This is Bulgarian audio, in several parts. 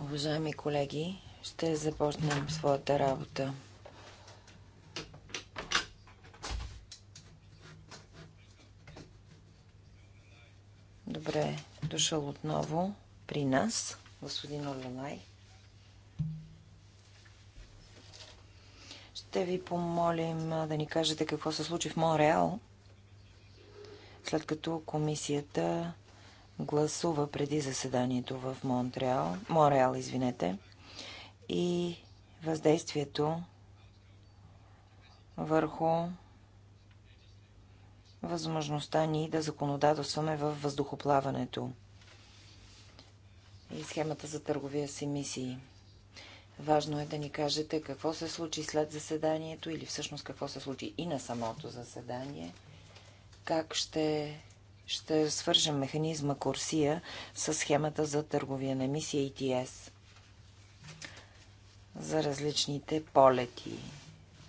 Уважаеми колеги, ще започнем своята работа. Добре, дошъл отново при нас, господин Орланай. Ще ви помолим да ни кажете какво се случи в Монреал, след като комисията гласува преди заседанието в Монтреал, Мореал, извинете, и въздействието върху възможността ни да законодателстваме във въздухоплаването и схемата за търговия с емисии. Важно е да ни кажете какво се случи след заседанието или всъщност какво се случи и на самото заседание, как ще ще свържем механизма Курсия с схемата за търговия на мисия ETS за различните полети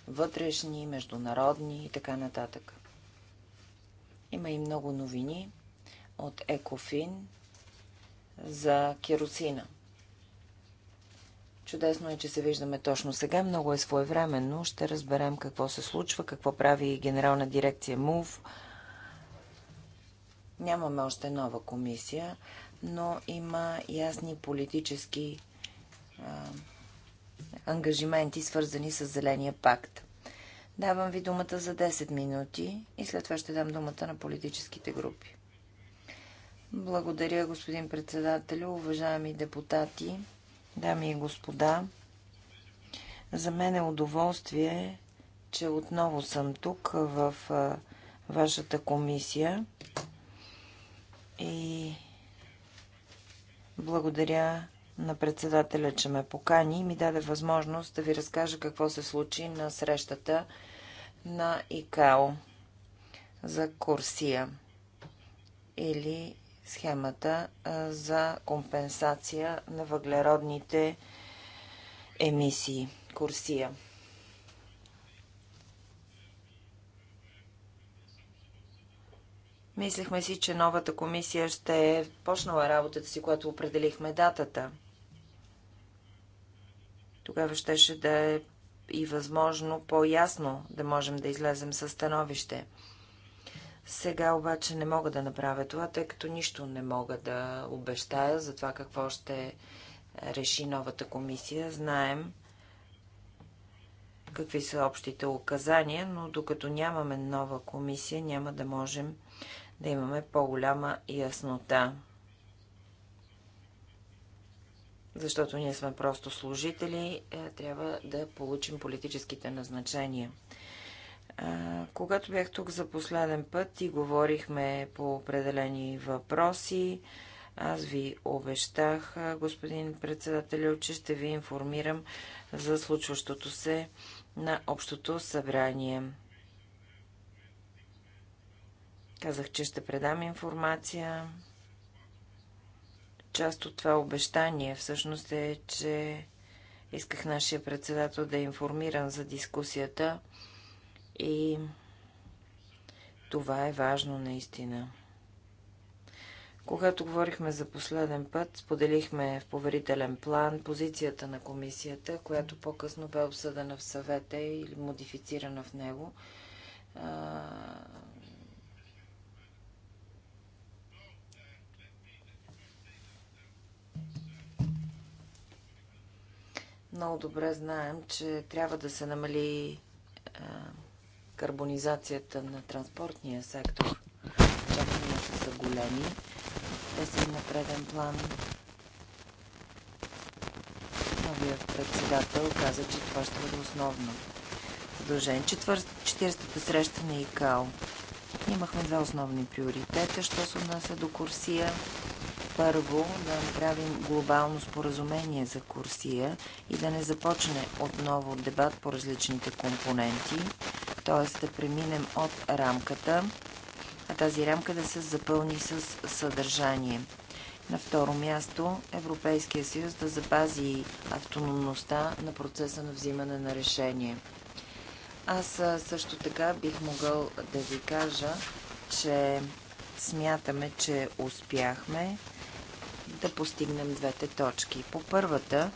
вътрешни, международни и така нататък. Има и много новини от Екофин за керосина. Чудесно е, че се виждаме точно сега. Много е своевременно. Ще разберем какво се случва, какво прави генерална дирекция МУВ, Нямаме още нова комисия, но има ясни политически а, ангажименти, свързани с Зеления пакт. Давам ви думата за 10 минути и след това ще дам думата на политическите групи. Благодаря, господин председател, уважаеми депутати, дами и господа. За мен е удоволствие, че отново съм тук в вашата комисия и благодаря на председателя, че ме покани и ми даде възможност да ви разкажа какво се случи на срещата на ИКАО за Курсия или схемата за компенсация на въглеродните емисии Курсия. Мислехме си, че новата комисия ще е почнала работата си, когато определихме датата. Тогава щеше да е и възможно по-ясно да можем да излезем със становище. Сега обаче не мога да направя това, тъй като нищо не мога да обещая за това какво ще реши новата комисия. Знаем какви са общите указания, но докато нямаме нова комисия, няма да можем да имаме по-голяма яснота. Защото ние сме просто служители, е, трябва да получим политическите назначения. Когато бях тук за последен път и говорихме по определени въпроси, аз ви обещах, господин председател, че ще ви информирам за случващото се на Общото събрание. Казах, че ще предам информация. Част от това обещание всъщност е, че исках нашия председател да е информиран за дискусията и това е важно наистина. Когато говорихме за последен път, споделихме в поверителен план позицията на комисията, която по-късно бе обсъдена в съвета или модифицирана в него. Много добре знаем, че трябва да се намали е, карбонизацията на транспортния сектор. Очакванията са големи. Те са на преден план. Новият председател каза, че това ще бъде основно Задължен 40-та среща на ИКАО. Имахме два основни приоритета, що се отнася до Курсия първо да направим глобално споразумение за Курсия и да не започне отново дебат по различните компоненти, т.е. да преминем от рамката, а тази рамка да се запълни с съдържание. На второ място, Европейския съюз да запази автономността на процеса на взимане на решение. Аз също така бих могъл да ви кажа, че смятаме, че успяхме да постигнем двете точки. По първата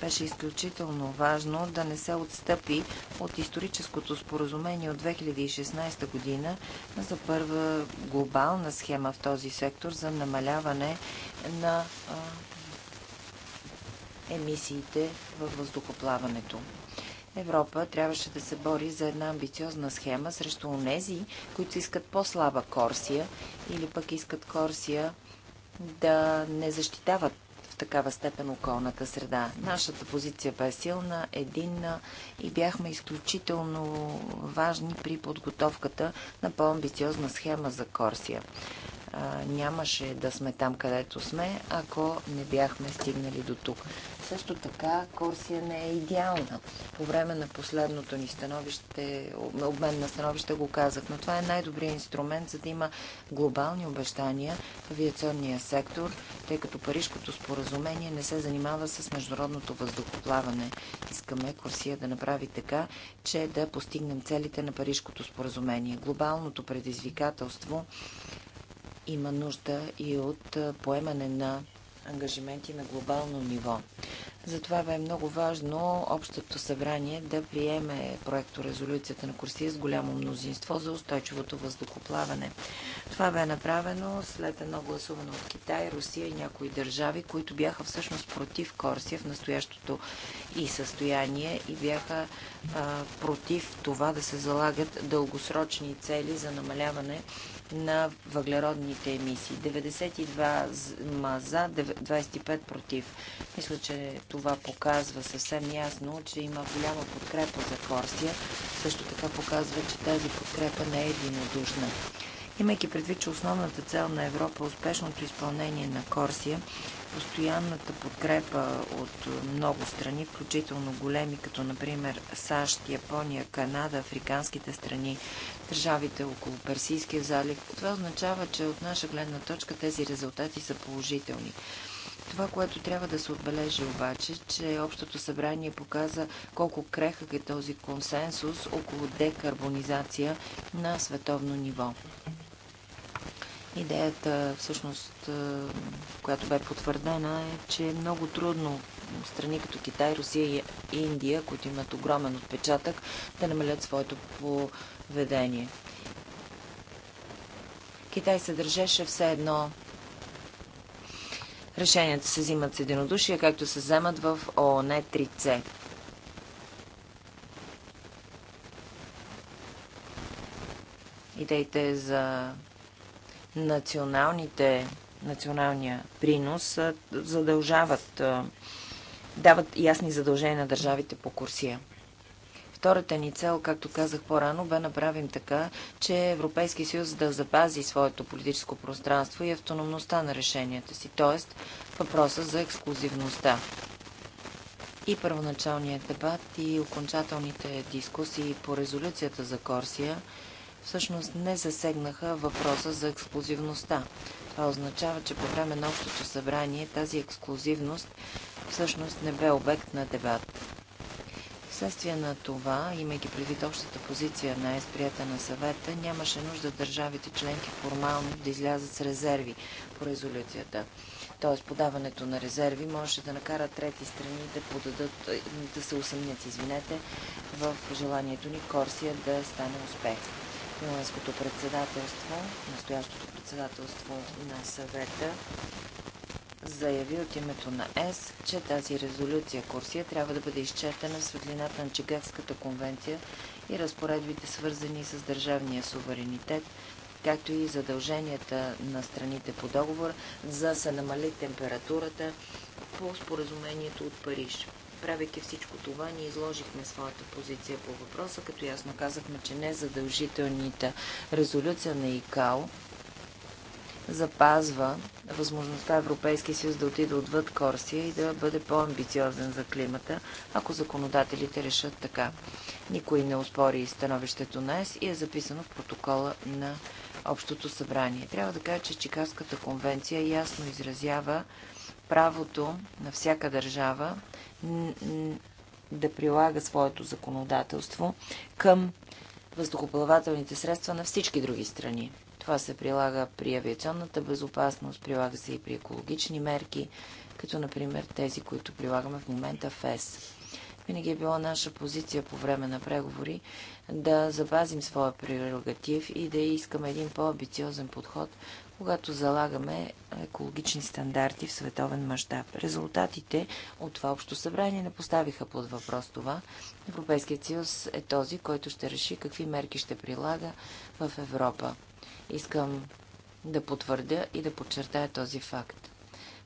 беше изключително важно да не се отстъпи от историческото споразумение от 2016 година за първа глобална схема в този сектор за намаляване на емисиите във въздухоплаването. Европа трябваше да се бори за една амбициозна схема срещу онези, които искат по-слаба Корсия или пък искат Корсия да не защитават в такава степен околната среда. Нашата позиция бе силна, единна и бяхме изключително важни при подготовката на по-амбициозна схема за Корсия. А, нямаше да сме там, където сме, ако не бяхме стигнали до тук. Също така Корсия не е идеална. По време на последното ни становище, обмен на становище го казах, но това е най-добрият инструмент, за да има глобални обещания в авиационния сектор, тъй като Парижкото споразумение не се занимава с международното въздухоплаване. Искаме Корсия да направи така, че да постигнем целите на Парижкото споразумение. Глобалното предизвикателство има нужда и от поемане на ангажименти на глобално ниво. Затова бе много важно Общото събрание да приеме проекто резолюцията на Курсия с голямо мнозинство за устойчивото въздухоплаване. Това бе направено след едно гласуване от Китай, Русия и някои държави, които бяха всъщност против Корсия в настоящото и състояние и бяха а, против това да се залагат дългосрочни цели за намаляване на въглеродните емисии. 92 за, 25 против. Мисля, че това показва съвсем ясно, че има голяма подкрепа за Корсия. Също така показва, че тази подкрепа не е единодушна. Имайки предвид, че основната цел на Европа е успешното изпълнение на Корсия, постоянната подкрепа от много страни, включително големи, като например САЩ, Япония, Канада, африканските страни, държавите около Персийския залив, това означава, че от наша гледна точка тези резултати са положителни. Това, което трябва да се отбележи обаче, че Общото събрание показа колко крехък е този консенсус около декарбонизация на световно ниво. Идеята, всъщност, е, която бе потвърдена, е, че е много трудно страни като Китай, Русия и Индия, които имат огромен отпечатък, да намалят своето поведение. Китай се държеше все едно решенията се взимат с единодушие, както се вземат в ООН 3C. Идеите за националните, националния принос задължават, дават ясни задължения на държавите по курсия. Втората ни цел, както казах по-рано, бе направим така, че Европейски съюз да запази своето политическо пространство и автономността на решенията си, т.е. въпроса за ексклюзивността. И първоначалният дебат, и окончателните дискусии по резолюцията за Корсия – всъщност не засегнаха въпроса за ексклюзивността. Това означава, че по време на общото събрание тази ексклюзивност всъщност не бе обект на дебат. Вследствие на това, имайки предвид общата позиция на ЕСПРията на съвета, нямаше нужда държавите членки формално да излязат с резерви по резолюцията. Тоест подаването на резерви можеше да накара трети страни да подадат, да се усъмнят, извинете, в желанието ни Корсия да стане успех. Румънското председателство, настоящото председателство на съвета, заяви от името на ЕС, че тази резолюция Курсия трябва да бъде изчетена в светлината на Чигевската конвенция и разпоредбите свързани с държавния суверенитет, както и задълженията на страните по договор за се намали температурата по споразумението от Париж. Правейки всичко това, ние изложихме своята позиция по въпроса, като ясно казахме, че незадължителните резолюция на ИКАО запазва възможността Европейския съюз да отиде отвъд Корсия и да бъде по-амбициозен за климата, ако законодателите решат така. Никой не оспори становището на ЕС и е записано в протокола на Общото събрание. Трябва да кажа, че Чикагската конвенция ясно изразява правото на всяка държава да прилага своето законодателство към въздухоплавателните средства на всички други страни. Това се прилага при авиационната безопасност, прилага се и при екологични мерки, като например тези, които прилагаме в момента в ЕС. Винаги е била наша позиция по време на преговори да запазим своя прерогатив и да искаме един по-амбициозен подход когато залагаме екологични стандарти в световен мащаб. Резултатите от това общо събрание не поставиха под въпрос това. Европейският съюз е този, който ще реши какви мерки ще прилага в Европа. Искам да потвърдя и да подчертая този факт.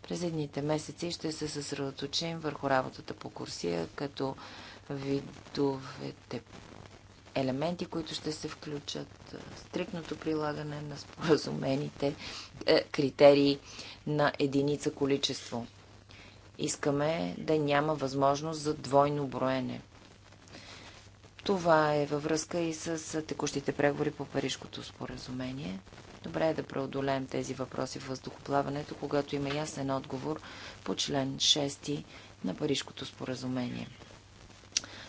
През едните месеци ще се съсредоточим върху работата по курсия, като видовете елементи, които ще се включат, стрикното прилагане на споразумените е, критерии на единица количество. Искаме да няма възможност за двойно броене. Това е във връзка и с текущите преговори по Парижкото споразумение. Добре е да преодолеем тези въпроси в въздухоплаването, когато има ясен отговор по член 6 на Парижкото споразумение.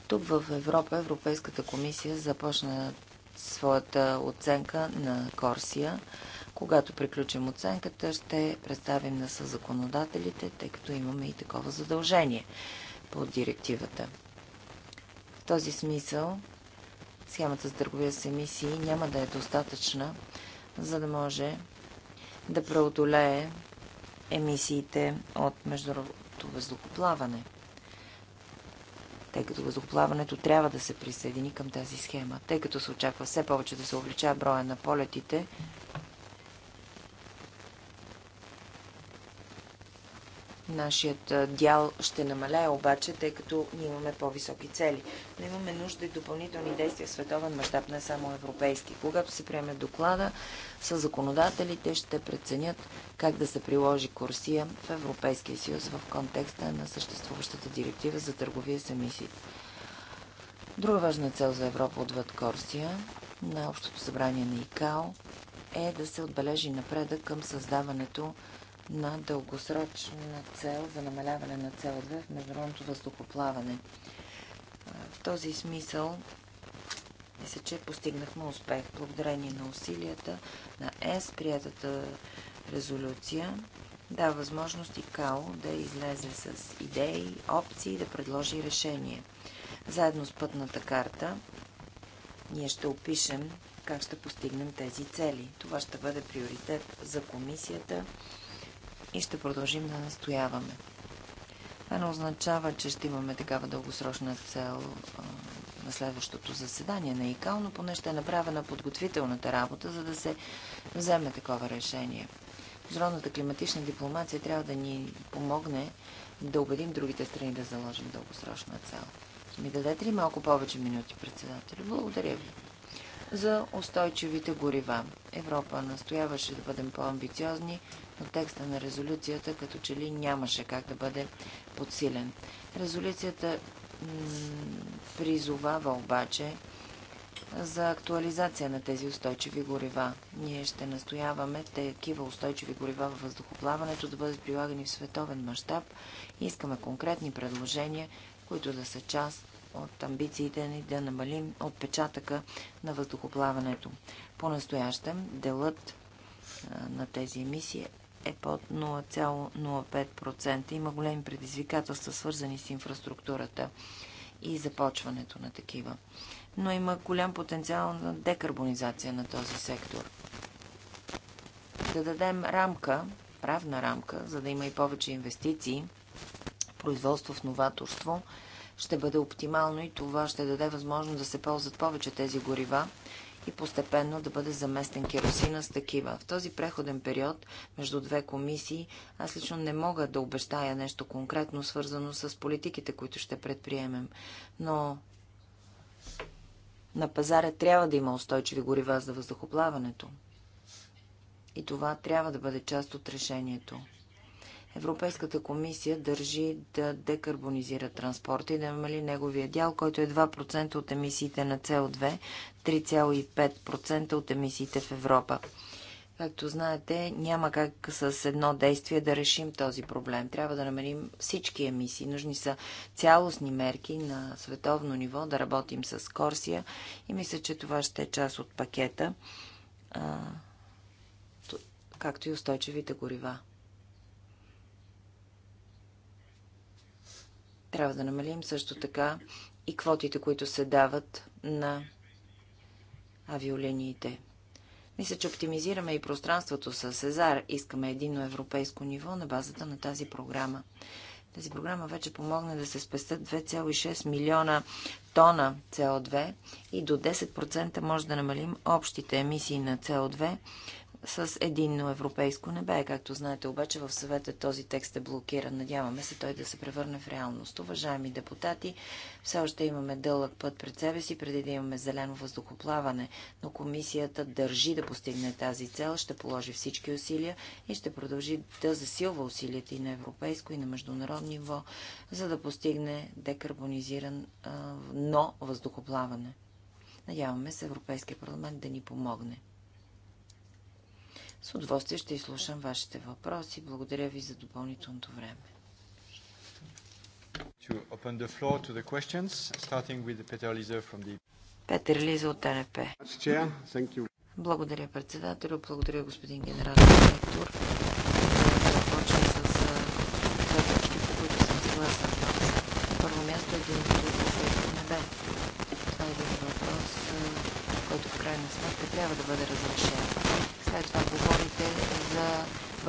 Тук в Европа Европейската комисия започна своята оценка на Корсия. Когато приключим оценката, ще представим на съзаконодателите, тъй като имаме и такова задължение по директивата. В този смисъл схемата за търговия с емисии няма да е достатъчна, за да може да преодолее емисиите от международното въздухоплаване – тъй като въздухоплаването трябва да се присъедини към тази схема. Тъй като се очаква все повече да се увеличава броя на полетите, Нашият дял ще намалее, обаче, тъй като ние имаме по-високи цели. Но имаме нужда и допълнителни действия в световен мащаб, не само европейски. Когато се приеме доклада, са законодателите ще преценят как да се приложи курсия в Европейския съюз в контекста на съществуващата директива за търговия с емисии. Друга важна цел за Европа отвъд Корсия на Общото събрание на ИКАО е да се отбележи напредък към създаването на дългосрочна цел за намаляване на CO2 в международното въздухоплаване. В този смисъл мисля, че постигнахме успех благодарение на усилията на ЕС, приятата резолюция дава възможност и КАО да излезе с идеи, опции, да предложи решение. Заедно с пътната карта ние ще опишем как ще постигнем тези цели. Това ще бъде приоритет за комисията и ще продължим да настояваме. Това не означава, че ще имаме такава дългосрочна цел на следващото заседание на ИКАО, но поне ще е направена подготвителната работа, за да се вземе такова решение. Международната климатична дипломация трябва да ни помогне да убедим другите страни да заложим дългосрочна цел. Ще ми дадете ли малко повече минути, председателю? Благодаря ви за устойчивите горива. Европа настояваше да бъдем по-амбициозни, но текста на резолюцията като че ли нямаше как да бъде подсилен. Резолюцията призовава обаче за актуализация на тези устойчиви горива. Ние ще настояваме такива устойчиви горива във въздухоплаването да бъдат прилагани в световен мащаб и искаме конкретни предложения, които да са част от амбициите ни да намалим отпечатъка на въздухоплаването. По-настоящем делът на тези емисии е под 0,05%. Има големи предизвикателства, свързани с инфраструктурата и започването на такива. Но има голям потенциал на декарбонизация на този сектор. Да дадем рамка, правна рамка, за да има и повече инвестиции, производство в новаторство – ще бъде оптимално и това ще даде възможност да се ползват повече тези горива и постепенно да бъде заместен керосина с такива. В този преходен период между две комисии аз лично не мога да обещая нещо конкретно, свързано с политиките, които ще предприемем. Но на пазара трябва да има устойчиви горива за въздухоплаването. И това трябва да бъде част от решението. Европейската комисия държи да декарбонизира транспорта и да намали неговия дял, който е 2% от емисиите на CO2, 3,5% от емисиите в Европа. Както знаете, няма как с едно действие да решим този проблем. Трябва да намерим всички емисии. Нужни са цялостни мерки на световно ниво, да работим с Корсия и мисля, че това ще е част от пакета, както и устойчивите горива. Трябва да намалим също така и квотите, които се дават на авиолиниите. Мисля, че оптимизираме и пространството с Сезар. Искаме единно европейско ниво на базата на тази програма. Тази програма вече помогна да се спестят 2,6 милиона тона CO2 и до 10% може да намалим общите емисии на CO2 с единно европейско небе. Както знаете, обаче в съвета този текст е блокиран. Надяваме се той да се превърне в реалност. Уважаеми депутати, все още имаме дълъг път пред себе си, преди да имаме зелено въздухоплаване, но комисията държи да постигне тази цел, ще положи всички усилия и ще продължи да засилва усилията и на европейско, и на международно ниво, за да постигне декарбонизиран, но въздухоплаване. Надяваме се Европейския парламент да ни помогне. С удоволствие ще изслушам вашите въпроси. Благодаря ви за допълнителното време. The... Петър Лиза от НФП. Благодаря, председателю. Благодаря, господин генерален директор.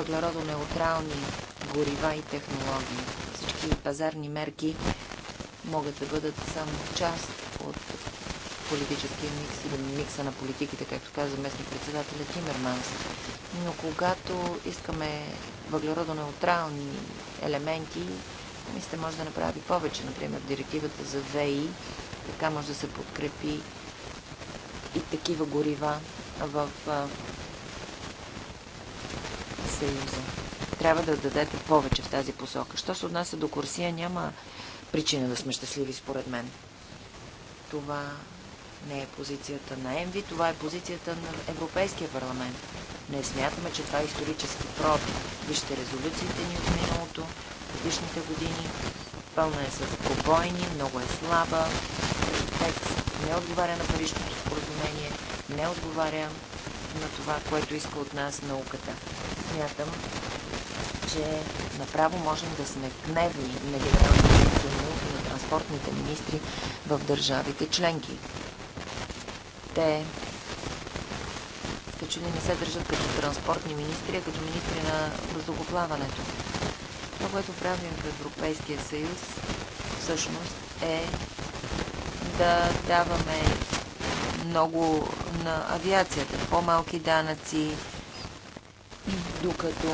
въглеродонеутрални горива и технологии. Всички пазарни мерки могат да бъдат само част от политическия микс или микса на политиките, както каза местник председателя Тимерманс. Но когато искаме въглеродонеутрални елементи, мисля, може да направи повече. Например, директивата за ВИ, така може да се подкрепи и такива горива в Съюза. Трябва да дадете повече в тази посока. Що се отнася до Курсия, няма причина да сме щастливи, според мен. Това не е позицията на ЕМВИ, това е позицията на Европейския парламент. Не смятаме, че това е исторически проби. Вижте резолюциите ни от миналото, годишните години. Пълна е с пробойни, много е слаба. Текст не отговаря на паричното споразумение, не отговаря на това, което иска от нас науката. Смятам, че направо можем да сме гневни на генералните дирекции на на транспортните министри в държавите членки. Те като че ли не се държат като транспортни министри, а като министри на въздухоплаването. Това, което правим в Европейския съюз, всъщност е да даваме много на авиацията. По-малки данъци, докато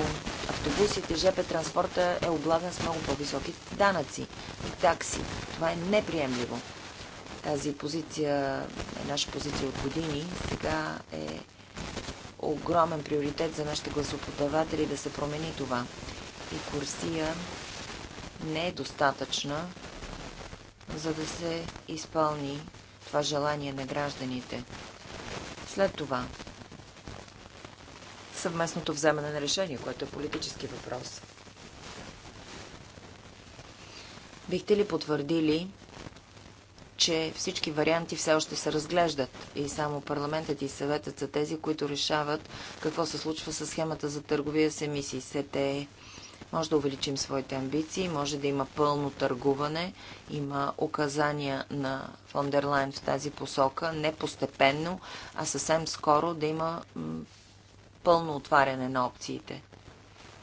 автобусите, ЖП транспорта е облаган с много по-високи данъци и такси. Това е неприемливо. Тази позиция е наша позиция от години. Сега е огромен приоритет за нашите гласоподаватели да се промени това. И курсия не е достатъчна, за да се изпълни това желание на гражданите. След това съвместното вземане на решение, което е политически въпрос. Бихте ли потвърдили, че всички варианти все още се разглеждат и само парламентът и съветът са тези, които решават какво се случва с схемата за търговия с емисии СТЕ? Може да увеличим своите амбиции, може да има пълно търгуване, има указания на Фондерлайн в тази посока, не постепенно, а съвсем скоро да има пълно отваряне на опциите.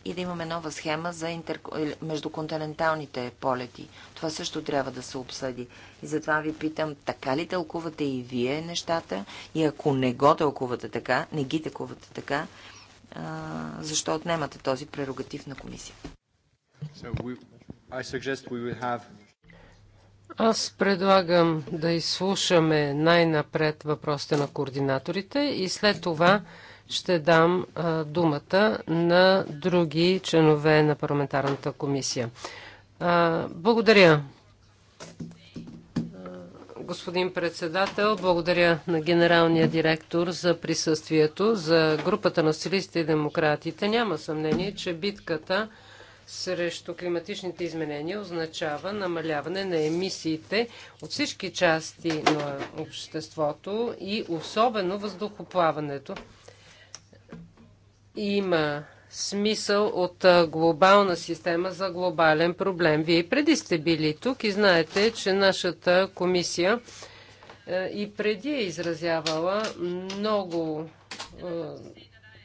И да имаме нова схема за интер... Е, междуконтиненталните полети. Това също трябва да се обсъди. И затова ви питам, така ли тълкувате и вие нещата? И ако не го тълкувате така, не ги тълкувате така, защо отнемате този прерогатив на комисия. Аз предлагам да изслушаме най-напред въпросите на координаторите и след това ще дам думата на други членове на парламентарната комисия. благодаря. Господин председател, благодаря на генералния директор за присъствието. За групата на стилистите и демократите няма съмнение, че битката срещу климатичните изменения означава намаляване на емисиите от всички части на обществото и особено въздухоплаването. Има смисъл от глобална система за глобален проблем. Вие преди сте били тук и знаете, че нашата комисия и преди е изразявала много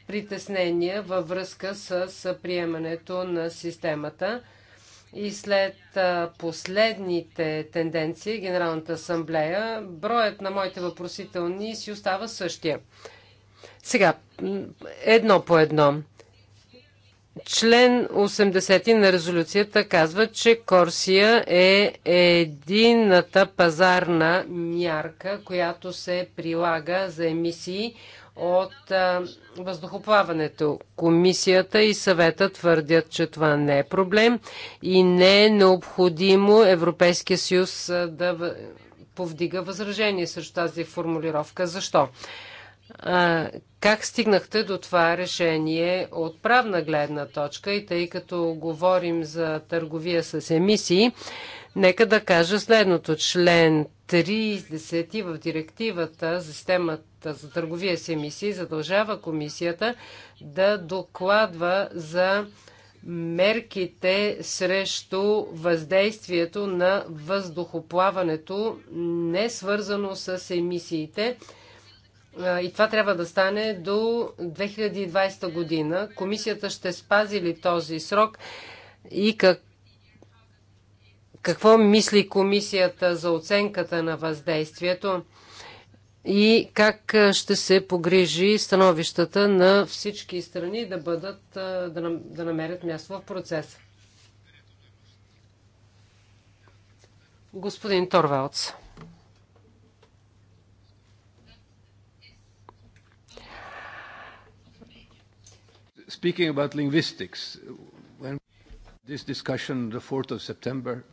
притеснения във връзка с приемането на системата. И след последните тенденции, Генералната асамблея, броят на моите въпросителни си остава същия. Сега, едно по едно. Член 80 на резолюцията казва, че Корсия е едината пазарна мярка, която се прилага за емисии от а, въздухоплаването. Комисията и съвета твърдят, че това не е проблем и не е необходимо Европейския съюз да повдига възражение срещу тази формулировка. Защо? А, как стигнахте до това решение от правна гледна точка и тъй като говорим за търговия с емисии, нека да кажа следното. Член 30 в директивата за системата за търговия с емисии задължава комисията да докладва за мерките срещу въздействието на въздухоплаването, не свързано с емисиите, и това трябва да стане до 2020 година. Комисията ще спази ли този срок и как, какво мисли комисията за оценката на въздействието и как ще се погрижи становищата на всички страни да, бъдат, да, намерят място в процеса. Господин Торвалц. Speaking about linguistics, when this discussion, the 4th of September,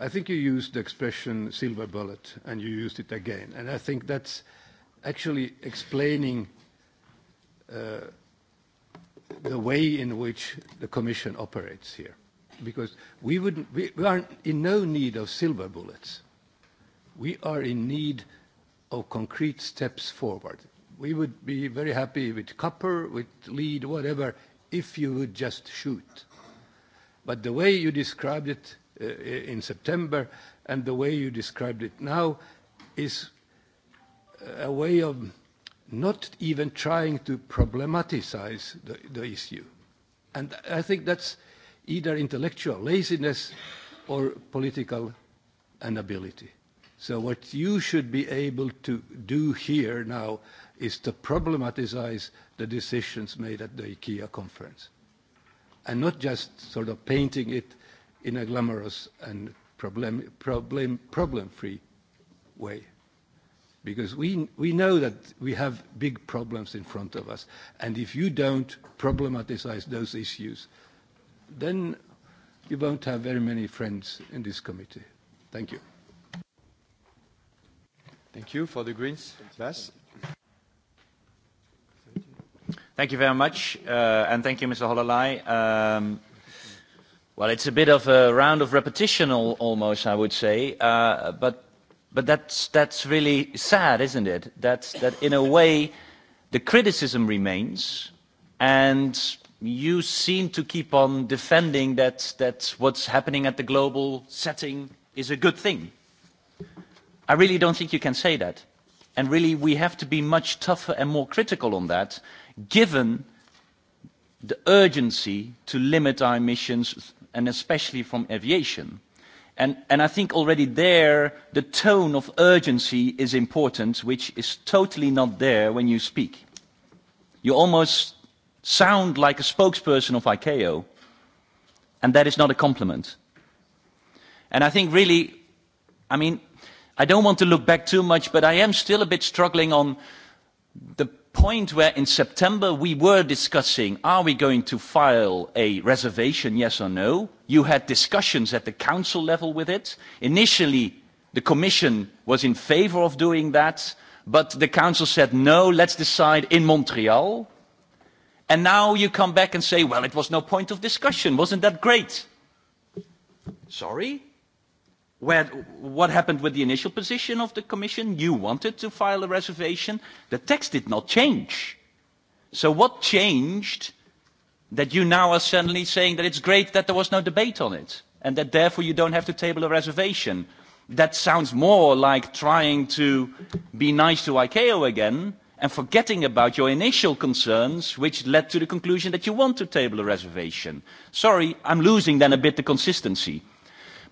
I think you used the expression silver bullet, and you used it again. And I think that's actually explaining uh, the way in which the Commission operates here. Because we, wouldn't, we, we are in no need of silver bullets. We are in need of concrete steps forward we would be very happy with copper, with lead, whatever, if you would just shoot. But the way you described it uh, in September and the way you described it now is a way of not even trying to problematize the, the issue. And I think that's either intellectual laziness or political inability. So what you should be able to do here now is to problematize the decisions made at the IKEA conference, and not just sort of painting it in a glamorous and problem-free problem, problem way. Because we, we know that we have big problems in front of us, and if you don't problematize those issues, then you won't have very many friends in this committee. Thank you. Thank you. For the Greens, Bas. Thank you very much, uh, and thank you, Mr. Hollerlei. Um, well, it's a bit of a round of repetition, al- almost, I would say, uh, but but that's that's really sad, isn't it? That that in a way, the criticism remains, and you seem to keep on defending that that what's happening at the global setting is a good thing. I really don't think you can say that, and really we have to be much tougher and more critical on that given the urgency to limit our emissions, and especially from aviation. And, and I think already there, the tone of urgency is important, which is totally not there when you speak. You almost sound like a spokesperson of ICAO, and that is not a compliment. And I think really, I mean, I don't want to look back too much, but I am still a bit struggling on the point where in September we were discussing are we going to file a reservation, yes or no? You had discussions at the council level with it. Initially, the Commission was in favor of doing that, but the council said no, let's decide in Montreal. And now you come back and say, well, it was no point of discussion. Wasn't that great? Sorry? where, what happened with the initial position of the Commission? You wanted to file a reservation. The text did not change. So what changed that you now are suddenly saying that it's great that there was no debate on it and that therefore you don't have to table a reservation? That sounds more like trying to be nice to ICAO again and forgetting about your initial concerns, which led to the conclusion that you want to table a reservation. Sorry, I'm losing then a bit the consistency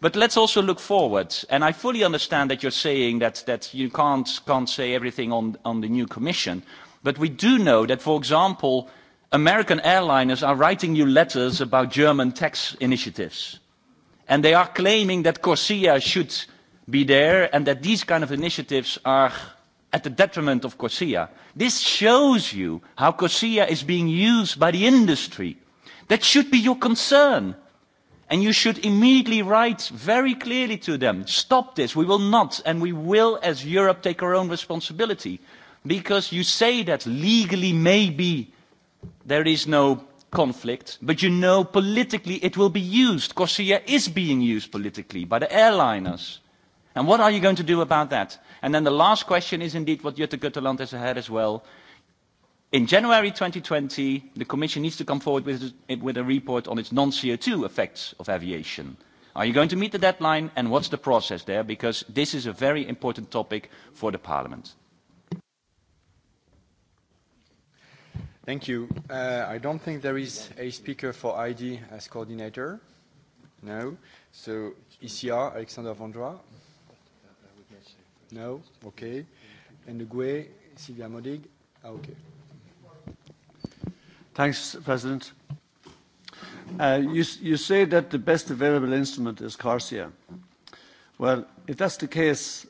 But let's also look forward. And I fully understand that you're saying that, that you can't, can't say everything on, on the new commission. But we do know that, for example, American airliners are writing you letters about German tax initiatives. And they are claiming that Corsia should be there and that these kind of initiatives are at the detriment of Corsia. This shows you how Corsia is being used by the industry. That should be your concern. And you should immediately write very clearly to them, stop this, we will not, and we will, as Europe, take our own responsibility. Because you say that legally, maybe, there is no conflict, but you know politically it will be used. Corsia is being used politically by the airliners. And what are you going to do about that? And then the last question is indeed what Jutta Gutteland has had as well. In January 2020, the Commission needs to come forward with, with a report on its non-CO2 effects of aviation. Are you going to meet the deadline and what's the process there? Because this is a very important topic for the Parliament. Thank you. Uh, I don't think there is a speaker for ID as coordinator. No. So ECR, Alexander Vondra. No. Okay. And the GUE, Sylvia Modig. okay. Thanks, President. Uh, you, you say that the best available instrument is CORSIA. Well, if that's the case,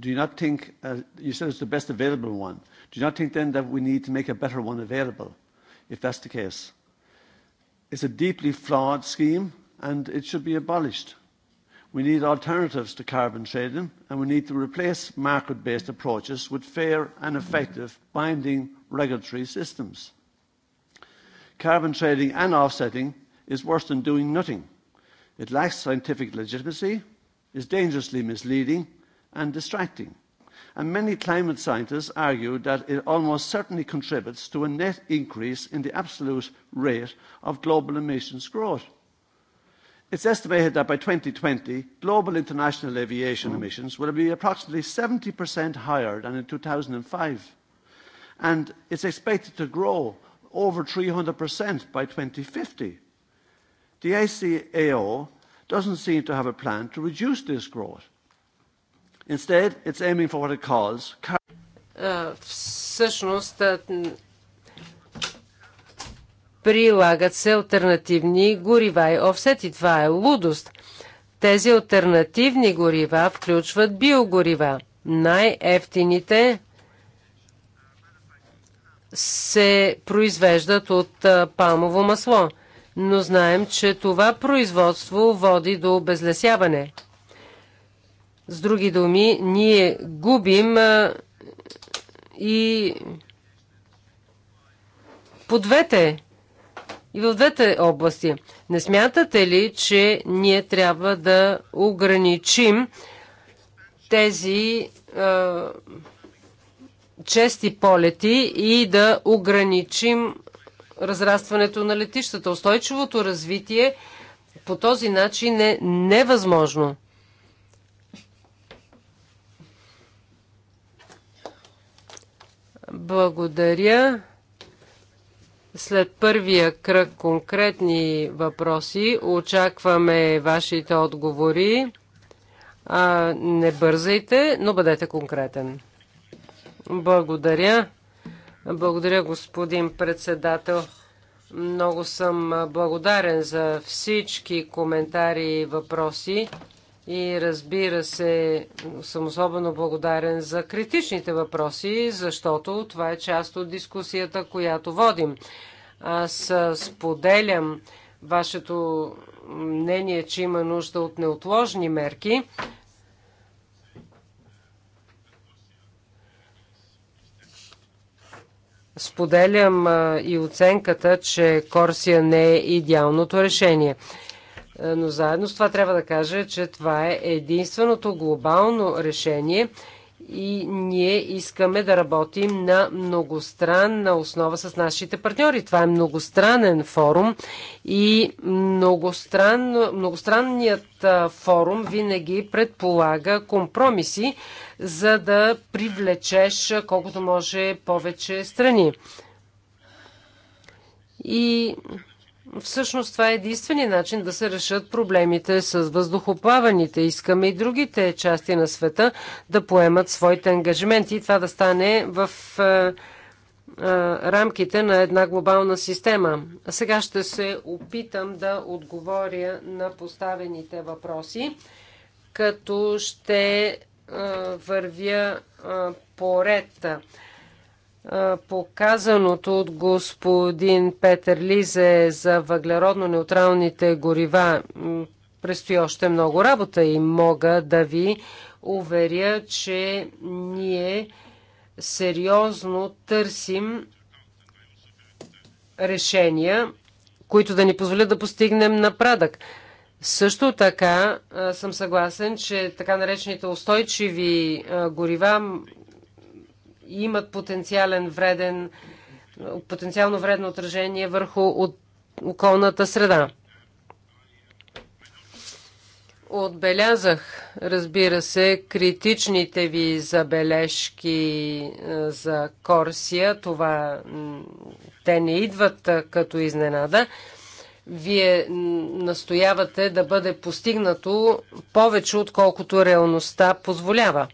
do you not think, uh, you said it's the best available one, do you not think then that we need to make a better one available, if that's the case? It's a deeply flawed scheme and it should be abolished. We need alternatives to carbon trading and we need to replace market-based approaches with fair and effective binding regulatory systems carbon trading and offsetting is worse than doing nothing. It lacks scientific legitimacy, is dangerously misleading and distracting. And many climate scientists argue that it almost certainly contributes to a net increase in the absolute rate of global emissions growth. It's estimated that by 2020, global international aviation emissions will be approximately 70% higher than in 2005, and it's expected to grow over 300% by 2050. The ICAO doesn't seem to have a plan to reduce this growth. Instead, it's aiming for what it calls... Car- е, Всъщност, е, прилагат се альтернативни горива и офсет и това е лудост. Тези альтернативни горива включват биогорива. Най-ефтините се произвеждат от палмово масло, но знаем, че това производство води до обезлесяване. С други думи, ние губим и по двете и в двете области. Не смятате ли, че ние трябва да ограничим тези чести полети и да ограничим разрастването на летищата. Устойчивото развитие по този начин е невъзможно. Благодаря. След първия кръг конкретни въпроси очакваме вашите отговори. А, не бързайте, но бъдете конкретен. Благодаря. Благодаря, господин председател. Много съм благодарен за всички коментари и въпроси. И разбира се, съм особено благодарен за критичните въпроси, защото това е част от дискусията, която водим. Аз споделям вашето мнение, че има нужда от неотложни мерки, Споделям и оценката, че Корсия не е идеалното решение. Е, но заедно с това трябва да кажа, че това е единственото глобално решение – и ние искаме да работим на многостранна основа с нашите партньори. Това е многостранен форум и многостран, многостранният форум винаги предполага компромиси, за да привлечеш колкото може повече страни. И Всъщност това е единствения начин да се решат проблемите с въздухоплаваните. Искаме и другите части на света да поемат своите ангажименти и това да стане в е, е, рамките на една глобална система. А сега ще се опитам да отговоря на поставените въпроси, като ще е, вървя по ред показаното от господин Петър Лизе за въглеродно-неутралните горива предстои още много работа и мога да ви уверя, че ние сериозно търсим решения, които да ни позволят да постигнем напредък. Също така съм съгласен, че така наречените устойчиви горива имат потенциален вреден, потенциално вредно отражение върху от, околната среда. Отбелязах, разбира се, критичните ви забележки е, за Корсия. Това те не идват е, като изненада. Вие настоявате да бъде постигнато повече, отколкото реалността позволява.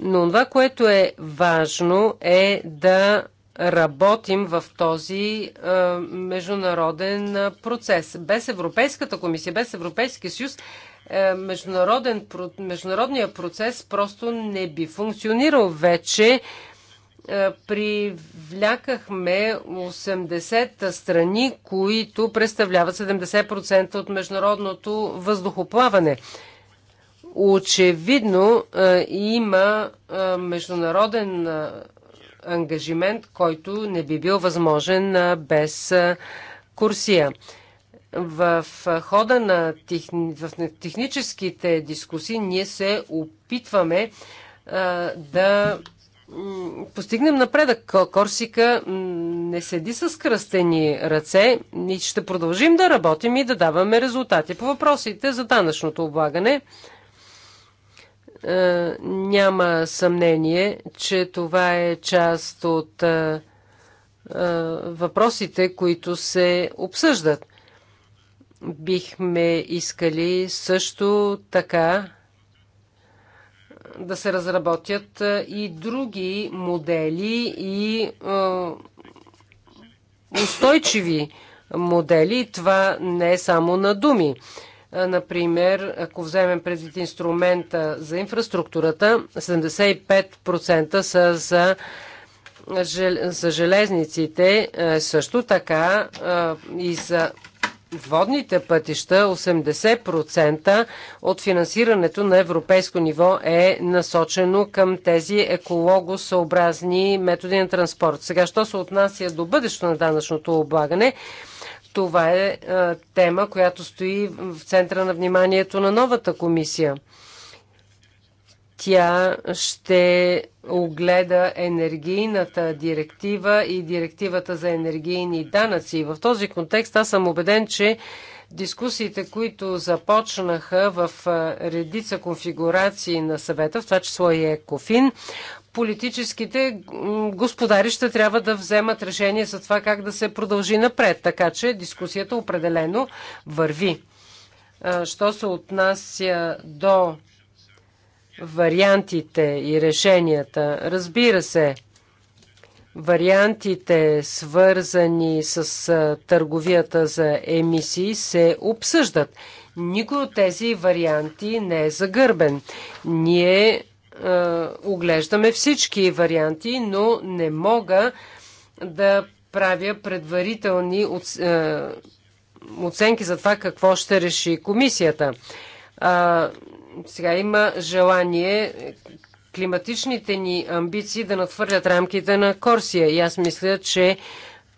Но това, което е важно е да работим в този а, международен процес. Без Европейската комисия, без Европейския съюз, международен, международният процес просто не би функционирал вече. привлякахме 80 страни, които представляват 70% от международното въздухоплаване. Очевидно има международен ангажимент, който не би бил възможен без Курсия. В хода на, техническите дискусии ние се опитваме да постигнем напредък. Корсика не седи с кръстени ръце. Ние ще продължим да работим и да даваме резултати. По въпросите за данъчното облагане, е, няма съмнение, че това е част от е, е, въпросите, които се обсъждат. Бихме искали също така да се разработят и други модели и устойчиви модели. Това не е само на думи. Например, ако вземем предвид инструмента за инфраструктурата, 75% са за за железниците също така и за водните пътища 80% от финансирането на европейско ниво е насочено към тези екологосъобразни методи на транспорт. Сега, що се отнася до бъдещето на данъчното облагане, това е, е тема, която стои в центъра на вниманието на новата комисия. Тя ще огледа енергийната директива и директивата за енергийни данъци. В този контекст аз съм убеден, че дискусиите, които започнаха в е, редица конфигурации на съвета, в това число и Екофин, политическите господари ще трябва да вземат решение за това как да се продължи напред. Така че дискусията определено върви. Що се отнася до вариантите и решенията, разбира се, вариантите, свързани с търговията за емисии, се обсъждат. Никой от тези варианти не е загърбен. Ние е, оглеждаме всички варианти, но не мога да правя предварителни е, оценки за това какво ще реши комисията. А, сега има желание климатичните ни амбиции да надхвърлят рамките на Корсия. И аз мисля, че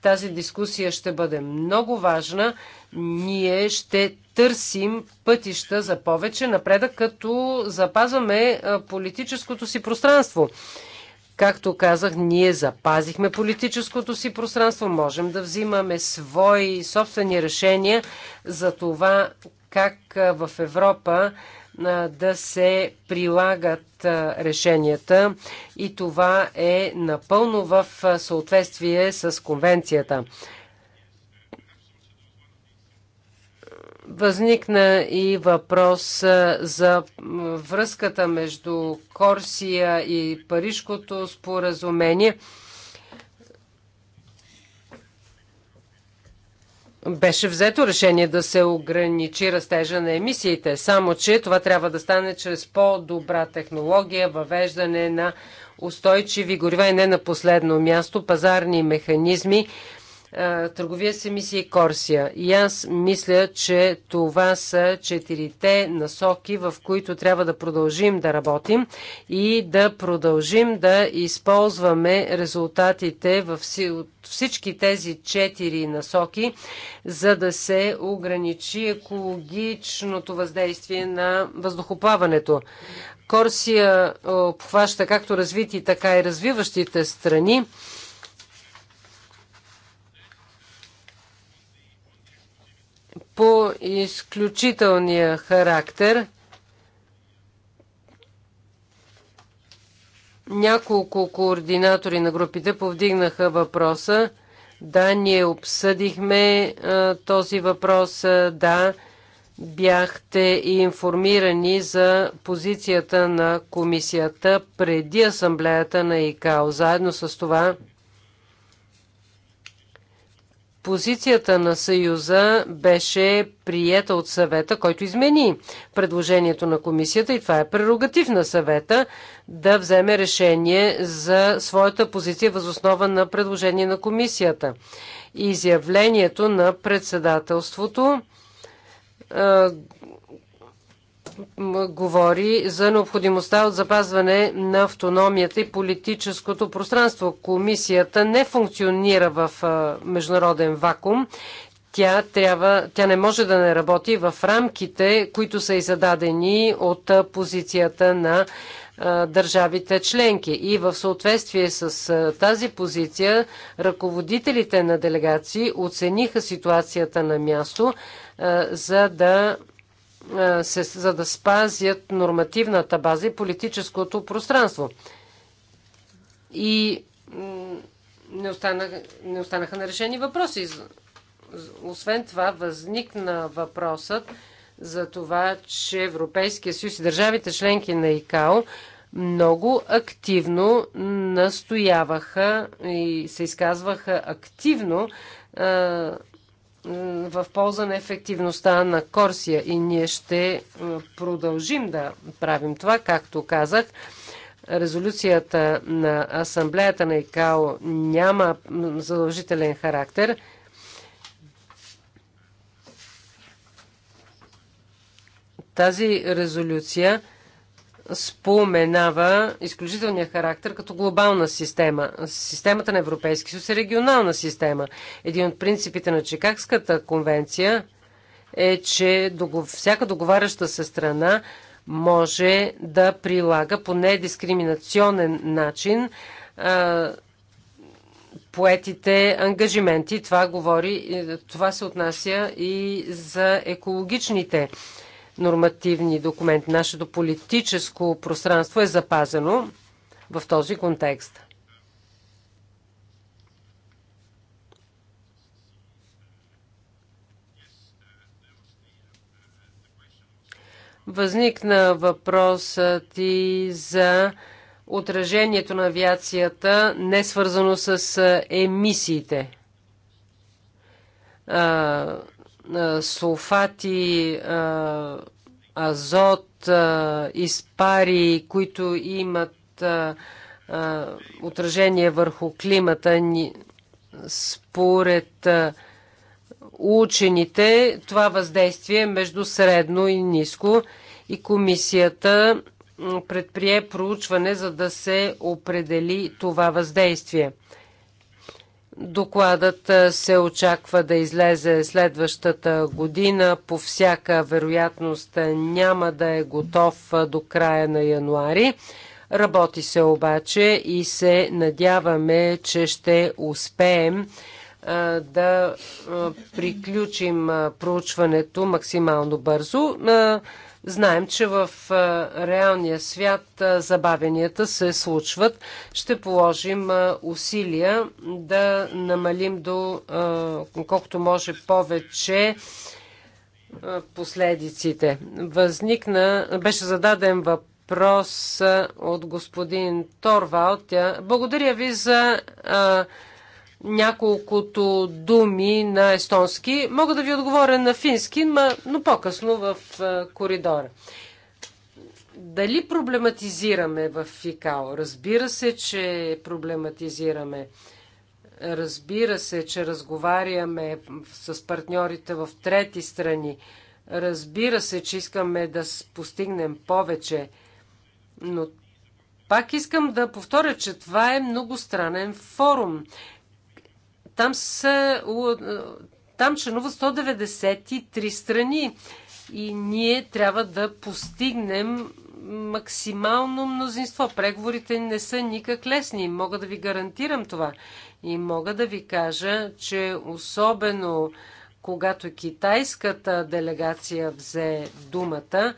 тази дискусия ще бъде много важна. Ние ще търсим пътища за повече напредък, като запазваме политическото си пространство. Както казах, ние запазихме политическото си пространство, можем да взимаме свои собствени решения за това как в Европа да се прилагат решенията и това е напълно в съответствие с конвенцията. Възникна и въпрос за връзката между Корсия и Парижкото споразумение. Беше взето решение да се ограничи растежа на емисиите, само че това трябва да стане чрез по-добра технология, въвеждане на устойчиви горива и не на последно място пазарни механизми, е, търговия с емисии Корсия. И аз мисля, че това са четирите насоки, в които трябва да продължим да работим и да продължим да използваме резултатите в всички тези четири насоки, за да се ограничи екологичното въздействие на въздухоплаването. Корсия е, обхваща както развити, така и развиващите страни. по изключителния характер. Няколко координатори на групите повдигнаха въпроса. Да, ние обсъдихме а, този въпрос. Да, бяхте информирани за позицията на комисията преди асамблеята на ИКАО. Заедно с това Позицията на Съюза беше приета от съвета, който измени предложението на комисията и това е прерогатив на съвета да вземе решение за своята позиция възоснова на предложение на комисията. Изявлението на председателството говори за необходимостта от запазване на автономията и политическото пространство. Комисията не функционира в международен вакуум. Тя, трябва, тя не може да не работи в рамките, които са и зададени от позицията на държавите членки. И в съответствие с тази позиция, ръководителите на делегации оцениха ситуацията на място, за да е, се, за да спазят нормативната база и политическото пространство. И не, останах, не останаха нарешени въпроси. Освен това, възникна въпросът за това, че Европейския съюз и държавите членки на ИКАО много активно настояваха и се изказваха активно е, в полза на ефективността на Корсия и ние ще продължим да правим това, както казах. Резолюцията на Асамблеята на ИКАО няма задължителен характер. Тази резолюция споменава изключителния характер като глобална система. Системата на Европейски съюз е регионална система. Един от принципите на Чикагската конвенция е, че всяка договаряща се страна може да прилага по недискриминационен начин поетите ангажименти. Това говори, е, това се отнася и за екологичните нормативни документи. Нашето политическо пространство е запазено в този контекст. Възникна въпросът и за отражението на авиацията, не свързано с емисиите сулфати, азот, изпари, които имат отражение върху климата, според учените, това въздействие е между средно и ниско и комисията предприе проучване, за да се определи това въздействие. Докладът е, се очаква да излезе следващата година. По всяка вероятност е, няма да е готов е, до края на януари. Работи се обаче и се надяваме, че ще успеем да приключим проучването максимално бързо. Знаем, че в реалния свят забавенията се случват. Ще положим усилия да намалим до колкото може повече последиците. Възникна, беше зададен въпрос от господин Торвал. Благодаря ви за няколкото думи на естонски. Мога да ви отговоря на фински, но по-късно в коридора. Дали проблематизираме в ФИКАО? Разбира се, че проблематизираме. Разбира се, че разговаряме с партньорите в трети страни. Разбира се, че искаме да постигнем повече, но пак искам да повторя, че това е многостранен форум. Там, са, там членува 193 страни и ние трябва да постигнем максимално мнозинство. Преговорите не са никак лесни. Мога да ви гарантирам това. И мога да ви кажа, че особено когато китайската делегация взе думата,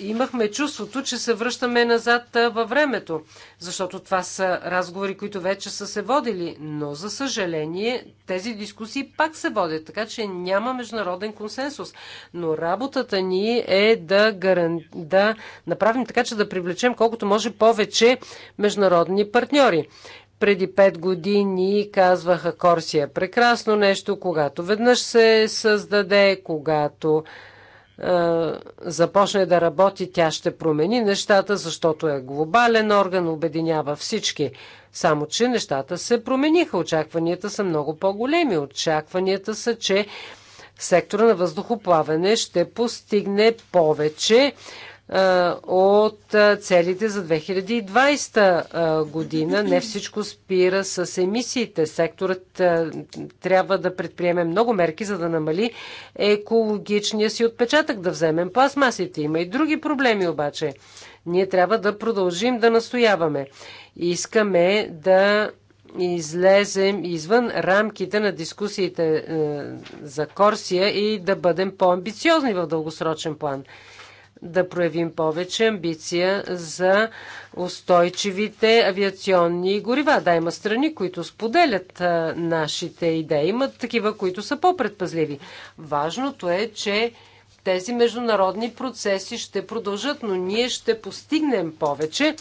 имахме чувството, че се връщаме назад във времето, защото това са разговори, които вече са се водили, но за съжаление тези дискусии пак се водят, така че няма международен консенсус. Но работата ни е да, гаран... да направим така, че да привлечем колкото може повече международни партньори преди пет години казваха Корсия е прекрасно нещо, когато веднъж се създаде, когато е, започне да работи, тя ще промени нещата, защото е глобален орган, обединява всички. Само, че нещата се промениха. Очакванията са много по-големи. Очакванията са, че сектора на въздухоплаване ще постигне повече е, от е, целите за 2020 е, година. Не всичко спира с емисиите. Секторът трябва да предприеме много мерки, за да намали екологичния си отпечатък, да вземем пластмасите. Има и други проблеми обаче. Ние трябва да продължим да настояваме. Искаме да излезем извън рамките на дискусиите за Корсия и да бъдем по-амбициозни в дългосрочен план да проявим повече амбиция за устойчивите авиационни горива. Да, има страни, които споделят нашите идеи, имат такива, които са по-предпазливи. Важното е, че тези международни процеси ще продължат, но ние ще постигнем повече.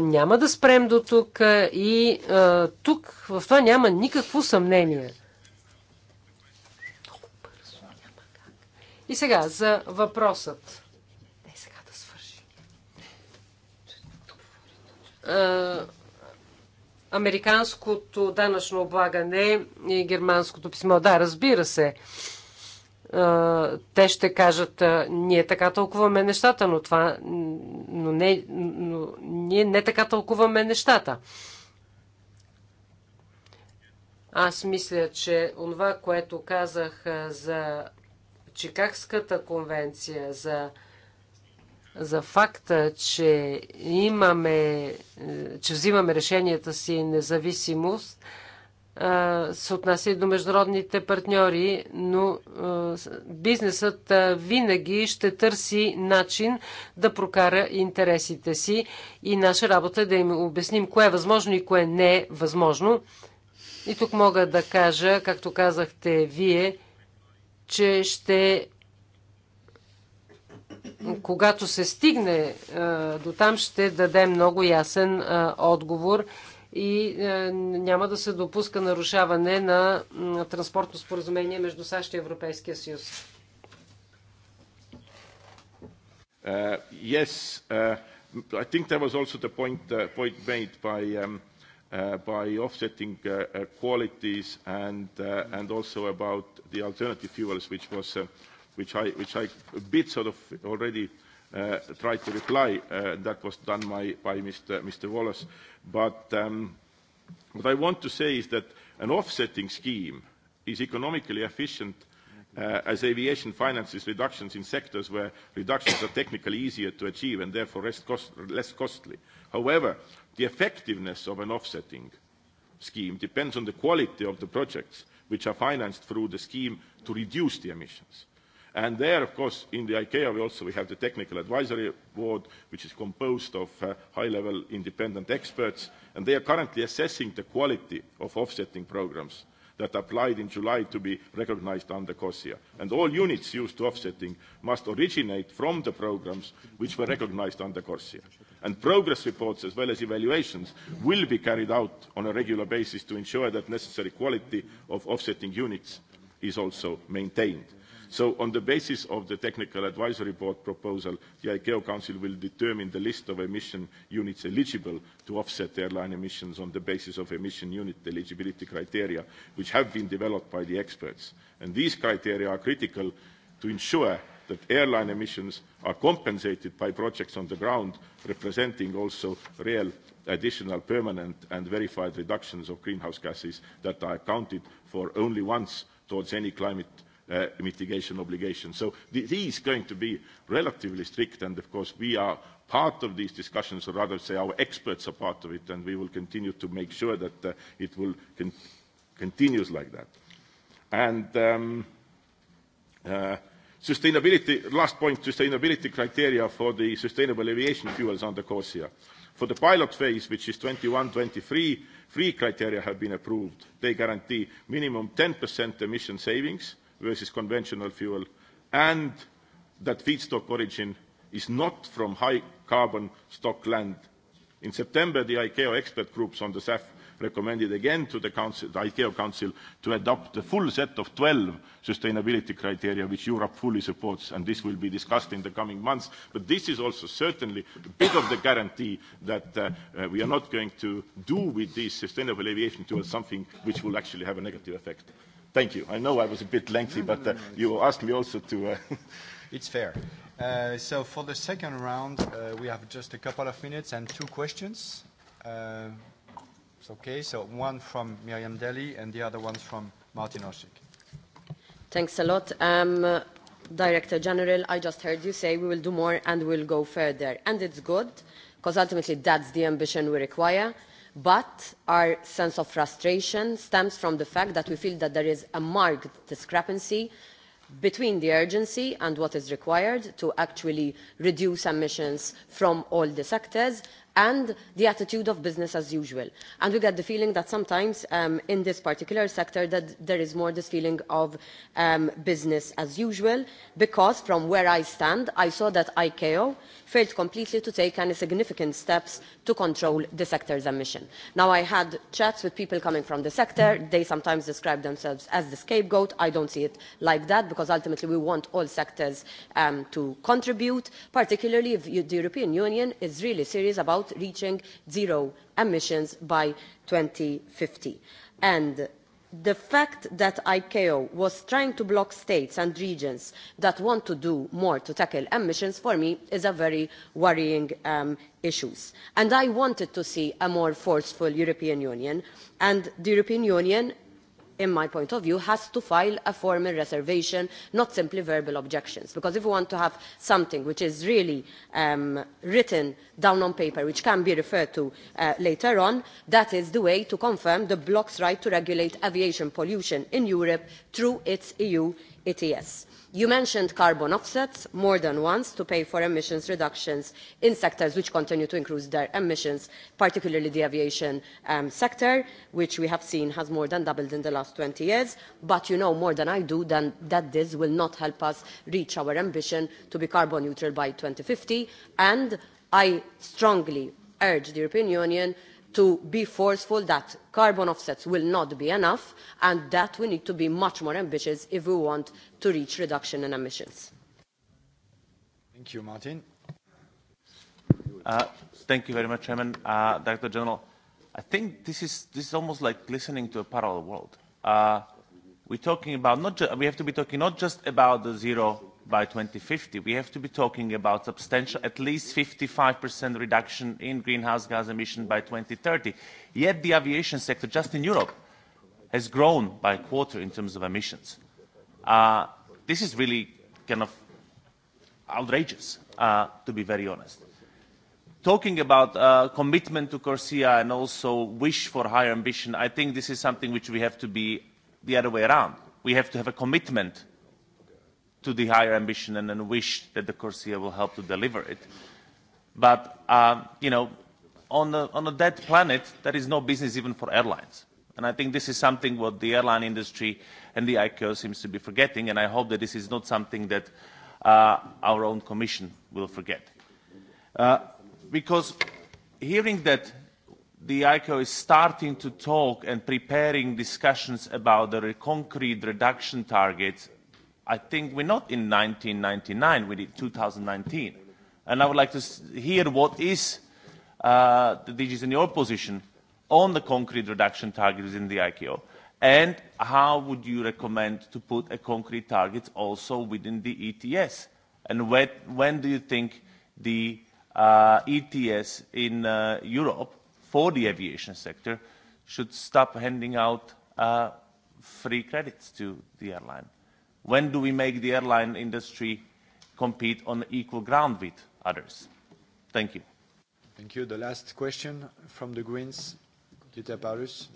Няма да спрем до тук и тук в това няма никакво съмнение. И сега за въпросът. американското данъчно облагане и германското писмо. Да, разбира се. Те ще кажат, ние така тълкуваме нещата, но това. Но, не, но ние не така тълкуваме нещата. Аз мисля, че това, което казах за Чикагската конвенция, за за факта, че имаме, е, че взимаме решенията си независимост, е, се отнася и до международните партньори, но е, бизнесът винаги ще търси начин да прокара интересите си и наша работа е да им обясним кое е възможно и кое не е възможно. И тук мога да кажа, както казахте вие, че ще когато се стигне до там, ще даде много ясен отговор и няма да се допуска нарушаване на транспортно споразумение между САЩ и Европейския съюз. Uh, yes, uh, I think that was also the point, uh, point made by, um, uh, by offsetting uh, qualities and, uh, and also about the alternative fuels, which was uh, which I, which I a bit sort of already uh, tried to reply. Uh, that was done by, by Mr. Mr. Wallace. But um, what I want to say is that an offsetting scheme is economically efficient uh, as aviation finances reductions in sectors where reductions are technically easier to achieve and therefore less, cost, less costly. However, the effectiveness of an offsetting scheme depends on the quality of the projects which are financed through the scheme to reduce the emissions. And there, of course, in the ICAO, we also we have the technical advisory board, which is composed of uh, high-level independent experts, and they are currently assessing the quality of offsetting programs that applied in July to be recognized under COSIA. And all units used to offsetting must originate from the programs which were recognized under COSIA. And progress reports as well as evaluations will be carried out on a regular basis to ensure that necessary quality of offsetting units is also maintained. So on the basis of the technical advisory board proposal, the ICAO Council will determine the list of emission units eligible to offset airline emissions on the basis of emission unit eligibility criteria, which have been developed by the experts. And these criteria are critical to ensure that airline emissions are compensated by projects on the ground, representing also real additional permanent and verified reductions of greenhouse gases that are accounted for only once towards any climate uh, mitigation obligations. So this is going to be relatively strict, and of course we are part of these discussions, or rather say our experts are part of it, and we will continue to make sure that uh, it will con continues like that. And um, uh, sustainability, last point, sustainability criteria for the sustainable aviation fuels on the course here. For the pilot phase, which is 21-23, three criteria have been approved. They guarantee minimum 10% emission savings, versus conventional fuel, and that feedstock origin is not from high carbon stock land. In September, the ICAO expert groups on the SAF recommended again to the council, the ICAO Council to adopt the full set of 12 sustainability criteria, which Europe fully supports, and this will be discussed in the coming months. But this is also certainly a bit of the guarantee that uh, uh, we are not going to do with this sustainable aviation towards something which will actually have a negative effect. Thank you. I know I was a bit lengthy, no, but uh, no, no, you asked me also to. Uh, it's fair. Uh, so for the second round, uh, we have just a couple of minutes and two questions. Uh, it's okay. So one from Miriam Deli and the other one from Martin Oshik. Thanks a lot. Um, Director General, I just heard you say we will do more and we'll go further. And it's good, because ultimately that's the ambition we require but our sense of frustration stems from the fact that we feel that there is a marked discrepancy between the urgency and what is required to actually reduce emissions from all the sectors and the attitude of business as usual. And we get the feeling that sometimes um, in this particular sector that there is more this feeling of um, business as usual because from where I stand, I saw that ICAO failed completely to take any significant steps to control the sector's emission. Now, I had chats with people coming from the sector. They sometimes describe themselves as the scapegoat. I don't see it like that because ultimately we want all sectors um, to contribute, particularly if you, the European Union is really serious about about reaching zero emissions by fifty. And the fact that ICAO was trying to block states and regions that want to do more to tackle emissions, for me, is a very worrying issue. And I wanted to see a more forceful European Union. And the European Union in my point of view, has to file a formal reservation, not simply verbal objections. Because if we want to have something which is really written down on paper, which can be referred to later on, that is the way to confirm the bloc's right to regulate aviation pollution in Europe through its EU ETS You mentioned carbon offsets more than once to pay for emissions reductions in sectors which continue to increase their emissions, particularly the aviation sector, which we have seen has more than doubled in the last twenty years. But you know more than I do that this will not help us reach our ambition to be carbon neutral by fifty, And I strongly urge the European Union to be forceful that carbon offsets will not be enough and that we need to be much more ambitious if we want to reach reduction in emissions. Thank you, Martin. Uh, thank you very much, Chairman. Uh, Director General, I think this is, this is almost like listening to a parallel world. Uh, we're talking about not just, we have to be talking not just about the zero by 2050, we have to be talking about substantial, at least 55% reduction in greenhouse gas emission by 2030. Yet the aviation sector, just in Europe, has grown by a quarter in terms of emissions. Uh, this is really kind of outrageous, uh, to be very honest. Talking about uh, commitment to Corsia and also wish for higher ambition, I think this is something which we have to be the other way around. We have to have a commitment to the higher ambition and then wish that the Corsia will help to deliver it. But, uh, you know, on a, on a dead planet, there is no business even for airlines. And I think this is something what the airline industry and the ICO seems to be forgetting, and I hope that this is not something that uh, our own commission will forget. Uh, because hearing that the ICO is starting to talk and preparing discussions about the concrete reduction targets I think we're not in 1999, we in 2019. And I would like to hear what is uh, the DG's in your position on the concrete reduction targets in the IKO, and how would you recommend to put a concrete target also within the ETS? And when, when do you think the uh, ETS in uh, Europe for the aviation sector should stop handing out uh, free credits to the airline? When do we make the airline industry compete on equal ground with others? Thank you. Thank you. The last question from the Greens, Dieter Paulus.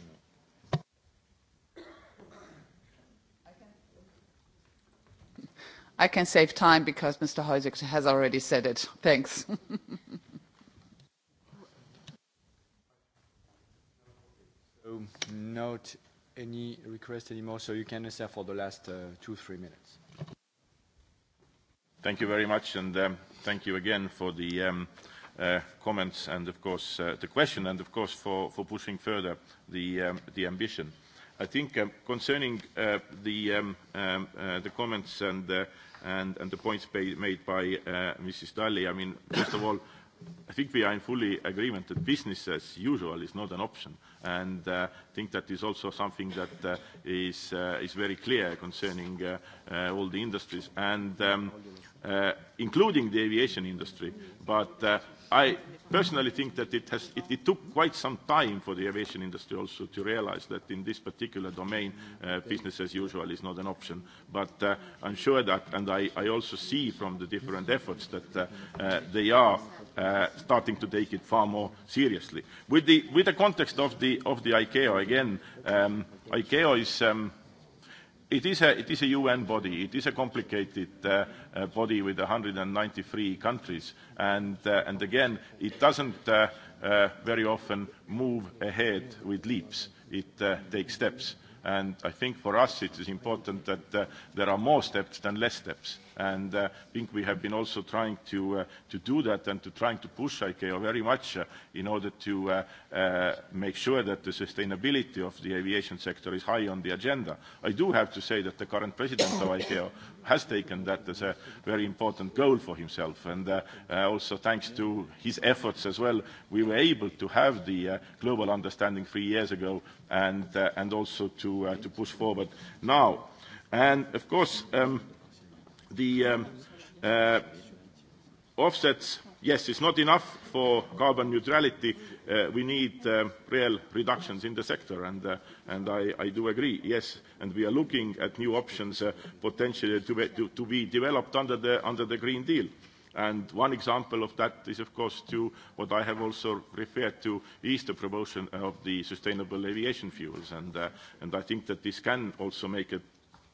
I can save time because Mr. Hojsik has already said it. Thanks. Note any request anymore, so you can answer for the last two, three minutes. Thank you very much, and thank you again for the um, uh, comments and, of course, uh, the question, and, of course, for, for pushing further the, um, the ambition. I think concerning uh, the, um, um, uh, the comments and, uh, and, and the points made by uh, Mrs. Daly, I mean, first of all, I think we are in fully agreement that business as usual is not an option, and I think that is also something that is uh is very clear concerning uh all the industries and um uh including the aviation industry. But uh I personally think that it has it it took quite some time for the aviation industry also to realize that in this particular domain, uh business as usual is not an option. But uh I'm sure that, and I I also see from the different efforts that uh uh they are uh, starting to take it far more seriously. With the, with the context of the, of the ICAO again, um, ICAO is, um, it is, a, it is a UN body. It is a complicated uh, uh, body with 193 countries. And, uh, and again, it doesn't uh, uh, very often move ahead with leaps. It uh, takes steps. Uh, And I think for us it is important that uh, there are more steps than less steps. And uh, I think we have been also trying to, uh, to do that and to trying to push ICAO very much uh, in order to uh, uh, make sure that the sustainability of the aviation sector is high on the agenda. I do have to say that the current president of ICAO has taken that as a very important goal for himself. And uh, uh, also thanks to his efforts as well, we were able to have the uh, global understanding three years ago and, uh, and also to, uh, to push forward now. And of course, um, the um, uh, offsets, yes, it's not enough for carbon neutrality we need real reductions in the sector, and I I do agree, yes, and we are looking at new options potentially to be to be developed under the under the Green Deal. And one example of that is, of course, to what I have also referred to, is the promotion of the sustainable aviation fuels. And I think that this can also make a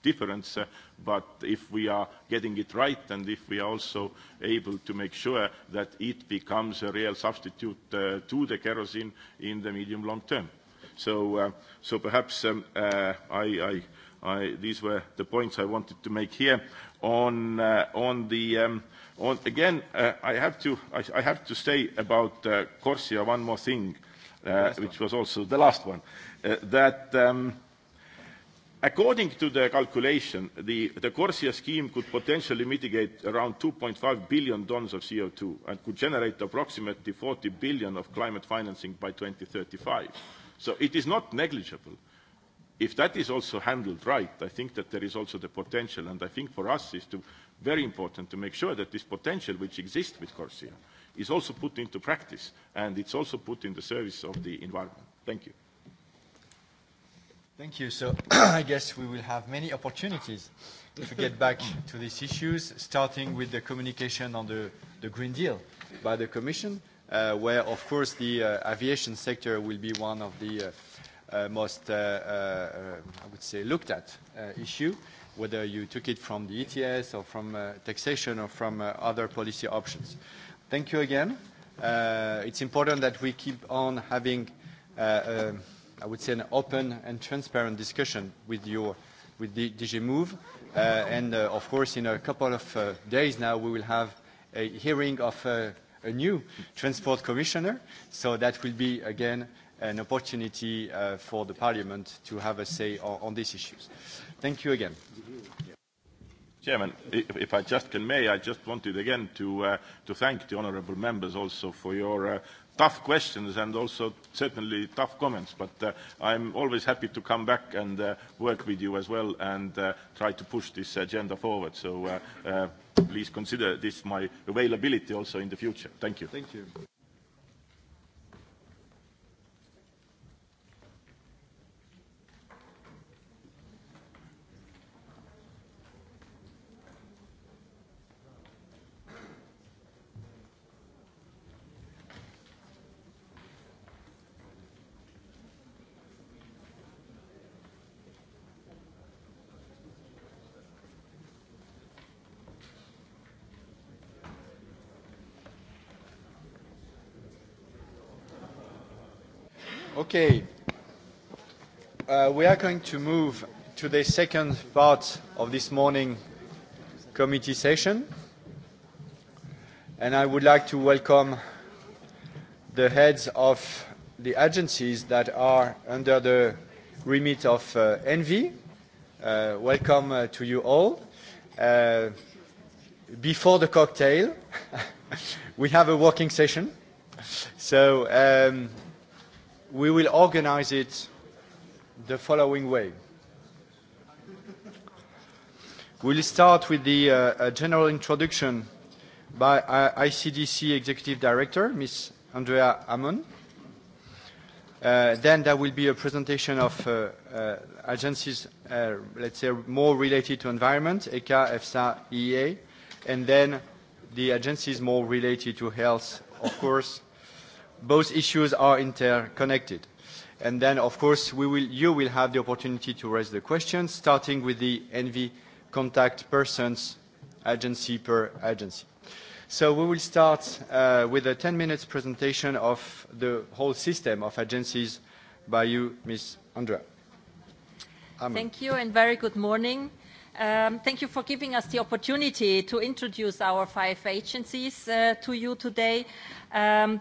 difference. But if we are getting it right, and if we are also able to make sure that it becomes a real substitute uh to the kerosene in the medium long term. So uh so perhaps um uh I I I these were the points I wanted to make here. On uh on the um on again, uh I have to I I have to say about uh Corsia one more thing, uh which was also the last one, uh that um According to the calculation, the the CORSIA scheme could potentially mitigate around 2.5 billion tons of CO2 and could generate approximately 40 billion of climate financing by 2035. So It is not negligible. If that is also handled right, I think that there is also the potential, and I think for us it's very important to make sure that this potential which exists with CORSIA is also put into practice, and it's also put in the service of the environment. Thank you. Thank you. So I guess we will have many opportunities to get back to these issues, starting with the communication on the, the Green Deal by the Commission, uh, where, of course, the uh, aviation sector will be one of the uh, uh, most, uh, uh, I would say, looked at uh, issue, whether you took it from the ETS or from uh, taxation or from uh, other policy options. Thank you again. Uh, it's important that we keep on having uh, uh, I would say, an open and transparent discussion with your with the DG Move. Uh, and uh, of course, in a couple of uh, days now, we will have a hearing of uh, a new transport commissioner. So that will be again an opportunity uh, for the Parliament to have a say on, on these issues. Thank you again. Chairman, if, if I just can may, I just wanted again to, uh, to thank the honourable members also for your uh, tough questions and also certainly tough comments, but uh, I'm always happy to come back and uh, work with you as well and uh, try to push this agenda forward. So uh, uh, please consider this my availability also in the future. Thank you. Thank you. Okay. Uh, we are going to move to the second part of this morning committee session. And I would like to welcome the heads of the agencies that are under the remit of uh, ENVI. Uh, welcome uh, to you all. Uh, before the cocktail, we have a working session. So um, we will organize it the following way. We'll start with the uh, uh, general introduction by uh, ICDC Executive Director, Ms. Andrea Amon. Uh, then there will be a presentation of uh, uh, agencies, uh, let's say, more related to environment, ECA, EFSA, EEA, and then the agencies more related to health, of course, both issues are interconnected. And then, of course, we will, you will have the opportunity to raise the questions, starting with the NV contact persons agency per agency. So we will start uh, with a 10 minutes presentation of the whole system of agencies by you, Ms. Andrea. Thank you and very good morning thank you for giving us the opportunity to introduce our five agencies to you today.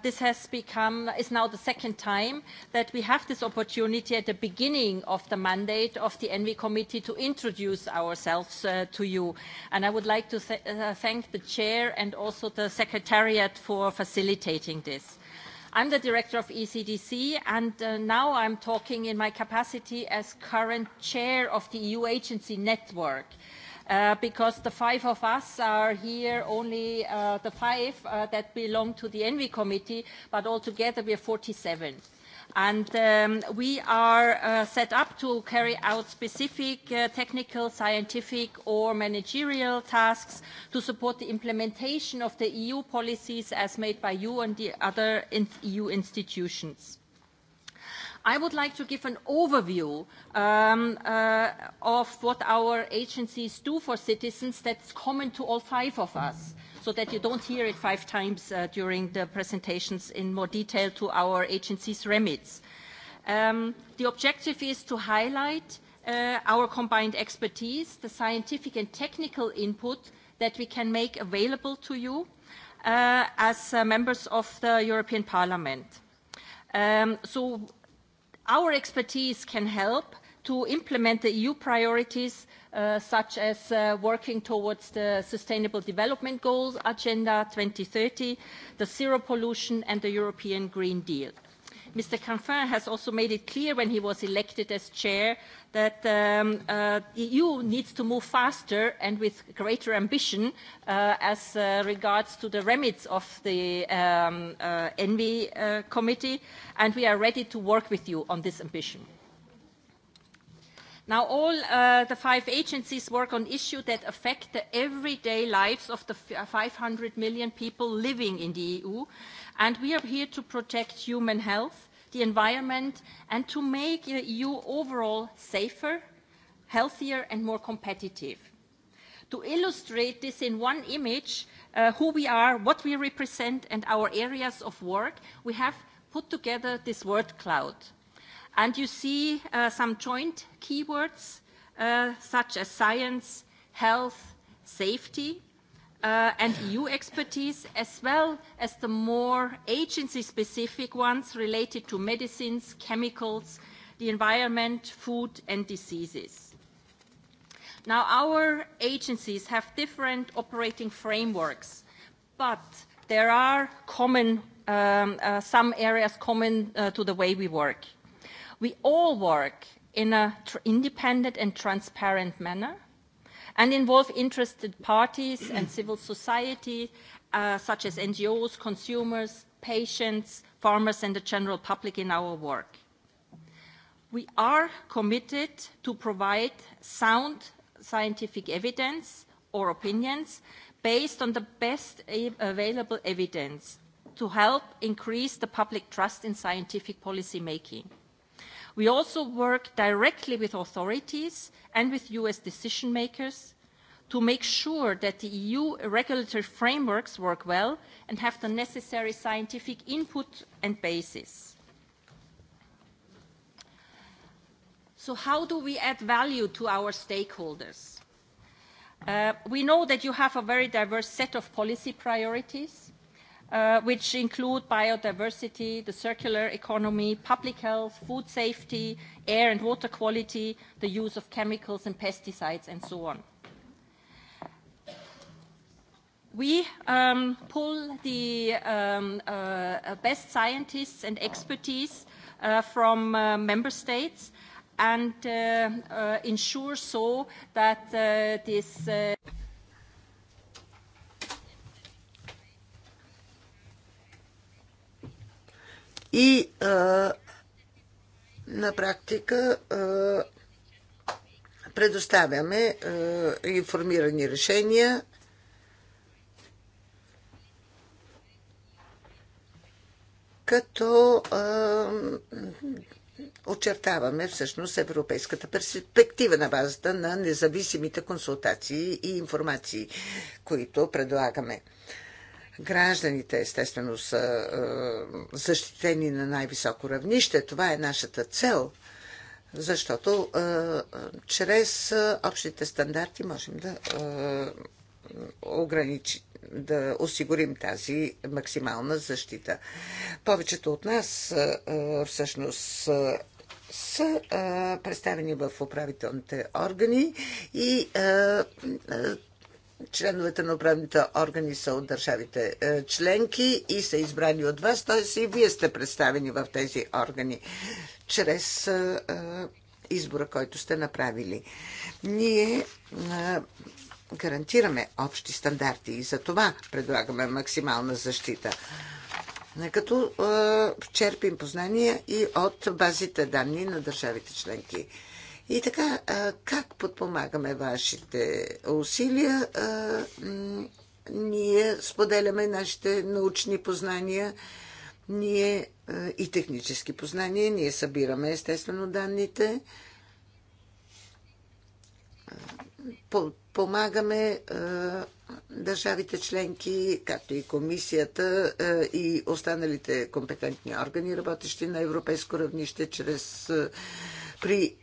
this has become, is now the second time that we have this opportunity at the beginning of the mandate of the ENVI committee to introduce ourselves to you. And I would like to uh, thank the chair and also the secretariat for facilitating this. I'm the director of ECDC, and uh, now I'm talking in my capacity as current chair of the EU agency network. Uh, because the five of us are here, only uh, the five uh, that belong to the Envy Committee, but altogether we are 47. seven And we are set up to carry out specific technical, scientific, or managerial tasks to support the implementation of the EU policies as made by you and the other EU institutions I would like to give an overview of what our agencies do for citizens that's common to all five of us, so that you don't hear it five times during the presentations in more detail to our agencies' remits. The objective is to highlight our combined expertise, the scientific and technical input that we can make available to you as members of the European Parliament. So Our expertise can help to implement the EU priorities such as working towards the Sustainable Development Goals Agenda 2030, the Zero Pollution and the European Green Deal. Mr. Canfin has also made it clear when he was elected as chair that the EU needs to move faster and with greater ambition as regards to the remits of the Envy Committee, and we are ready to work with you on this ambition. Now, all uh, the five agencies work on issues that affect the everyday lives of the 500 million people living in the EU, And we are here to protect human health, the environment, and to make the EU overall safer, healthier, and more competitive. To illustrate this in one image, who we are, what we represent, and our areas of work, we have put together this word cloud. And you see some joint keywords such as science, health, safety, and EU expertise, as well as the more agency-specific ones related to medicines, chemicals, the environment, food, and diseases. Now, our agencies have different operating frameworks, but there are common, um, uh, some areas common uh, to the way we work. We all work in an tr- independent and transparent manner – and involve interested parties and civil society, uh, such as NGOs, consumers, patients, farmers, and the general public in our work. We are committed to provide sound scientific evidence or opinions based on the best available evidence to help increase the public trust in scientific policy making. We also work directly with authorities and with US decision makers to make sure that the EU regulatory frameworks work well and have the necessary scientific input and basis. So how do we add value to our stakeholders? we know that you have a very diverse set of policy priorities which include biodiversity, the circular economy, public health, food safety, air and water quality, the use of chemicals and pesticides, and so on. We pull the best scientists and expertise from member states and ensure so that this и а, на практика а, предоставяме а, информирани решения като а, очертаваме всъщност европейската перспектива на базата на независимите консултации и информации, които предлагаме. Гражданите, естествено, са е, защитени на най-високо равнище. Това е нашата цел, защото е, чрез е, общите стандарти можем да е, ограничи, да осигурим тази максимална защита. Повечето от нас е, е всъщност е, са представени в управителните органи и а, а, Членовете на управните органи са от държавите е, членки и са избрани от вас, т.е. и вие сте представени в тези органи чрез е, е, избора, който сте направили. Ние гарантираме общи стандарти и за това предлагаме максимална защита. Като черпим познания и от базите данни на държавите членки. И така, как подпомагаме вашите усилия? Ние споделяме нашите научни познания ние и технически познания, ние събираме естествено данните, помагаме държавите членки, както и комисията и останалите компетентни органи, работещи на европейско равнище, чрез при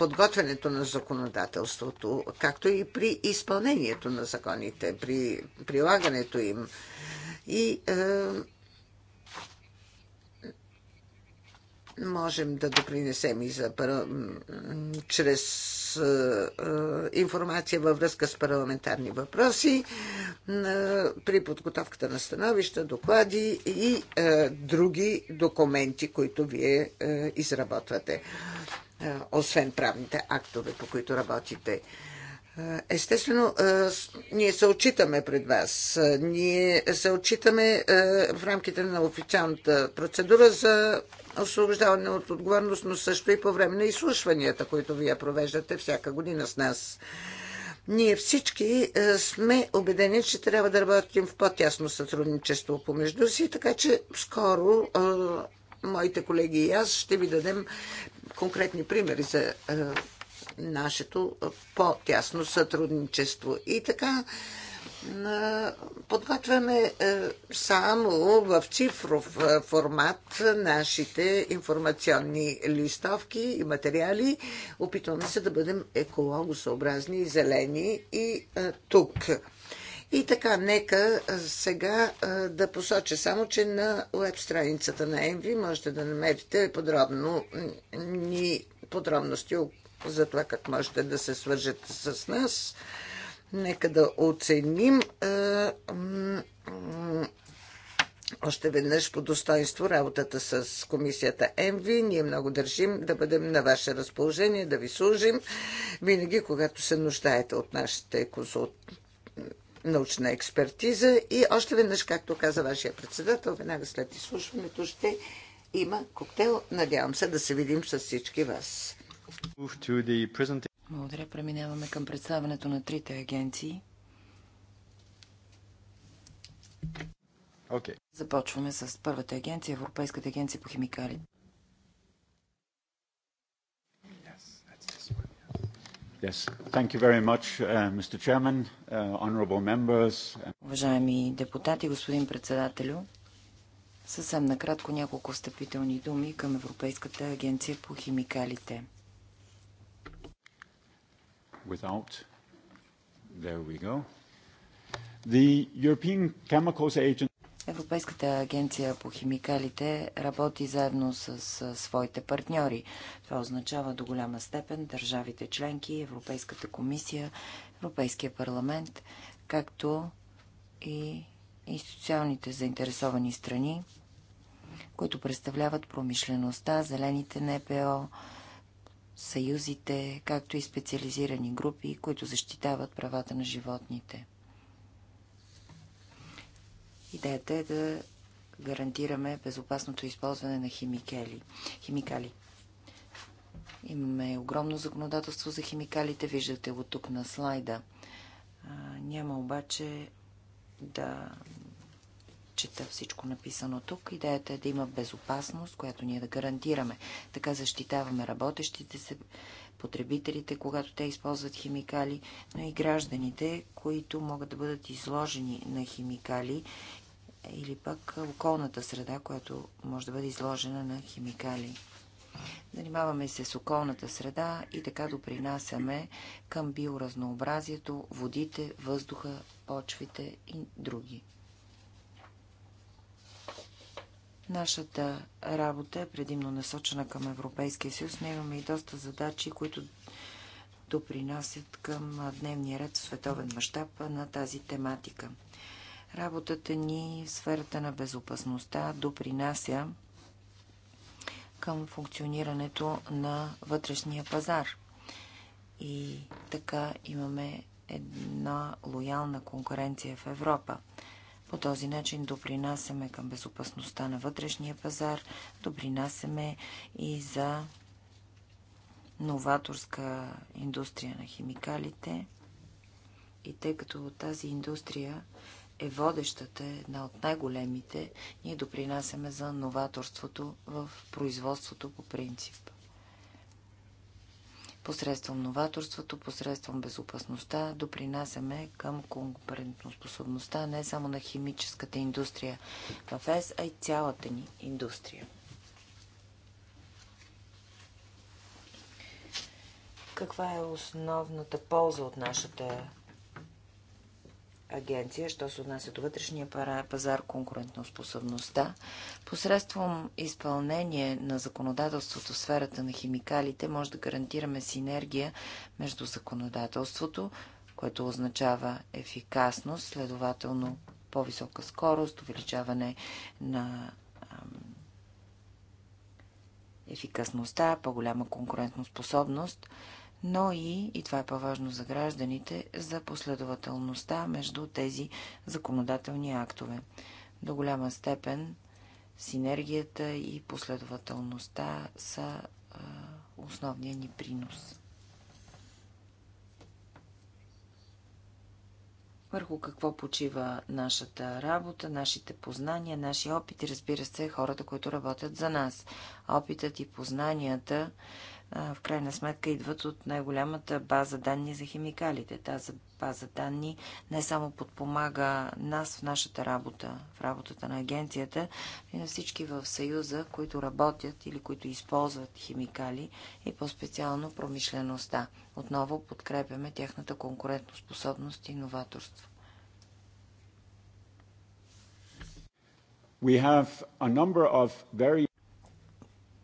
подготвянето на законодателството, както и при изпълнението на законите, при прилагането им. И е, можем да допринесем и за чрез е, е, информация във връзка с парламентарни въпроси е, при подготовката на становища, доклади и други документи, които вие изработвате освен правните актове, по които работите. Естествено, ние се отчитаме пред вас. Ние се отчитаме в рамките на официалната процедура за освобождаване от отговорност, но също и по време на изслушванията, които вие провеждате всяка година с нас. Ние всички сме убедени, че трябва да работим в по-тясно сътрудничество помежду си, така че скоро моите колеги и аз ще ви дадем конкретни примери за е, нашето е, по-тясно сътрудничество. И така, е, подготвяме само в цифров формат нашите информационни листовки и материали. Опитваме се да бъдем екологосъобразни и зелени и тук. И така, нека сега да посоча само, че на веб страницата на Envy, можете да намерите подробно ни подробности за това как можете да се свържете с нас. Нека да оценим още веднъж по достоинство работата с комисията МВ. Ние много държим да бъдем на ваше разположение, да ви служим винаги, когато се нуждаете от нашите консултации научна експертиза и още веднъж, както каза вашия председател, веднага след изслушването ще има коктейл. Надявам се да се видим с всички вас. Благодаря. Преминаваме към представането на трите агенции. Okay. Започваме с първата агенция, Европейската агенция по химикали. Uh, uh, Уважаеми депутати, господин председателю, съвсем накратко няколко встъпителни думи към Европейската агенция по химикалите. Without. There we go. The European Chemicals Agency Европейската агенция по химикалите работи заедно с, с своите партньори. Това означава до голяма степен държавите членки, Европейската комисия, Европейския парламент, както и институционалните заинтересовани страни, които представляват промишлеността, зелените НПО, съюзите, както и специализирани групи, които защитават правата на животните. Идеята е да гарантираме безопасното използване на химикали. химикали. Имаме огромно законодателство за химикалите, виждате го тук на слайда. А, няма обаче да чета всичко написано тук. Идеята е да има безопасност, която ние да гарантираме. Така защитаваме работещите се, потребителите, когато те използват химикали, но и гражданите, които могат да бъдат изложени на химикали или пък околната среда, която може да бъде изложена на химикали. Занимаваме се с околната среда и така допринасяме към биоразнообразието, водите, въздуха, почвите и други. Нашата работа е предимно насочена към Европейския съюз, но имаме и доста задачи, които допринасят към дневния ред в световен мащаб на тази тематика. Работата ни в сферата на безопасността допринася към функционирането на вътрешния пазар. И така имаме една лоялна конкуренция в Европа. По този начин допринасяме към безопасността на вътрешния пазар, допринасяме и за новаторска индустрия на химикалите. И тъй като тази индустрия е водещата, една от най-големите. Ние допринасяме за новаторството в производството по принцип. Посредством новаторството, посредством безопасността, допринасяме към конкурентоспособността не само на химическата индустрия в ЕС, а и цялата ни индустрия. Каква е основната полза от нашата агенция, що се отнася до вътрешния пазар, конкурентоспособността, посредством изпълнение на законодателството в сферата на химикалите може да гарантираме синергия между законодателството, което означава ефикасност, следователно по-висока скорост, увеличаване на ефикасността, по-голяма конкурентоспособност, способност, но и, и това е по-важно за гражданите, за последователността между тези законодателни актове. До голяма степен синергията и последователността са а, основния ни принос. Върху какво почива нашата работа, нашите познания, нашия опит и разбира се хората, които работят за нас. Опитът и познанията в крайна сметка идват от най-голямата база данни за химикалите. Тази база данни не само подпомага нас в нашата работа, в работата на агенцията, и на всички в Съюза, които работят или които използват химикали и по-специално промишлеността. Отново подкрепяме тяхната конкурентоспособност и новаторство. We have a number of very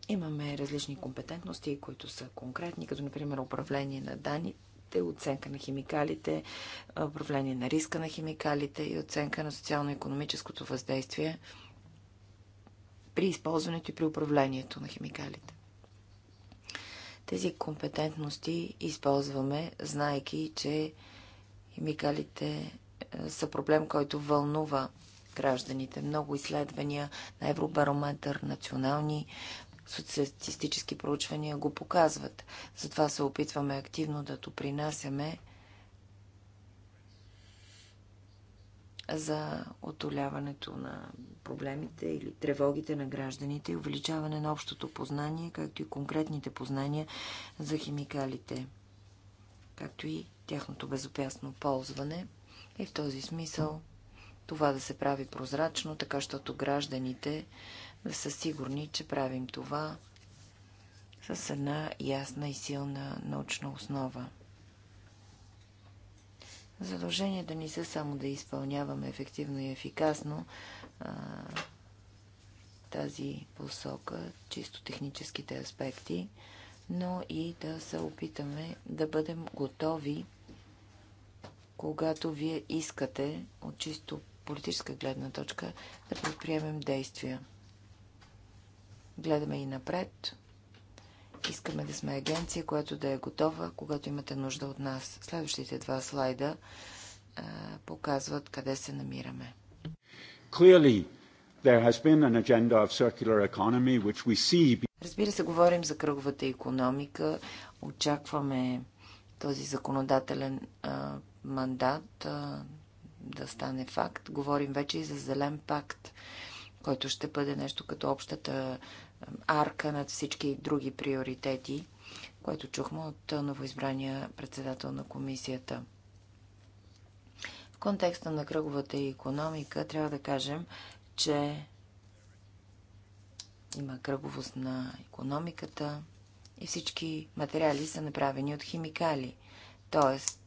Имаме различни компетентности, които са конкретни, като например управление на данните, оценка на химикалите, управление на риска на химикалите и оценка на социално-економическото въздействие при използването и при управлението на химикалите. Тези компетентности използваме, знайки, че химикалите е, са проблем, който вълнува гражданите. Много изследвания на Евробарометър, национални Социалистически проучвания го показват. Затова се опитваме активно да допринасяме за отоляването на проблемите или тревогите на гражданите и увеличаване на общото познание, както и конкретните познания за химикалите, както и тяхното безопясно ползване. И в този смисъл това да се прави прозрачно, така щото гражданите да са сигурни, че правим това с една ясна и силна научна основа. Задълженията ни са само да изпълняваме ефективно и ефикасно а, тази посока, чисто техническите аспекти, но и да се опитаме да бъдем готови, когато вие искате от чисто политическа гледна точка да предприемем действия гледаме и напред. Искаме да сме агенция, която да е готова, когато имате нужда от нас. Следващите два слайда а, показват къде се намираме. Clearly, there has been an agenda of circular economy, which we see... Разбира се, говорим за кръговата економика. Очакваме този законодателен а, мандат а, да стане факт. Говорим вече и за зелен пакт, който ще бъде нещо като общата арка над всички други приоритети, което чухме от новоизбрания председател на комисията. В контекста на кръговата економика трябва да кажем, че има кръговост на економиката и всички материали са направени от химикали. Тоест,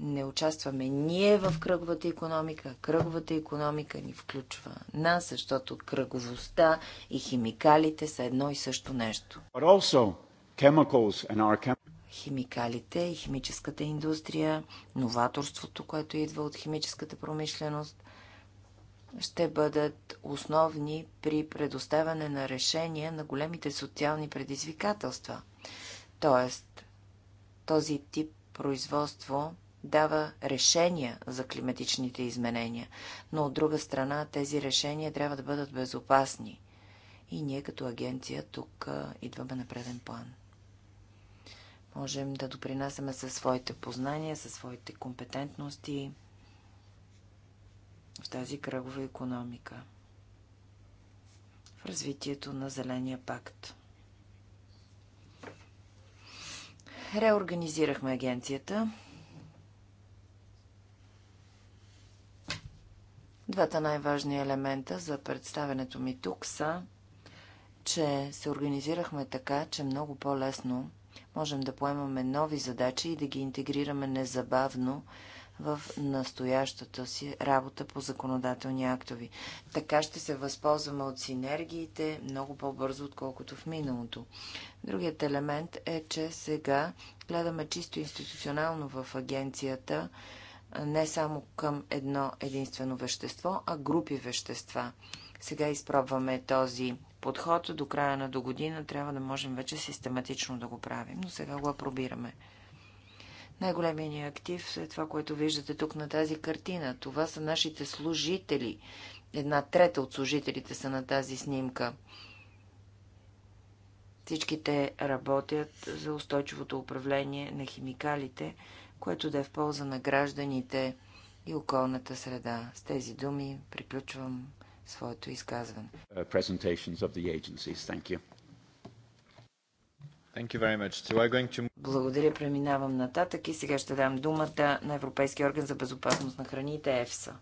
не участваме ние в кръговата економика, кръговата економика ни включва нас, защото кръговостта и химикалите са едно и също нещо. Химикалите и химическата индустрия, новаторството, което идва от химическата промишленост, ще бъдат основни при предоставяне на решения на големите социални предизвикателства. Тоест, този тип производство – дава решения за климатичните изменения, но от друга страна тези решения трябва да бъдат безопасни. И ние като агенция тук идваме на преден план. Можем да допринасяме със своите познания, със своите компетентности в тази кръгова економика, в развитието на Зеления пакт. Реорганизирахме агенцията, Двата най-важни елемента за представенето ми тук са, че се организирахме така, че много по-лесно можем да поемаме нови задачи и да ги интегрираме незабавно в настоящата си работа по законодателни актови. Така ще се възползваме от синергиите много по-бързо, отколкото в миналото. Другият елемент е, че сега гледаме чисто институционално в агенцията не само към едно единствено вещество, а групи вещества. Сега изпробваме този подход. До края на до година трябва да можем вече систематично да го правим, но сега го пробираме. Най-големият ни актив е това, което виждате тук на тази картина. Това са нашите служители. Една трета от служителите са на тази снимка. Всичките работят за устойчивото управление на химикалите което да е в полза на гражданите и околната среда. С тези думи приключвам своето изказване. To... Благодаря, преминавам нататък и сега ще дам думата на Европейския орган за безопасност на храните ЕФСА.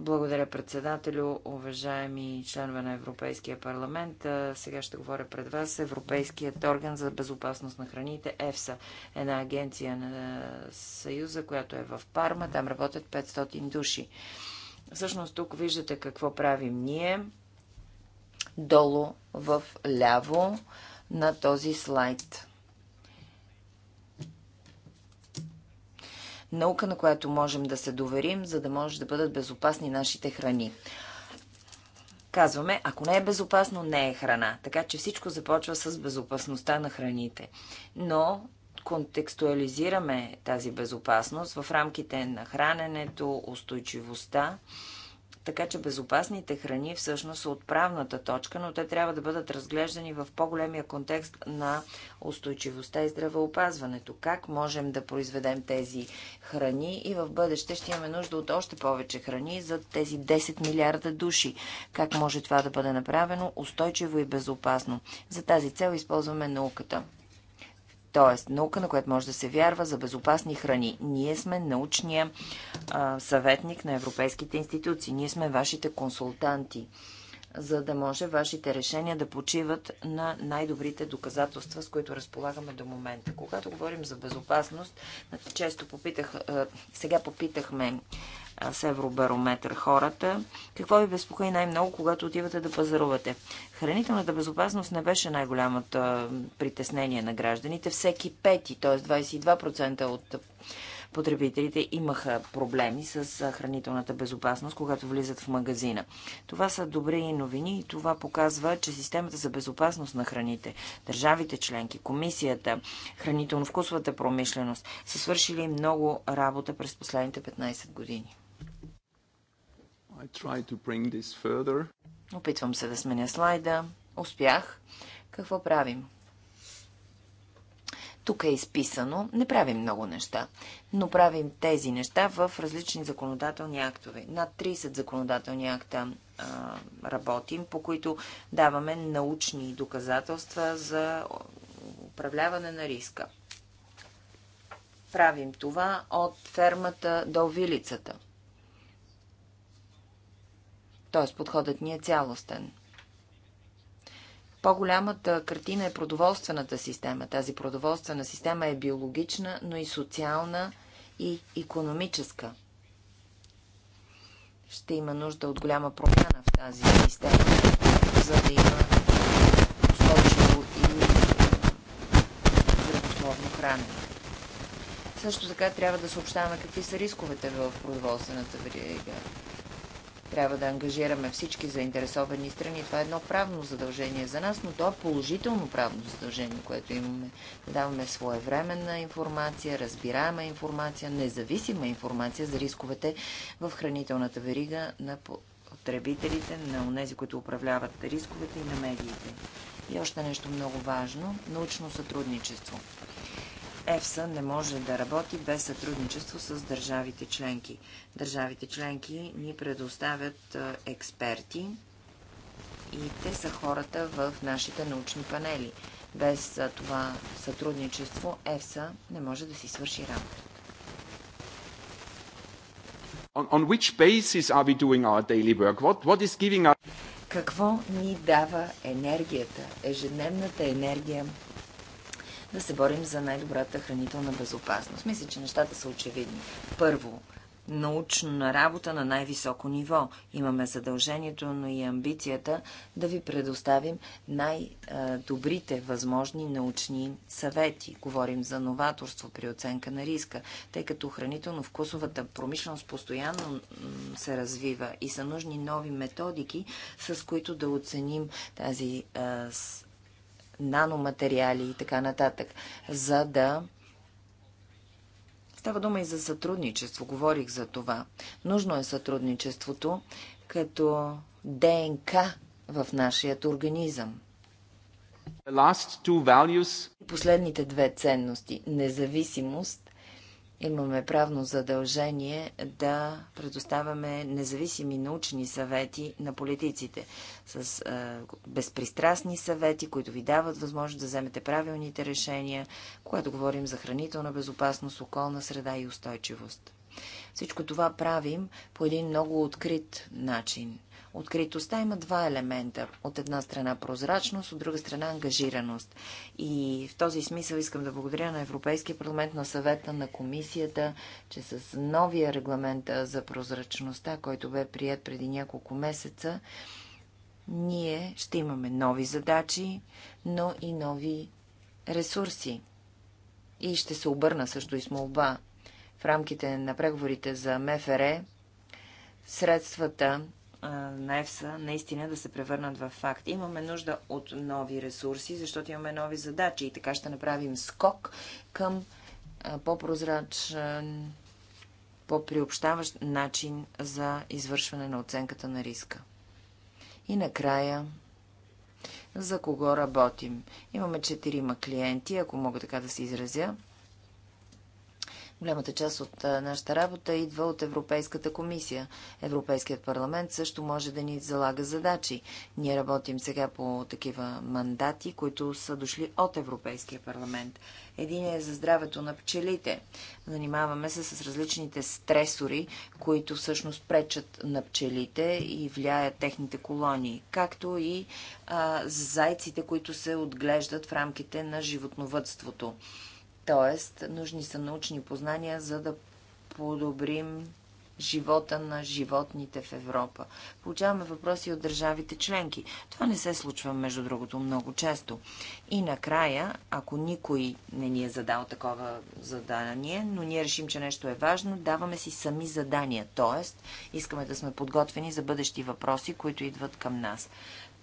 Благодаря, председателю, уважаеми членове на Европейския парламент. Сега ще говоря пред вас Европейският орган за безопасност на храните, ЕФСА, една агенция на Съюза, която е в Парма. Там работят 500 души. Всъщност тук виждате какво правим ние. Долу в ляво на този слайд. наука, на която можем да се доверим, за да може да бъдат безопасни нашите храни. Казваме, ако не е безопасно, не е храна. Така че всичко започва с безопасността на храните. Но контекстуализираме тази безопасност в рамките на храненето, устойчивостта така че безопасните храни всъщност са отправната точка, но те трябва да бъдат разглеждани в по-големия контекст на устойчивостта и здравеопазването. Как можем да произведем тези храни и в бъдеще ще имаме нужда от още повече храни за тези 10 милиарда души. Как може това да бъде направено устойчиво и безопасно? За тази цел използваме науката. Тоест, наука, на която може да се вярва за безопасни храни. Ние сме научния а, съветник на европейските институции. Ние сме вашите консултанти за да може вашите решения да почиват на най-добрите доказателства, с които разполагаме до момента. Когато говорим за безопасност, значи често попитах, сега попитахме с Евробарометър хората. Какво ви безпокои най-много, когато отивате да пазарувате? Хранителната безопасност не беше най-голямата притеснение на гражданите. Всеки пети, т.е. 22% от потребителите имаха проблеми с хранителната безопасност, когато влизат в магазина. Това са добри новини и това показва, че системата за безопасност на храните, държавите членки, комисията, хранително-вкусовата промишленост са свършили много работа през последните 15 години. Опитвам се да сменя слайда. Успях. Какво правим? тук е изписано, не правим много неща, но правим тези неща в различни законодателни актове. Над 30 законодателни акта а, работим, по които даваме научни доказателства за управляване на риска. Правим това от фермата до вилицата. Тоест подходът ни е цялостен. По-голямата картина е продоволствената система. Тази продоволствена система е биологична, но и социална и економическа. Ще има нужда от голяма промяна в тази система, за да има устойчиво и здравословно хранене. Също така трябва да съобщаваме какви са рисковете в продоволствената верига. Трябва да ангажираме всички заинтересовани страни. Това е едно правно задължение за нас, но то е положително правно задължение, което имаме. Да даваме своевременна информация, разбираема информация, независима информация за рисковете в хранителната верига на потребителите, на онези, които управляват рисковете и на медиите. И още нещо много важно – научно сътрудничество. ЕФСА не може да работи без сътрудничество с държавите членки. Държавите членки ни предоставят експерти и те са хората в нашите научни панели. Без това сътрудничество ЕФСА не може да си свърши работа. On, which basis are we doing our daily work? What, what is giving our... Какво ни дава енергията, ежедневната енергия да се борим за най-добрата хранителна безопасност. Мисля, че нещата са очевидни. Първо, научна работа на най-високо ниво. Имаме задължението, но и амбицията да ви предоставим най-добрите възможни научни съвети. Говорим за новаторство при оценка на риска, тъй като хранително-вкусовата промишленост постоянно се развива и са нужни нови методики, с които да оценим тази наноматериали и така нататък, за да Става дума и за сътрудничество. Говорих за това. Нужно е сътрудничеството като ДНК в нашият организъм. Последните две ценности – независимост имаме правно задължение да предоставяме независими научни съвети на политиците с е, безпристрастни съвети, които ви дават възможност да вземете правилните решения, когато говорим за хранителна безопасност, околна среда и устойчивост. Всичко това правим по един много открит начин. Откритостта има два елемента. От една страна прозрачност, от друга страна ангажираност. И в този смисъл искам да благодаря на Европейския парламент, на съвета, на комисията, че с новия регламент за прозрачността, който бе прият преди няколко месеца, ние ще имаме нови задачи, но и нови ресурси. И ще се обърна също и с молба в рамките на преговорите за МФР, средствата на ЕФСА наистина да се превърнат в факт. Имаме нужда от нови ресурси, защото имаме нови задачи и така ще направим скок към по-прозрачен, по-приобщаващ начин за извършване на оценката на риска. И накрая, за кого работим? Имаме четирима клиенти, ако мога така да се изразя. Голямата част от нашата работа идва от Европейската комисия. Европейският парламент също може да ни залага задачи. Ние работим сега по такива мандати, които са дошли от Европейския парламент. Един е за здравето на пчелите. Занимаваме се с различните стресори, които всъщност пречат на пчелите и влияят техните колонии, както и а, зайците, които се отглеждат в рамките на животновътството. Тоест, нужни са научни познания, за да подобрим живота на животните в Европа. Получаваме въпроси от държавите членки. Това не се случва, между другото, много често. И накрая, ако никой не ни е задал такова задание, но ние решим, че нещо е важно, даваме си сами задания. Тоест, искаме да сме подготвени за бъдещи въпроси, които идват към нас.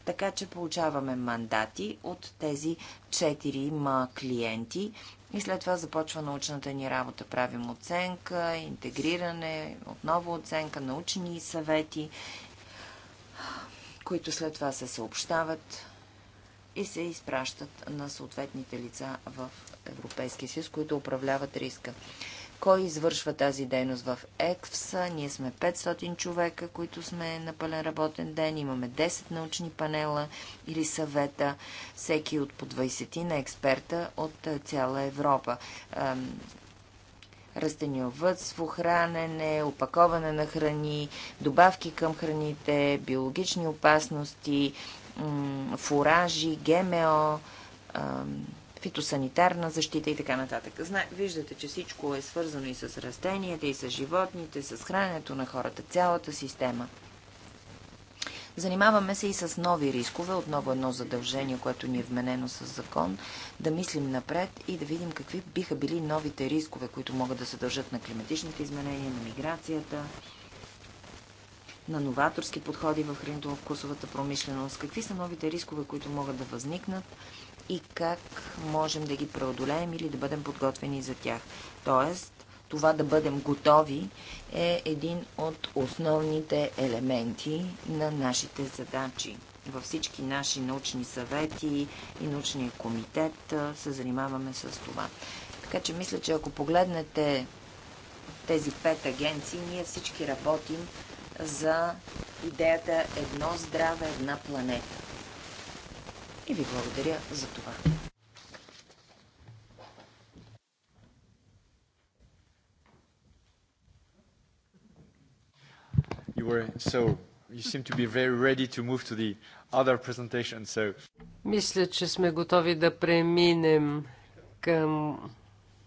Така че получаваме мандати от тези четирима клиенти и след това започва научната ни работа. Правим оценка, интегриране, отново оценка, научни съвети, които след това се съобщават и се изпращат на съответните лица в Европейския съюз, които управляват риска. Кой извършва тази дейност в ЕКФСА? Ние сме 500 човека, които сме на пълен работен ден. Имаме 10 научни панела или съвета, всеки от по 20 на експерта от е, цяла Европа растениовътство, хранене, опаковане на храни, добавки към храните, биологични опасности, фуражи, ГМО, фитосанитарна защита и така нататък. Зна... Виждате, че всичко е свързано и с растенията, и с животните, с храненето на хората, цялата система. Занимаваме се и с нови рискове, отново едно задължение, което ни е вменено с закон, да мислим напред и да видим какви биха били новите рискове, които могат да се дължат на климатичните изменения, на миграцията, на новаторски подходи в хранително-вкусовата промишленост, какви са новите рискове, които могат да възникнат и как можем да ги преодолеем или да бъдем подготвени за тях. Тоест, това да бъдем готови е един от основните елементи на нашите задачи. Във всички наши научни съвети и научния комитет се занимаваме с това. Така че мисля, че ако погледнете тези пет агенции, ние всички работим за идеята едно здраве, една планета и ви благодаря за това. You were so you seem to be very ready to move to the other presentation, so... Мисля, че сме готови да преминем към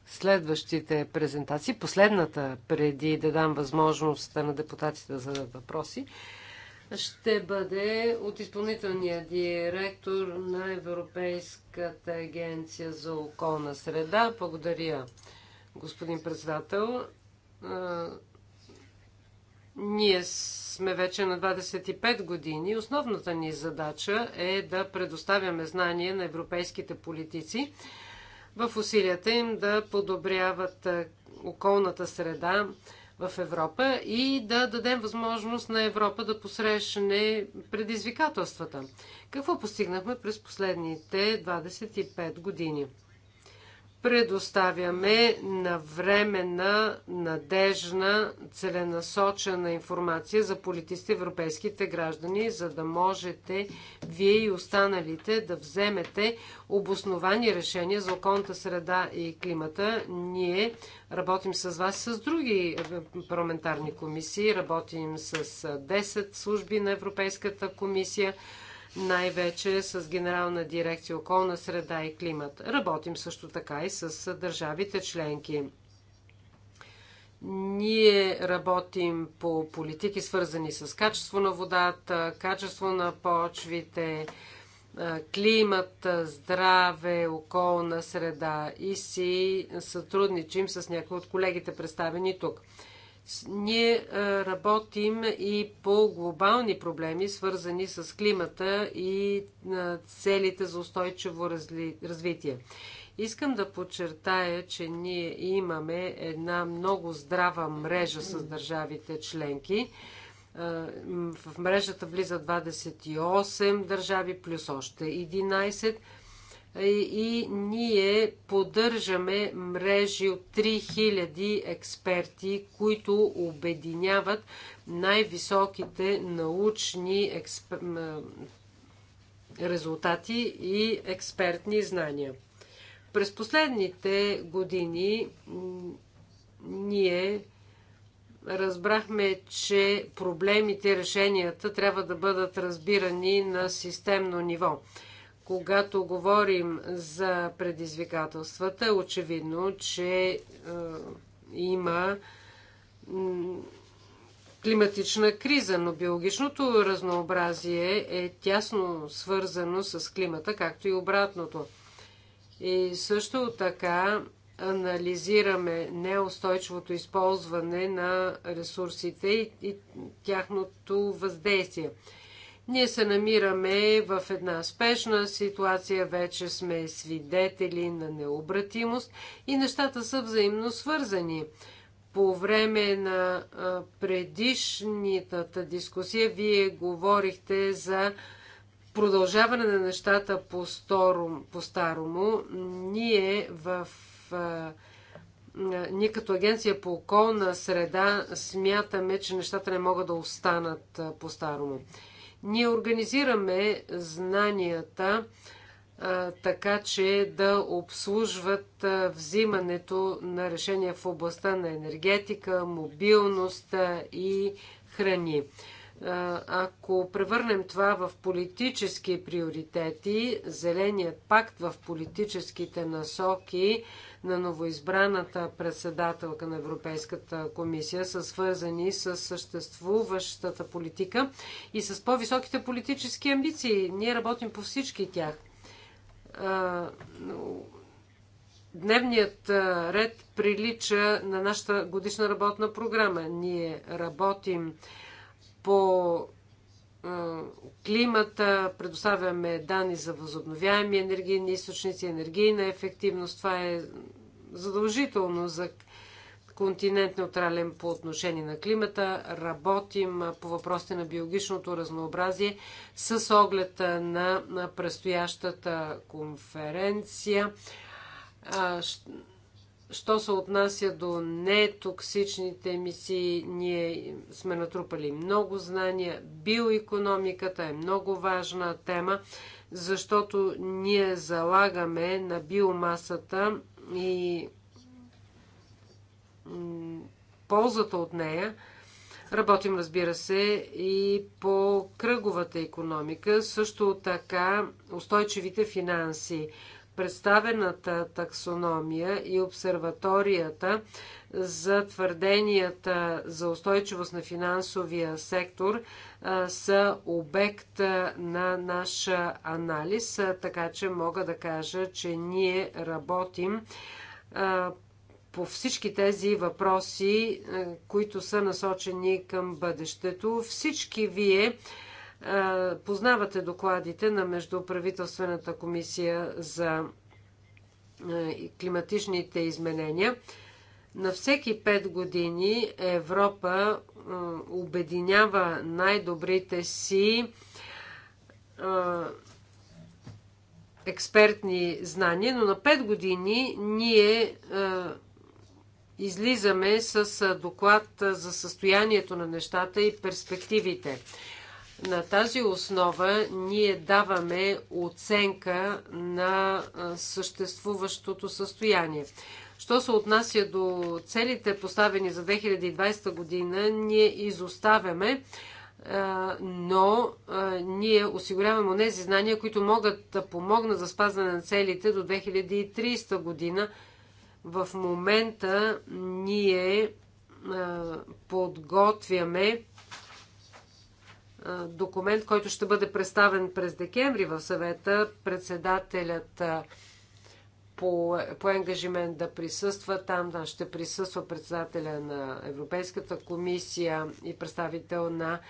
следващите презентации. Последната, преди да дам възможност на депутатите да зададат въпроси ще бъде от изпълнителния директор на Европейската агенция за околна среда. Благодаря, господин председател. Ние сме вече на 25 години. Основната ни задача е да предоставяме знания на европейските политици в усилията им да подобряват околната среда, в Европа и да дадем възможност на Европа да посрещне предизвикателствата. Какво постигнахме през последните 25 години? предоставяме навременна, надежна, целенасочена информация за политиците европейските граждани, за да можете вие и останалите да вземете обосновани решения за околната среда и климата. Ние работим с вас с други е, парламентарни комисии, работим с 10 е, служби на Европейската комисия, най-вече с Генерална дирекция околна среда и климат. Работим също така и с държавите членки. Ние работим по политики, свързани с качество на водата, качество на почвите, климат, здраве, околна среда и си сътрудничим с някои от колегите представени тук. Ние е, работим и по глобални проблеми, свързани с климата и е, целите за устойчиво развитие. Искам да подчертая, че ние имаме една много здрава мрежа с държавите членки. Е, в мрежата влиза 28 държави, плюс още 11 и ние поддържаме мрежи от 3000 експерти, които обединяват най-високите научни експ... резултати и експертни знания. През последните години ние разбрахме, че проблемите и решенията трябва да бъдат разбирани на системно ниво. Когато говорим за предизвикателствата, е очевидно, че е, има климатична криза, но биологичното разнообразие е тясно свързано с климата, както и обратното. И също така анализираме неустойчивото използване на ресурсите и, и тяхното въздействие. Ние се намираме в една спешна ситуация, вече сме свидетели на необратимост и нещата са взаимно свързани. По време на предишната дискусия вие говорихте за продължаване на нещата по-старому. По Ние в ние като агенция по околна среда смятаме, че нещата не могат да останат по-старому. Ние организираме знанията а, така, че да обслужват а, взимането на решения в областта на енергетика, мобилност и храни. А, ако превърнем това в политически приоритети, Зеленият пакт в политическите насоки, на новоизбраната председателка на Европейската комисия са свързани с съществуващата политика и с по-високите политически амбиции. Ние работим по всички тях. Дневният ред прилича на нашата годишна работна програма. Ние работим по климата, предоставяме данни за възобновяеми енергийни източници, енергийна ефективност. Това е задължително за континент неутрален по отношение на климата. Работим по въпросите на биологичното разнообразие с оглед на предстоящата конференция. Що се отнася до нетоксичните емисии, ние сме натрупали много знания. Биоекономиката е много важна тема, защото ние залагаме на биомасата и ползата от нея. Работим, разбира се, и по кръговата економика, също така устойчивите финанси представената таксономия и обсерваторията за твърденията за устойчивост на финансовия сектор са обект на наш анализ, така че мога да кажа, че ние работим по всички тези въпроси, които са насочени към бъдещето. Всички вие Познавате докладите на Междуправителствената комисия за климатичните изменения. На всеки 5 години Европа обединява най-добрите си експертни знания, но на 5 години ние излизаме с доклад за състоянието на нещата и перспективите. На тази основа ние даваме оценка на съществуващото състояние. Що се отнася до целите поставени за 2020 година, ние изоставяме, но ние осигуряваме тези знания, които могат да помогнат за спазване на целите до 2030 година. В момента ние подготвяме документ, който ще бъде представен през декември в съвета. Председателят по, по ангажимент да присъства. Там да, ще присъства председателя на Европейската комисия и представител на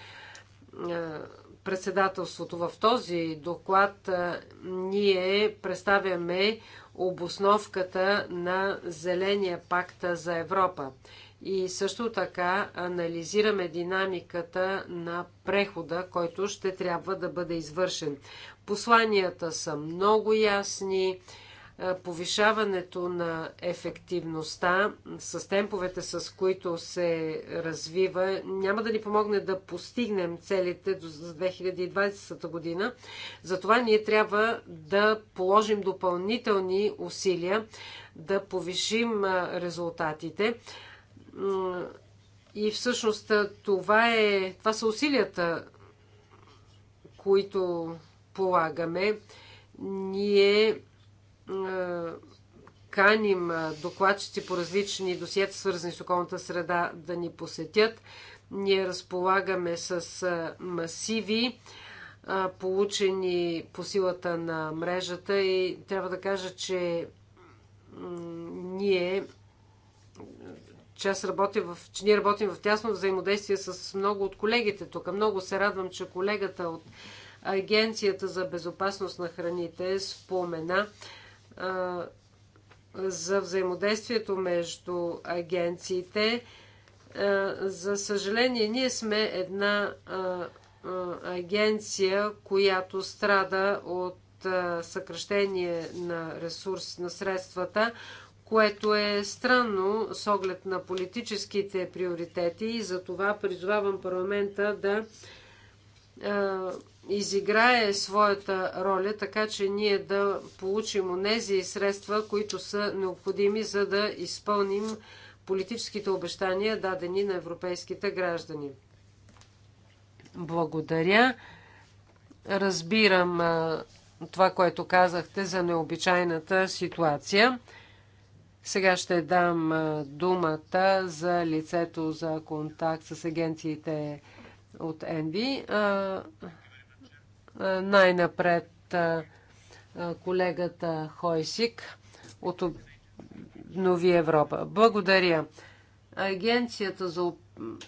председателството. В този доклад ние представяме обосновката на Зеления пакт за Европа. И също така анализираме динамиката на прехода, който ще трябва да бъде извършен. Посланията са много ясни. Е, повишаването на ефективността с темповете, с които се развива, няма да ни помогне да постигнем целите за 2020 година. Затова ние трябва да положим допълнителни усилия да повишим е, резултатите е, и всъщност това, е, това са усилията, които полагаме. Ние е, каним докладчици по различни досиета, свързани с околната среда, да ни посетят. Ние разполагаме с масиви, получени по силата на мрежата и трябва да кажа, че ние че, аз работя в, че ние работим в тясно взаимодействие с много от колегите тук. Много се радвам, че колегата от Агенцията за безопасност на храните спомена а, за взаимодействието между агенциите. А, за съжаление, ние сме една а, агенция, която страда от съкръщение на ресурс на средствата, което е странно с оглед на политическите приоритети и за това призвавам парламента да изиграе своята роля, така че ние да получим онези средства, които са необходими, за да изпълним политическите обещания, дадени на европейските граждани. Благодаря. Разбирам това, което казахте за необичайната ситуация. Сега ще дам думата за лицето за контакт с агенциите от Енви. Най-напред колегата Хойсик от Нови Европа. Благодаря. Агенцията за,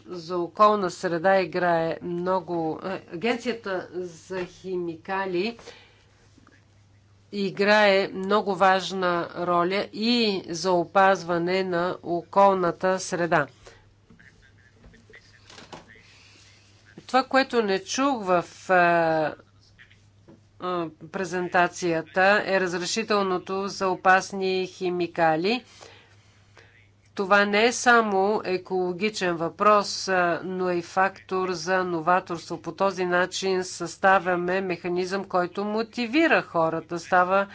за околна среда играе много. Агенцията за химикали играе много важна роля и за опазване на околната среда. Това, което не чух в е, е, презентацията е разрешителното за опасни химикали. Това не е само екологичен въпрос, но е и фактор за новаторство. По този начин съставяме механизъм, който мотивира хората. Става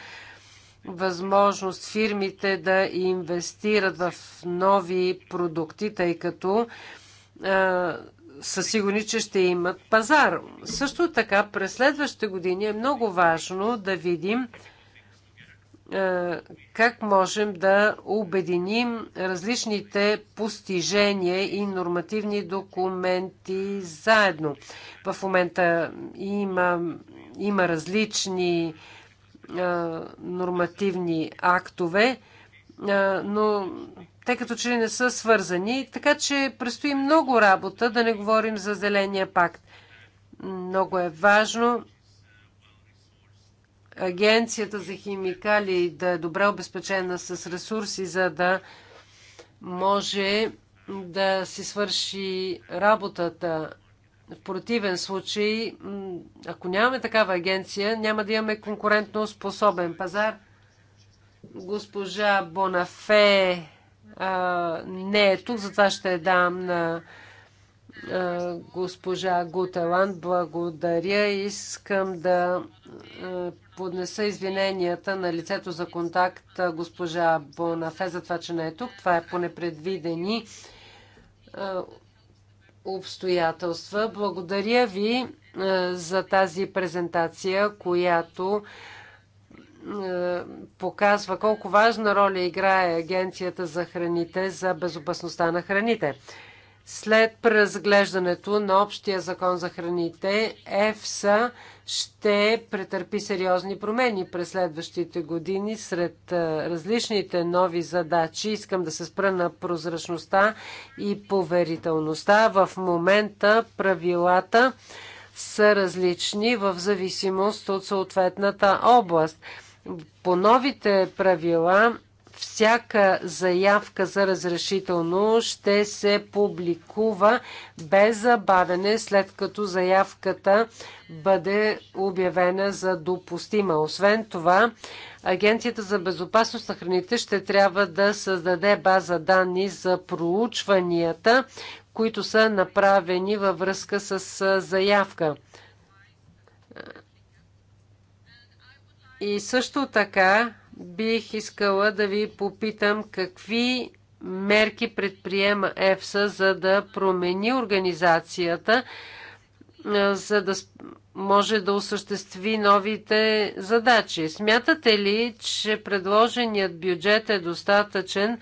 възможност фирмите да инвестират в нови продукти, тъй като са сигурни, че ще имат пазар. Също така, през следващите години е много важно да видим е, как можем да обединим различните постижения и нормативни документи заедно. В момента има, има различни е, нормативни актове, е, но те като че не са свързани, така че предстои много работа, да не говорим за Зеления пакт. Много е важно агенцията за химикали да е добре обезпечена с ресурси, за да може да си свърши работата. В противен случай, ако нямаме такава агенция, няма да имаме конкурентно способен пазар. Госпожа Бонафе а, не е тук, затова ще дам на е, госпожа Гуталанд. Благодаря. Искам да е, поднеса извиненията на лицето за контакт е, госпожа Бонафе за това, че не е тук. Това е по непредвидени обстоятелства. Благодаря ви за тази презентация, която показва колко важна роля играе Агенцията за храните за безопасността на храните. След преразглеждането на общия закон за храните, ЕФСА ще претърпи сериозни промени през следващите години. Сред различните нови задачи искам да се спра на прозрачността и поверителността. В момента правилата са различни в зависимост от съответната област. По новите правила всяка заявка за разрешително ще се публикува без забавене, след като заявката бъде обявена за допустима. Освен това, Агенцията за безопасност на храните ще трябва да създаде база данни за проучванията, които са направени във връзка с заявка. И също така бих искала да ви попитам какви мерки предприема ЕФСА, за да промени организацията, за да може да осъществи новите задачи. Смятате ли, че предложеният бюджет е достатъчен,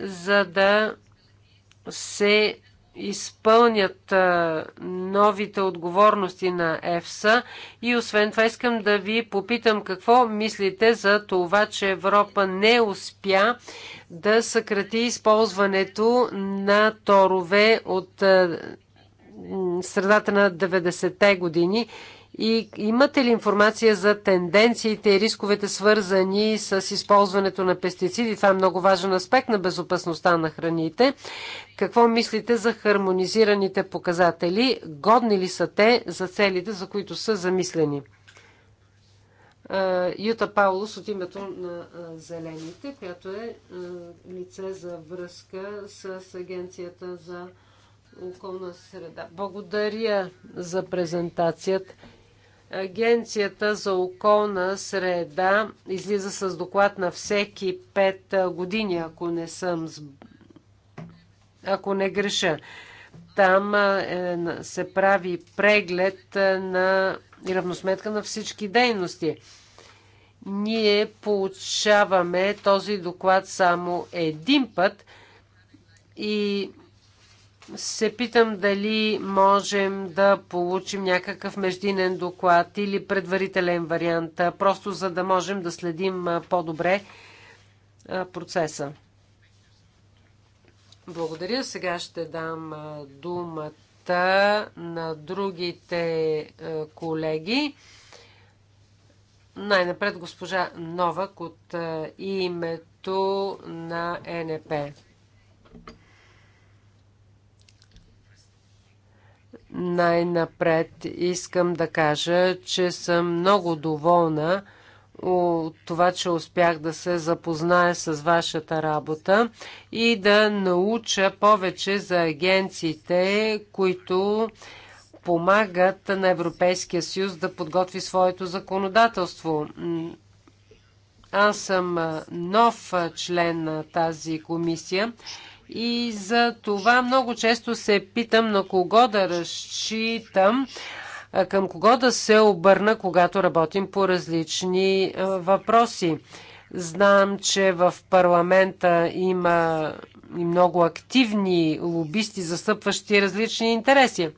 за да се изпълнят новите отговорности на ЕФСА. И освен това искам да ви попитам какво мислите за това, че Европа не успя да съкрати използването на торове от средата на 90-те години и имате ли информация за тенденциите и рисковете свързани с използването на пестициди? Това е много важен аспект на безопасността на храните. Какво мислите за хармонизираните показатели? Годни ли са те за целите, за които са замислени? Юта Паулос от името на Зелените, която е лице за връзка с Агенцията за околна среда. Благодаря за презентацията. Агенцията за околна среда излиза с доклад на всеки 5 години, ако не съм ако не греша. Там е, се прави преглед на и равносметка на всички дейности. Ние получаваме този доклад само един път и се питам дали можем да получим някакъв междинен доклад или предварителен вариант, просто за да можем да следим по-добре процеса. Благодаря. Сега ще дам думата на другите колеги. Най-напред госпожа Новак от името на НП. Най-напред искам да кажа, че съм много доволна от това, че успях да се запозная с вашата работа и да науча повече за агенциите, които помагат на Европейския съюз да подготви своето законодателство. Аз съм нов член на тази комисия и за това много често се питам на кого да разчитам, към кого да се обърна, когато работим по различни въпроси. Знам, че в парламента има и много активни лобисти, застъпващи различни интереси.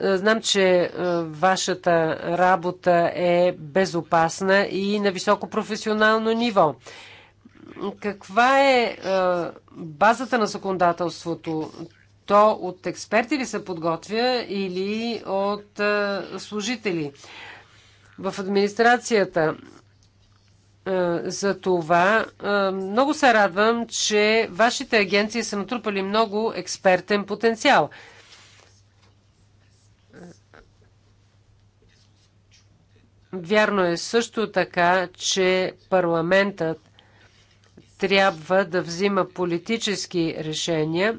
Знам, че вашата работа е безопасна и на високо професионално ниво. Каква е базата на законодателството? То от експерти ли се подготвя или от служители? В администрацията за това. Много се радвам, че вашите агенции са натрупали много експертен потенциал. Вярно е също така, че парламентът трябва да взима политически решения,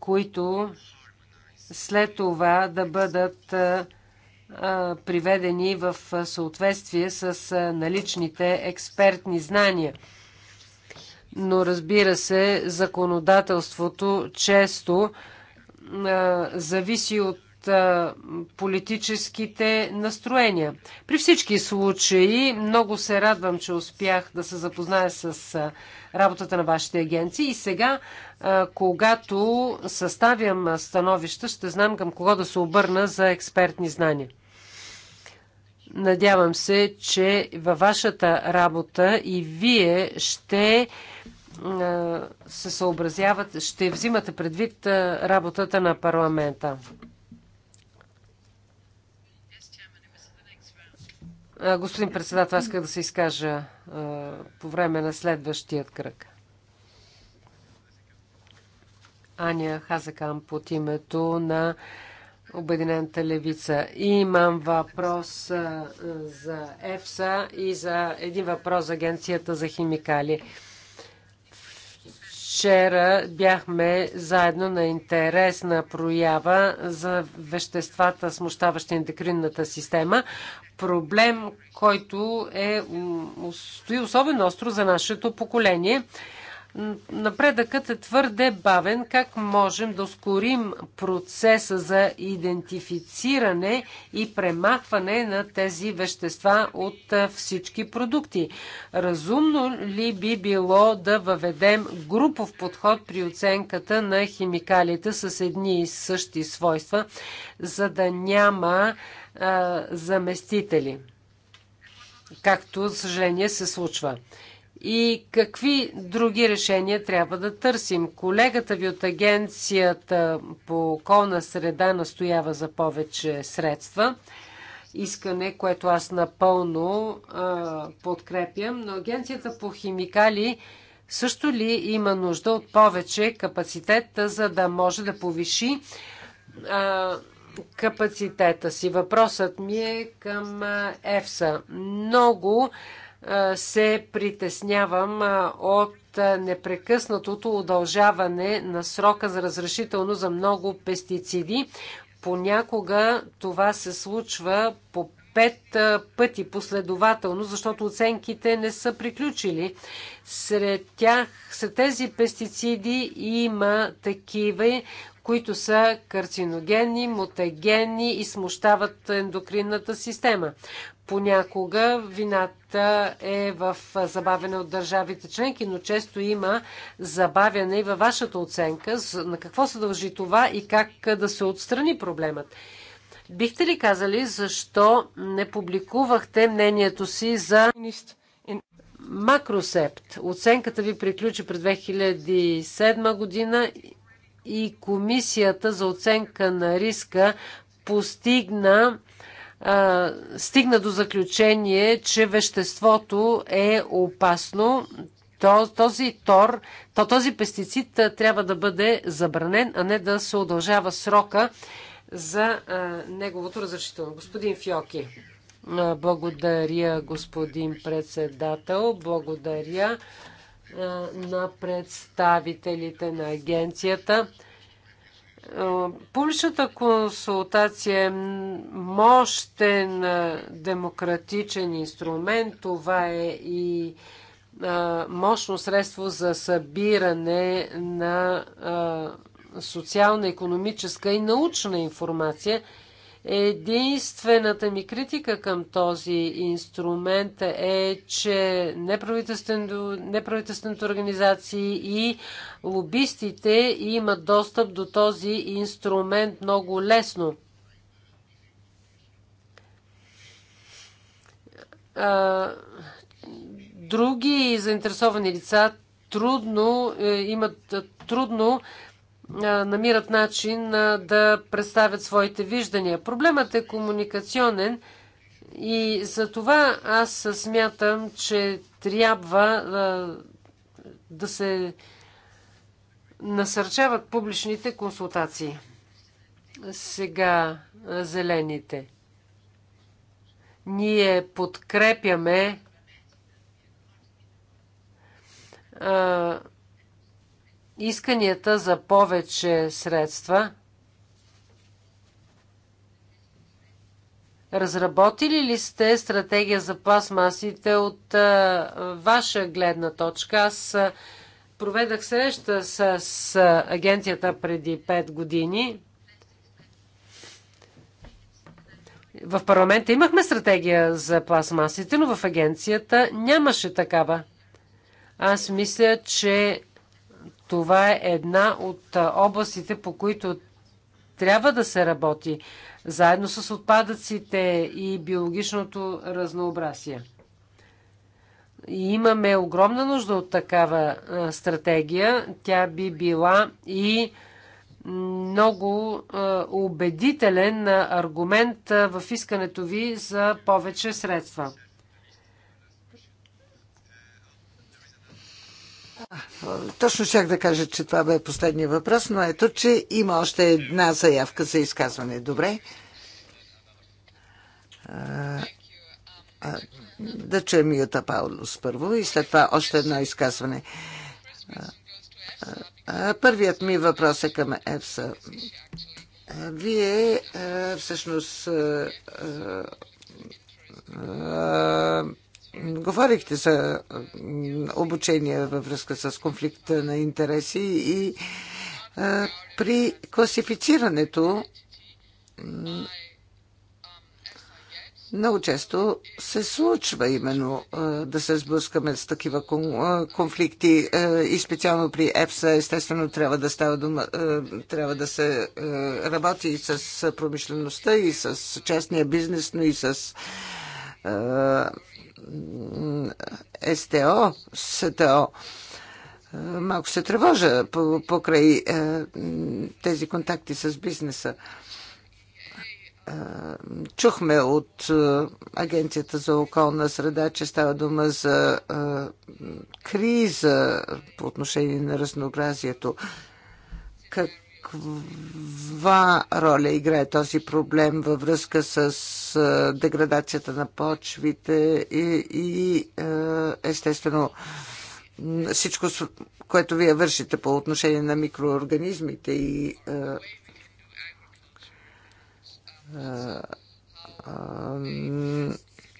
които след това да бъдат приведени в съответствие с наличните експертни знания. Но разбира се, законодателството често зависи от политическите настроения. При всички случаи много се радвам, че успях да се запозная с работата на вашите агенции и сега, когато съставям становища, ще знам към кого да се обърна за експертни знания. Надявам се, че във вашата работа и вие ще се съобразяват, ще взимате предвид работата на парламента. Господин председател, аз исках да се изкажа по време на следващия кръг. Аня Хазакамп от името на Обединената левица. имам въпрос за ЕФСА и за един въпрос за Агенцията за химикали. Вчера бяхме заедно на интересна проява за веществата, смущаващи ендокринната система. Проблем, който е, стои особено остро за нашето поколение. Напредъкът е твърде бавен. Как можем да ускорим процеса за идентифициране и премахване на тези вещества от всички продукти? Разумно ли би било да въведем групов подход при оценката на химикалите с едни и същи свойства, за да няма а, заместители? Както, за съжаление, се случва и какви други решения трябва да търсим. Колегата ви от Агенцията по околна среда настоява за повече средства. Искане, което аз напълно а, подкрепям, но Агенцията по химикали също ли има нужда от повече капацитет, за да може да повиши а, капацитета си? Въпросът ми е към ЕФСА. Много се притеснявам от непрекъснатото удължаване на срока за разрешително за много пестициди. Понякога това се случва по пет пъти последователно, защото оценките не са приключили. Сред тях, сред тези пестициди има такива, които са карциногенни, мутагенни и смущават ендокринната система. Понякога вината е в забавяне от държавите членки, но често има забавяне и във вашата оценка. На какво се дължи това и как да се отстрани проблемът? Бихте ли казали защо не публикувахте мнението си за макросепт? Оценката ви приключи през 2007 година и Комисията за оценка на риска постигна стигна до заключение, че веществото е опасно. То, този тор, то, този пестицид трябва да бъде забранен, а не да се удължава срока за а, неговото разрешително. Господин Фьоки. Благодаря, господин председател. Благодаря на представителите на агенцията. Публичната консултация е мощен демократичен инструмент. Това е и мощно средство за събиране на социална, економическа и научна информация – Единствената ми критика към този инструмент е, че неправителствените, неправителствените организации и лобистите имат достъп до този инструмент много лесно. Други заинтересовани лица трудно е, имат трудно намират начин да представят своите виждания. Проблемът е комуникационен и за това аз смятам, че трябва да се насърчават публичните консултации. Сега зелените. Ние подкрепяме исканията за повече средства Разработили ли сте стратегия за пластмасите от а, ваша гледна точка? Аз а, проведах среща с, с агенцията преди 5 години. В парламента имахме стратегия за пластмасите, но в агенцията нямаше такава. Аз мисля, че това е една от областите, по които трябва да се работи, заедно с отпадъците и биологичното разнообразие. И имаме огромна нужда от такава стратегия. Тя би била и много убедителен аргумент в искането ви за повече средства. Точно щях да кажа, че това бе последния въпрос, но ето, че има още една заявка за изказване. Добре. Да чуем Юта Паулус първо и след това още едно изказване. Първият ми въпрос е към ЕФСА. Вие всъщност Говорихте за обучение във връзка с конфликта на интереси и при класифицирането много често се случва именно да се сблъскаме с такива конфликти и специално при Ефса, естествено трябва да става дума, трябва да се работи и с промишлеността, и с частния бизнес, но и с СТО, СТО. Е, малко се тревожа покрай е, тези контакти с бизнеса. Е, чухме от Агенцията за околна среда, че става дума за криза по отношение на разнообразието. Как каква роля играе този проблем във връзка с деградацията на почвите и, и естествено всичко, което вие вършите по отношение на микроорганизмите и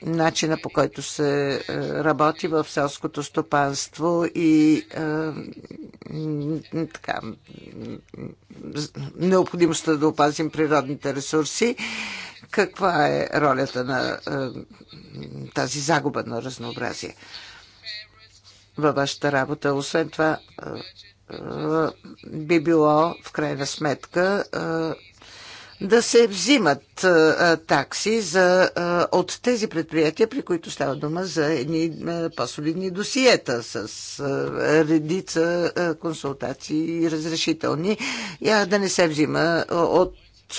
начина по който се е, работи в селското стопанство и е, така, необходимостта да опазим природните ресурси. Каква е ролята на е, тази загуба на разнообразие във вашата работа? Освен това, би било в крайна сметка да се взимат такси за, от тези предприятия, при които става дума за едни по-солидни досиета с редица консултации и разрешителни, а да не се взима от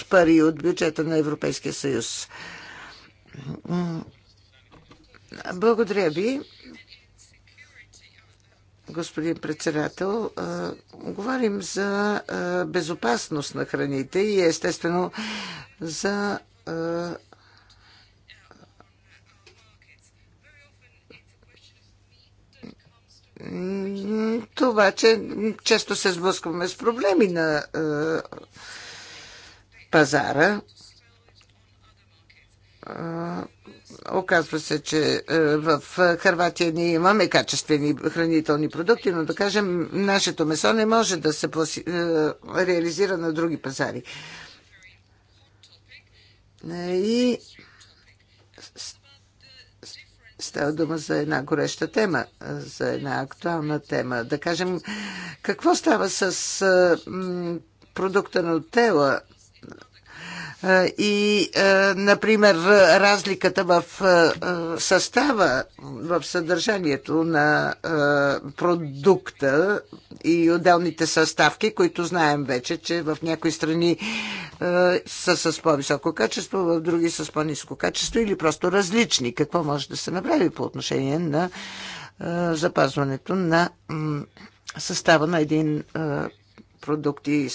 пари от бюджета на Европейския съюз. Благодаря ви господин председател. Говорим за безопасност на храните и естествено за това, че често се сблъскваме с проблеми на пазара Оказва се, че е, в е, Харватия ние имаме качествени хранителни продукти, но да кажем, нашето месо не може да се е, реализира на други пазари. И става дума за една гореща тема, за една актуална тема. Да кажем, какво става с продукта на тела, и, е, например, разликата в е, е, състава, в съдържанието на продукта и отделните съставки, които знаем вече, че в някои страни са с по-високо качество, в други с по-низко качество или просто различни. Какво може да се направи по отношение на запазването на състава на един продукт и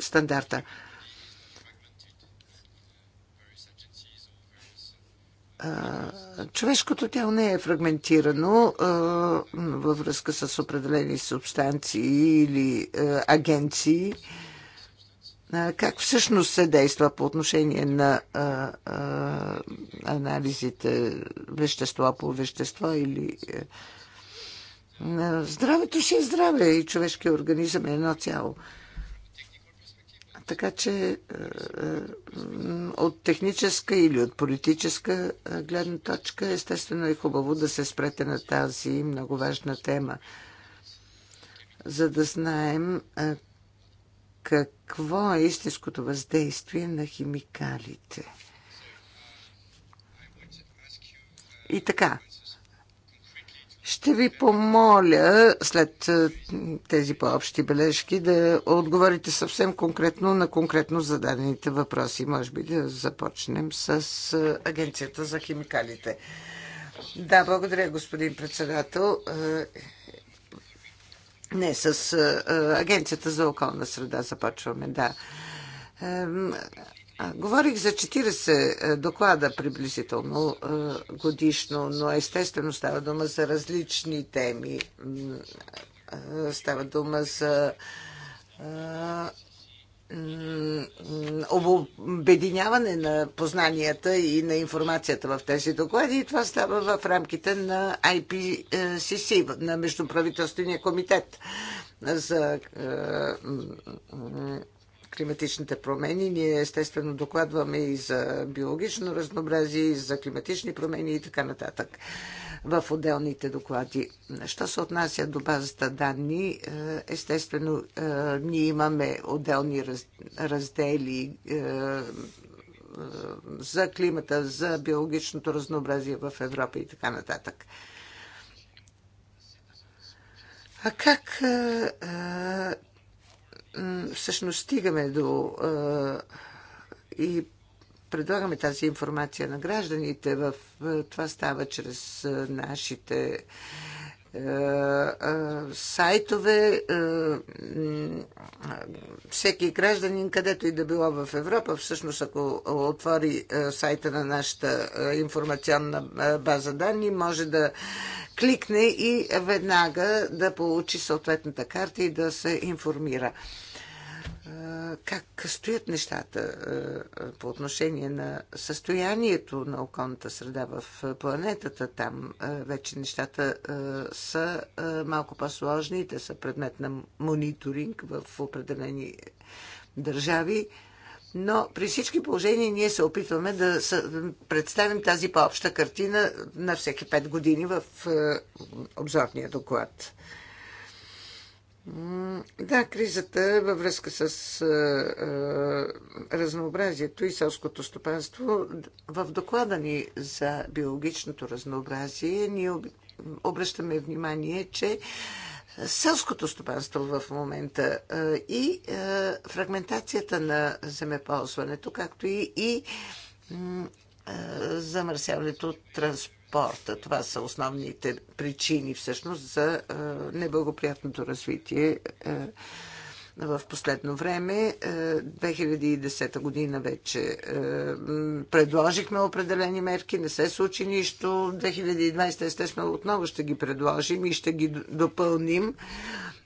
стандарта? човешкото тяло не е фрагментирано във връзка с определени субстанции или агенции. Как всъщност се действа по отношение на а, а, анализите вещество по вещество или е, а, здравето си е здраве и човешкият организъм е едно цяло. А, така че е, е, от техническа или от политическа е, гледна точка естествено е хубаво да се спрете на тази много важна тема, за да знаем какво е истинското въздействие на химикалите. И така, ще ви помоля след е, тези по-общи бележки да отговорите съвсем конкретно на конкретно зададените въпроси. Може би да започнем с е, Агенцията за химикалите. Да, благодаря, господин председател. Е, не, с Агенцията за околна среда започваме, да. Говорих за 40 е, доклада приблизително е, годишно, но естествено става дума за различни теми. Е, става дума за обединяване на познанията и на информацията в тези доклади и това става в рамките на IPCC, на Междуправителствения комитет за климатичните промени. Ние естествено докладваме и за биологично разнообразие, и за климатични промени и така нататък в отделните доклади. Що се отнася до базата данни, е, естествено е, ние имаме отделни раздели е, за климата, за биологичното разнообразие в Европа и така нататък. А как всъщност стигаме до и предлагаме тази информация на гражданите. В, това става чрез нашите е, е, сайтове, е, всеки гражданин, където и да било в Европа, всъщност ако отвори сайта на нашата информационна база данни, може да кликне и веднага да получи съответната карта и да се информира как стоят нещата по отношение на състоянието на околната среда в планетата. Там вече нещата са малко по-сложни и те са предмет на мониторинг в определени държави. Но при всички положения ние се опитваме да представим тази по-обща картина на всеки 5 години в обзорния доклад. Да, кризата във връзка с а, а, разнообразието и селското стопанство. В доклада ни за биологичното разнообразие ние обръщаме внимание, че селското стопанство в момента а, и а, фрагментацията на земеползването, както и, и а, замърсяването, транспорта, транспорта. Това са основните причини всъщност за е, неблагоприятното развитие е, в последно време. 2010 е, година вече предложихме определени мерки, не се случи нищо. 2020 естествено отново ще ги предложим и ще ги допълним.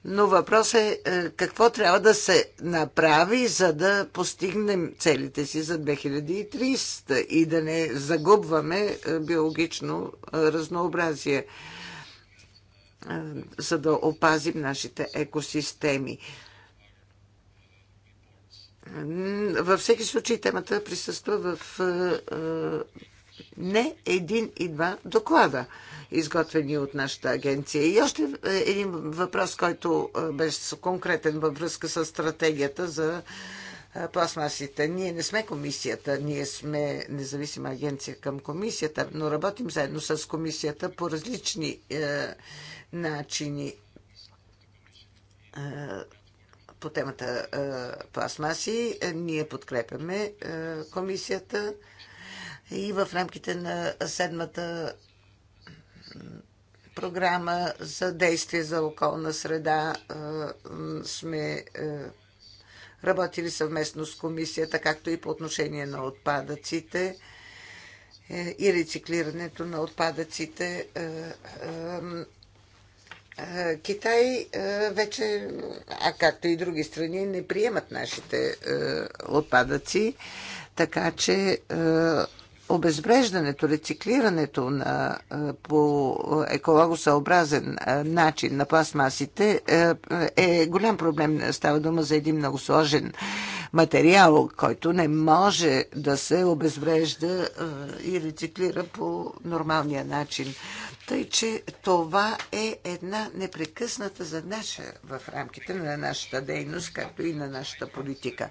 Но въпрос е, е какво трябва да се направи, за да постигнем целите си за 2300 и да не загубваме е, биологично е, разнообразие, за да опазим нашите екосистеми. Във всеки случай темата присъства в не един и два доклада, изготвени от нашата агенция. И още е, един въпрос, който е, беше конкретен във връзка с стратегията за е, пластмасите. Ние не сме комисията, ние сме независима агенция към комисията, но работим заедно с комисията по различни е, начини е, по темата е, пластмаси. Ние подкрепяме е, комисията и в рамките на седмата програма за действие за околна среда сме работили съвместно с комисията, както и по отношение на отпадъците е, и рециклирането на отпадъците. Китай вече, а както и други страни, не приемат нашите отпадъци, така че обезбреждането, рециклирането на, е, по екологосъобразен е, начин на пластмасите е, е голям проблем. Става дума за един много сложен материал, който не може да се обезврежда и рециклира по нормалния начин. Тъй, че това е една непрекъсната задача в рамките на нашата дейност, както и на нашата политика.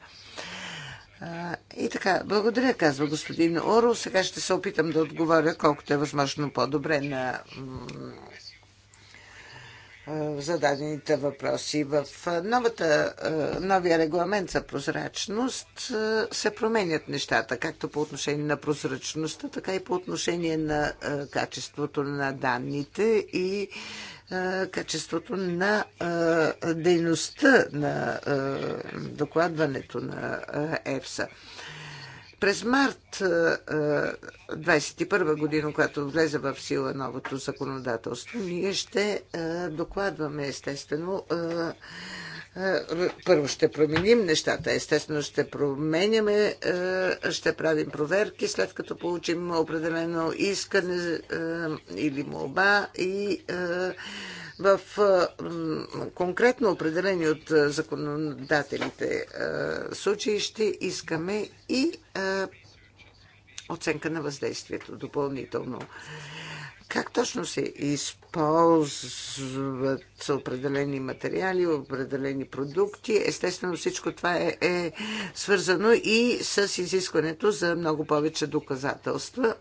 И така, благодаря, казва господин Оро. Сега ще се опитам да отговоря колкото е възможно по-добре на зададените въпроси. В новата, новия регламент за прозрачност се променят нещата, както по отношение на прозрачността, така и по отношение на качеството на данните и качеството на дейността на докладването на ЕФСА. През март 2021 година, когато влезе в сила новото законодателство, ние ще докладваме естествено е, първо ще променим нещата. Естествено ще променяме, е, ще правим проверки, след като получим определено искане е, или молба и в конкретно определени от законодателите случаи ще искаме и оценка на въздействието допълнително как точно се използват определени материали, определени продукти. Естествено всичко това е, е свързано и с изискването за много повече доказателства.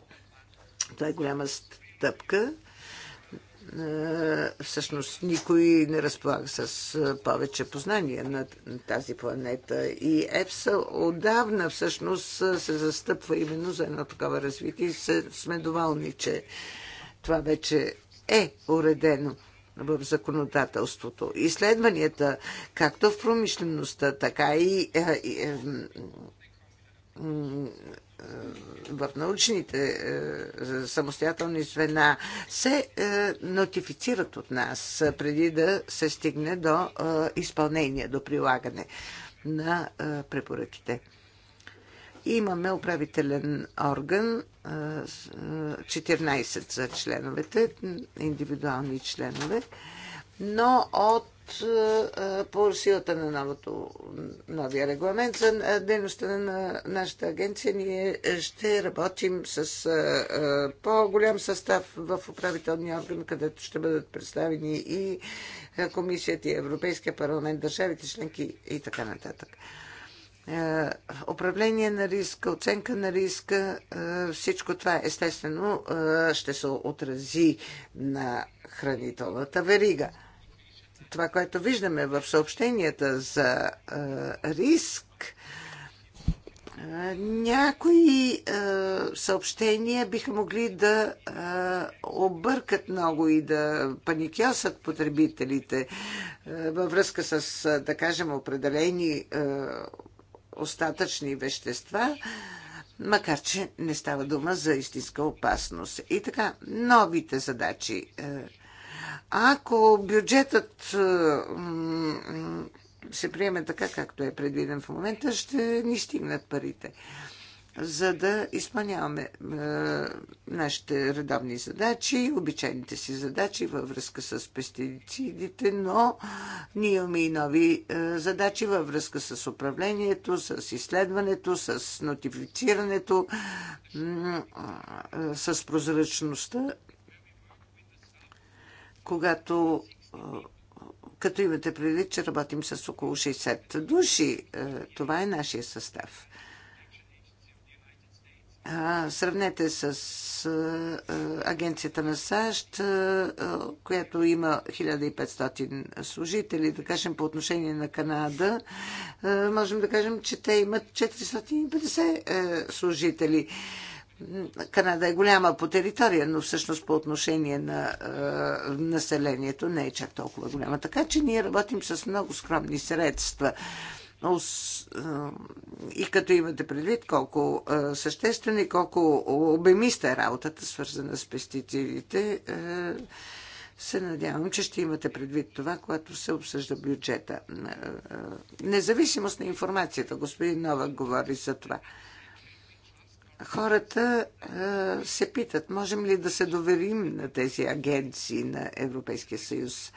Това е голяма стъпка е, всъщност никой не разполага с е, повече познания на тази планета. И ЕПСА отдавна всъщност се застъпва именно за едно такова развитие и сме доволни, че това вече е уредено в законодателството. Изследванията, както в промишлеността, така и е, е, в научните е, самостоятелни звена се нотифицират от нас преди да се стигне до изпълнение, до прилагане на препоръките. Имаме управителен орган 14 за членовете, индивидуални членове, но от по силата на новото, новия регламент за дейността на нашата агенция ние ще работим с по-голям състав в управителния орган, където ще бъдат представени и комисията, и Европейския парламент, държавите членки и така нататък. Е, управление на риска, оценка на риска, е, всичко това естествено е, ще се отрази на хранителната верига. Това, което виждаме в съобщенията за риск, някои съобщения биха могли да объркат много и да паникьосат потребителите във връзка с, да кажем, определени остатъчни вещества, макар че не става дума за истинска опасност. И така, новите задачи. Е, ако бюджетът е, се приеме така, както е предвиден в момента, ще ни стигнат парите за да изпълняваме е, нашите редовни задачи, обичайните си задачи във връзка с пестицидите, но ние имаме и нови е, задачи във връзка с управлението, с изследването, с нотифицирането, е, е, с прозрачността. Когато е, като имате предвид, че работим с около 60 души, е, това е нашия състав. Сравнете с агенцията на САЩ, която има 1500 служители, да кажем по отношение на Канада, можем да кажем, че те имат 450 е, служители. Канада е голяма по територия, но всъщност по отношение на е, населението не е чак толкова голяма. Така че ние работим с много скромни средства. Е, е, и като имате предвид колко е, съществен и колко обемиста е работата, свързана с пестицидите, е, се надявам, че ще имате предвид това, което се обсъжда бюджета. Независимост на информацията, господин Новак говори за това. Хората се питат, можем ли да се доверим на тези агенции на Европейския съюз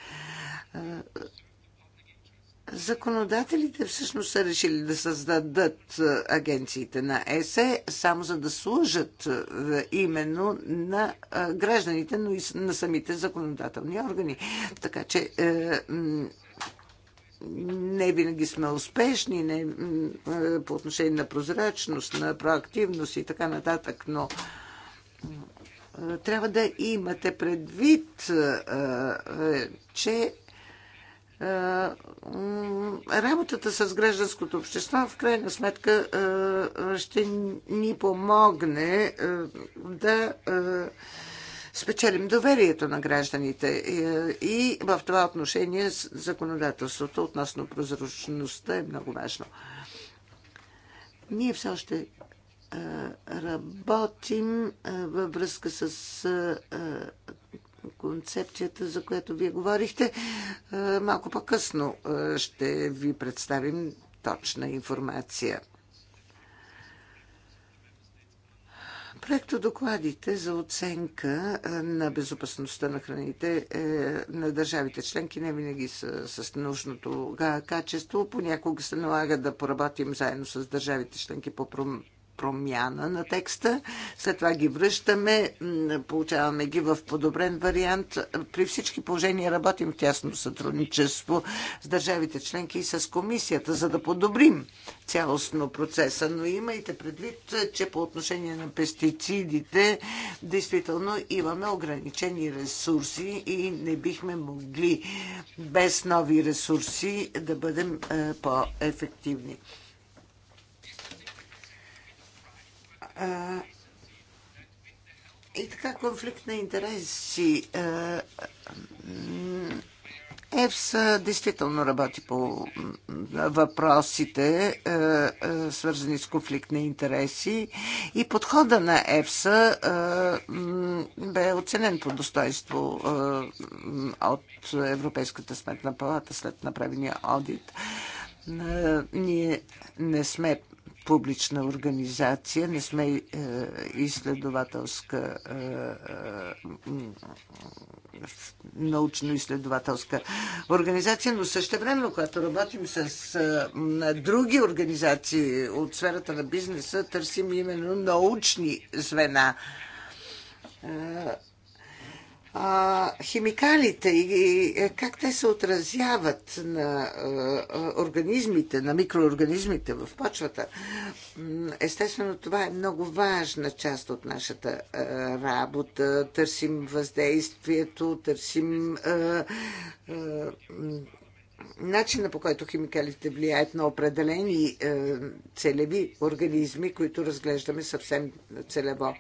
Законодателите всъщност са решили да създадат е, агенциите на ЕСЕ, само за да служат е, именно на е, гражданите, но и на самите законодателни органи. Така че не винаги сме успешни не, по отношение на прозрачност, на проактивност и така нататък, но трябва да имате предвид, че е, работата с гражданското общество в крайна сметка е, ще ни помогне е, да спечелим доверието на гражданите и в това отношение законодателството относно прозрачността е много важно. Ние все още работим във връзка с концепцията, за която вие говорихте. Е, малко по-късно е, ще ви представим точна информация. Проекто докладите за оценка е, на безопасността на храните на държавите членки не винаги са с нужното качество. Понякога се налага да поработим заедно с държавите членки по промяна на текста, след това ги връщаме, получаваме ги в подобрен вариант. При всички положения работим в тясно сътрудничество с държавите членки и с комисията, за да подобрим цялостно процеса. Но имайте предвид, че по отношение на пестицидите, действително имаме ограничени ресурси и не бихме могли без нови ресурси да бъдем е, по-ефективни. И така, конфликт на интереси. ЕФСА действително работи по въпросите, свързани с конфликт на интереси и подхода на ЕФС бе оценен по достоинство от Европейската сметна палата след направения одит. Ние не сме публична организация, не сме е, изследователска, е, е, научно-изследователска организация, но също време, когато работим с е, други организации от сферата на бизнеса, търсим именно научни звена. Е, а, химикалите и е, как те се отразяват на а, е, е, организмите, на микроорганизмите в почвата. Естествено, това е много важна част от нашата а, работа. Търсим въздействието, търсим а, начина по който химикалите влияят на определени е, целеви организми, които разглеждаме съвсем целево.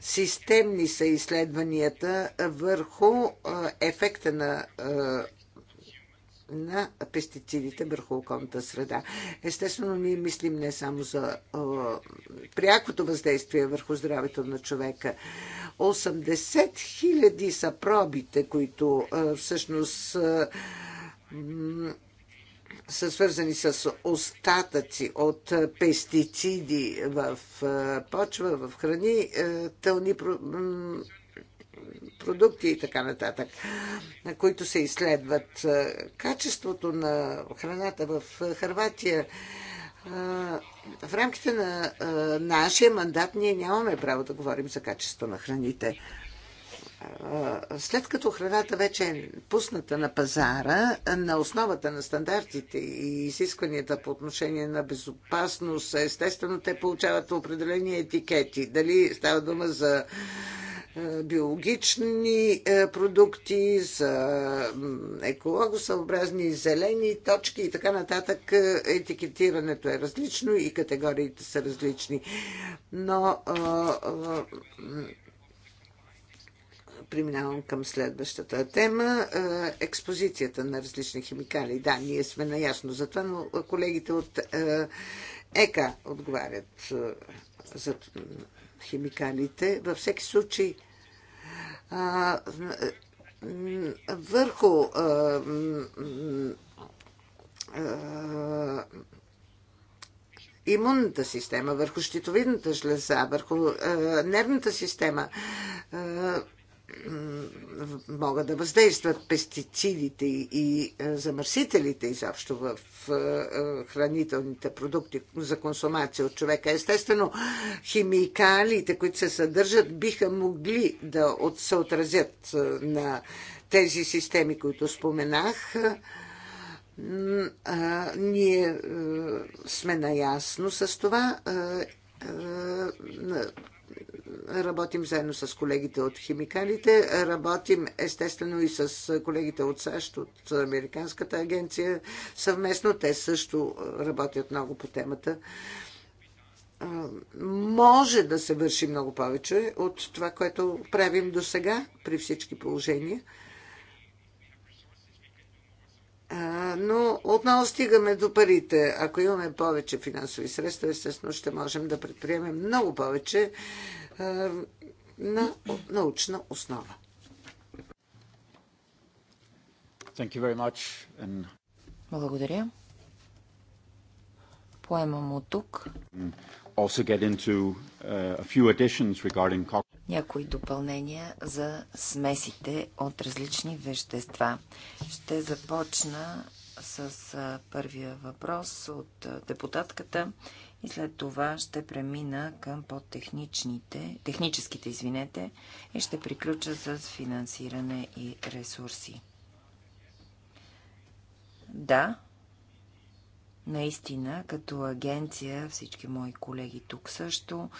Системни са изследванията върху е, ефекта на е, на пестицидите върху околната среда. Естествено, ние мислим не само за а, прякото въздействие върху здравето на човека. 80 000 са пробите, които а, всъщност а, са свързани с остатъци от пестициди в почва, в храни, тълни продукти и така нататък, на които се изследват. Качеството на храната в Харватия в рамките на нашия мандат ние нямаме право да говорим за качество на храните след като храната вече е пусната на пазара, на основата на стандартите и изискванията по отношение на безопасност, естествено те получават определени етикети. Дали става дума за е, биологични е, продукти, за екологосъобразни зелени точки и така нататък. Е, етикетирането е различно и категориите са различни. Но преминавам към следващата тема. Е, експозицията на различни химикали. Да, ние сме наясно за това, но колегите от е, ЕКА отговарят е, за химикалите. Във всеки случай, върху имунната система, върху щитовидната жлеза, върху нервната система могат да въздействат пестицидите и е, замърсителите изобщо в е, е, хранителните продукти за консумация от човека. Естествено, химикалите, които се съдържат, биха могли да се отразят на тези системи, които споменах ние сме наясно с това работим заедно с колегите от химикалите, работим естествено и с колегите от САЩ, от Американската агенция съвместно. Те също работят много по темата. Може да се върши много повече от това, което правим до сега при всички положения. Но отново стигаме до парите. Ако имаме повече финансови средства, естествено ще можем да предприемем много повече на научна основа. And... Благодаря. Поемам от тук. Also get into uh, a few additions regarding някои допълнения за смесите от различни вещества. Ще започна с първия въпрос от депутатката и след това ще премина към по-техничните, техническите, извинете, и ще приключа с финансиране и ресурси. Да, наистина, като агенция, всички мои колеги тук също,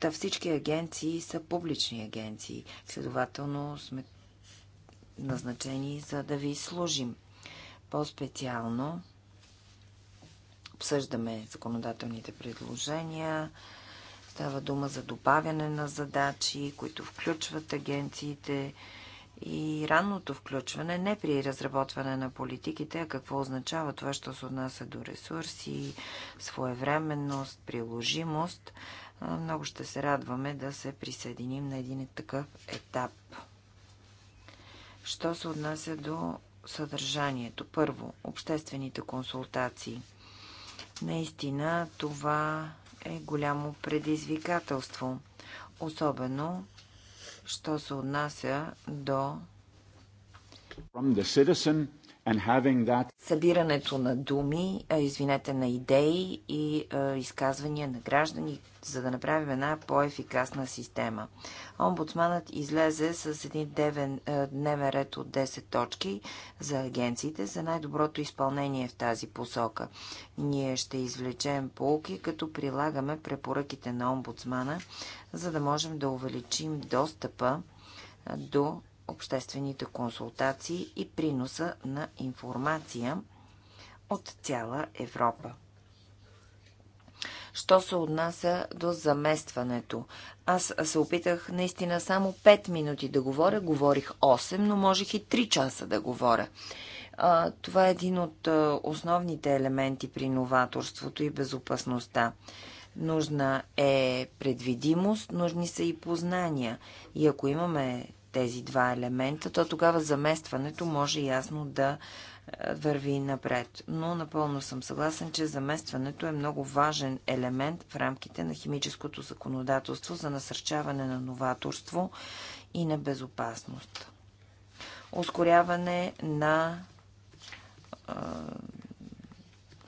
та всички агенции са публични агенции. Следователно сме назначени за да ви служим. По-специално обсъждаме законодателните предложения. Става дума за добавяне на задачи, които включват агенциите, и ранното включване не при разработване на политиките, а какво означава това, що се отнася до ресурси, своевременност, приложимост. Много ще се радваме да се присъединим на един такъв етап. Що се отнася до съдържанието? Първо, обществените консултации. Наистина това е голямо предизвикателство, особено що се отнася до събирането на думи, извинете, на идеи и изказвания на граждани, за да направим една по-ефикасна система. Омбудсманът излезе с един дневен ред от 10 точки за агенциите за най-доброто изпълнение в тази посока. Ние ще извлечем полки, като прилагаме препоръките на омбудсмана за да можем да увеличим достъпа до обществените консултации и приноса на информация от цяла Европа. Що се отнася до заместването? Аз се опитах наистина само 5 минути да говоря. Говорих 8, но можех и 3 часа да говоря. това е един от основните елементи при новаторството и безопасността. Нужна е предвидимост, нужни са и познания. И ако имаме тези два елемента, то тогава заместването може ясно да е, върви напред. Но напълно съм съгласен, че заместването е много важен елемент в рамките на химическото законодателство за насърчаване на новаторство и на безопасност. Ускоряване на е,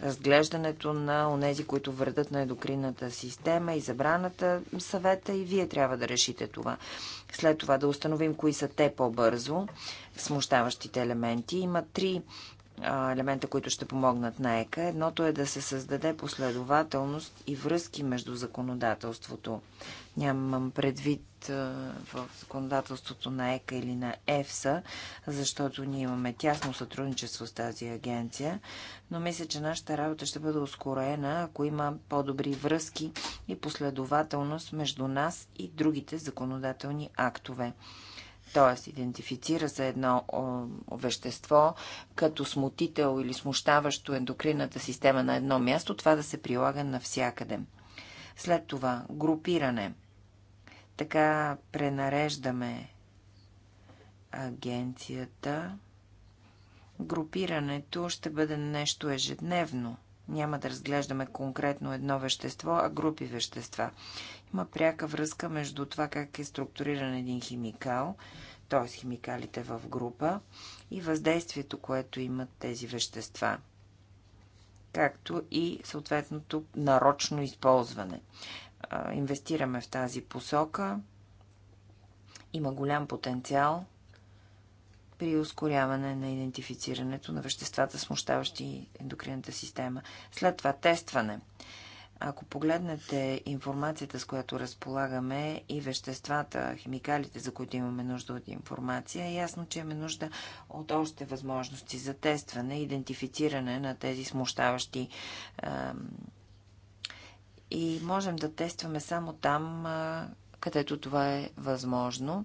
разглеждането на онези, които вредят на едокринната система и забраната съвета и вие трябва да решите това. След това да установим кои са те по-бързо, смущаващите елементи. Има три елемента, които ще помогнат на ЕКА. Едното е да се създаде последователност и връзки между законодателството. Нямам предвид в законодателството на ЕКА или на ЕФСА, защото ние имаме тясно сътрудничество с тази агенция, но мисля, че нашата работа ще бъде ускорена, ако има по-добри връзки и последователност между нас и другите законодателни актове. Т.е., идентифицира се едно вещество като смутител или смущаващо ендокринната система на едно място, това да се прилага навсякъде. След това, групиране. Така пренареждаме агенцията. Групирането ще бъде нещо ежедневно. Няма да разглеждаме конкретно едно вещество, а групи вещества има пряка връзка между това как е структуриран един химикал, т.е. химикалите в група и въздействието, което имат тези вещества, както и съответното нарочно използване. Инвестираме в тази посока. Има голям потенциал при ускоряване на идентифицирането на веществата, смущаващи ендокринната система. След това тестване. Ако погледнете информацията, с която разполагаме и веществата, химикалите, за които имаме нужда от информация, е ясно, че имаме нужда от още възможности за тестване, идентифициране на тези смущаващи и можем да тестваме само там, където това е възможно.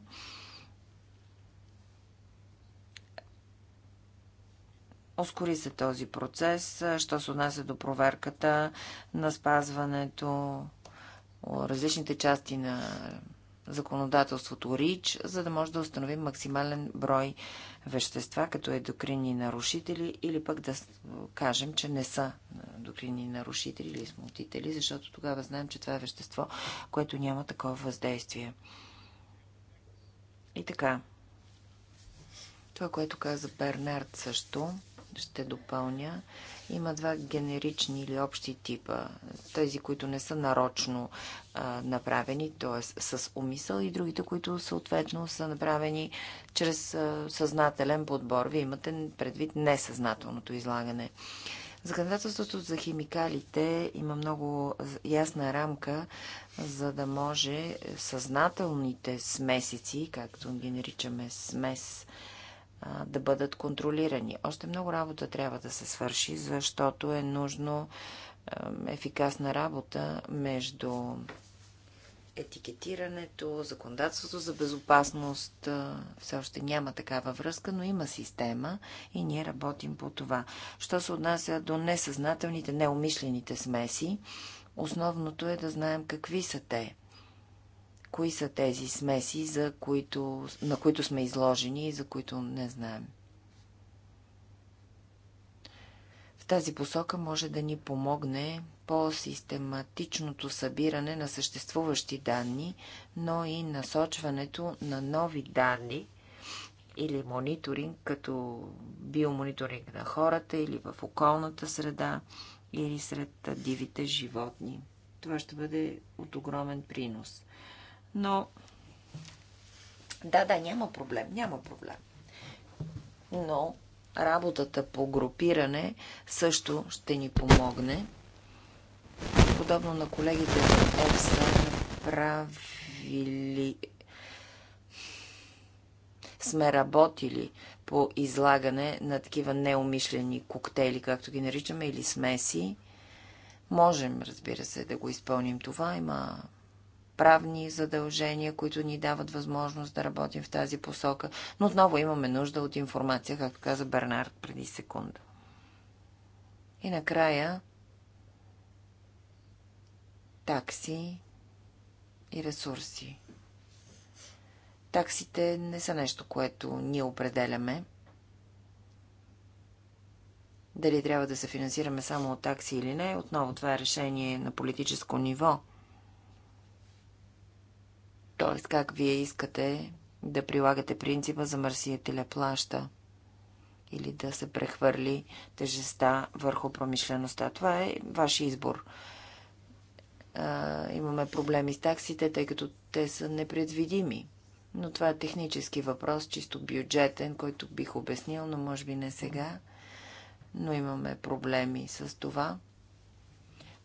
Оскори се този процес, що се отнася до проверката на спазването различните части на законодателството РИЧ, за да може да установим максимален брой вещества, като ендокринни нарушители или пък да кажем, че не са ендокринни нарушители или смутители, защото тогава знаем, че това е вещество, което няма такова въздействие. И така. Това, което каза Бернард също, ще допълня. Има два генерични или общи типа. Тези, които не са нарочно а, направени, т.е. с умисъл, и другите, които съответно са направени чрез а, съзнателен подбор. Вие имате предвид несъзнателното излагане. Законодателството за химикалите има много ясна рамка, за да може съзнателните смесици, както ги наричаме смес, да бъдат контролирани. Още много работа трябва да се свърши, защото е нужно ефикасна работа между етикетирането, законодателството за безопасност. Все още няма такава връзка, но има система и ние работим по това. Що се отнася до несъзнателните, неумишлените смеси, основното е да знаем какви са те кои са тези смеси, за които, на които сме изложени и за които не знаем. В тази посока може да ни помогне по-систематичното събиране на съществуващи данни, но и насочването на нови данни или мониторинг, като биомониторинг на хората или в околната среда или сред дивите животни. Това ще бъде от огромен принос. Но... Да, да, няма проблем, няма проблем. Но работата по групиране също ще ни помогне. Подобно на колегите в ЕФСА, направили... сме работили по излагане на такива неумишлени коктейли, както ги наричаме, или смеси. Можем, разбира се, да го изпълним това. Има правни задължения, които ни дават възможност да работим в тази посока. Но отново имаме нужда от информация, както каза Бернард преди секунда. И накрая такси и ресурси. Таксите не са нещо, което ние определяме. Дали трябва да се финансираме само от такси или не, отново това е решение на политическо ниво. Т.е. как вие искате да прилагате принципа за мърсиятеля е плаща или да се прехвърли тежеста върху промишлеността. Това е ваш избор. А, имаме проблеми с таксите, тъй като те са непредвидими. Но това е технически въпрос, чисто бюджетен, който бих обяснил, но може би не сега. Но имаме проблеми с това.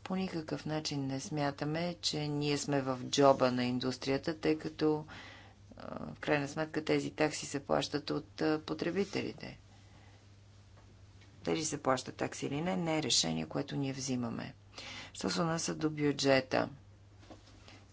По никакъв начин не смятаме, че ние сме в джоба на индустрията, тъй като в крайна сметка тези такси се плащат от потребителите. Дали се плащат такси или не, не е решение, което ние взимаме. Що се отнася до бюджета –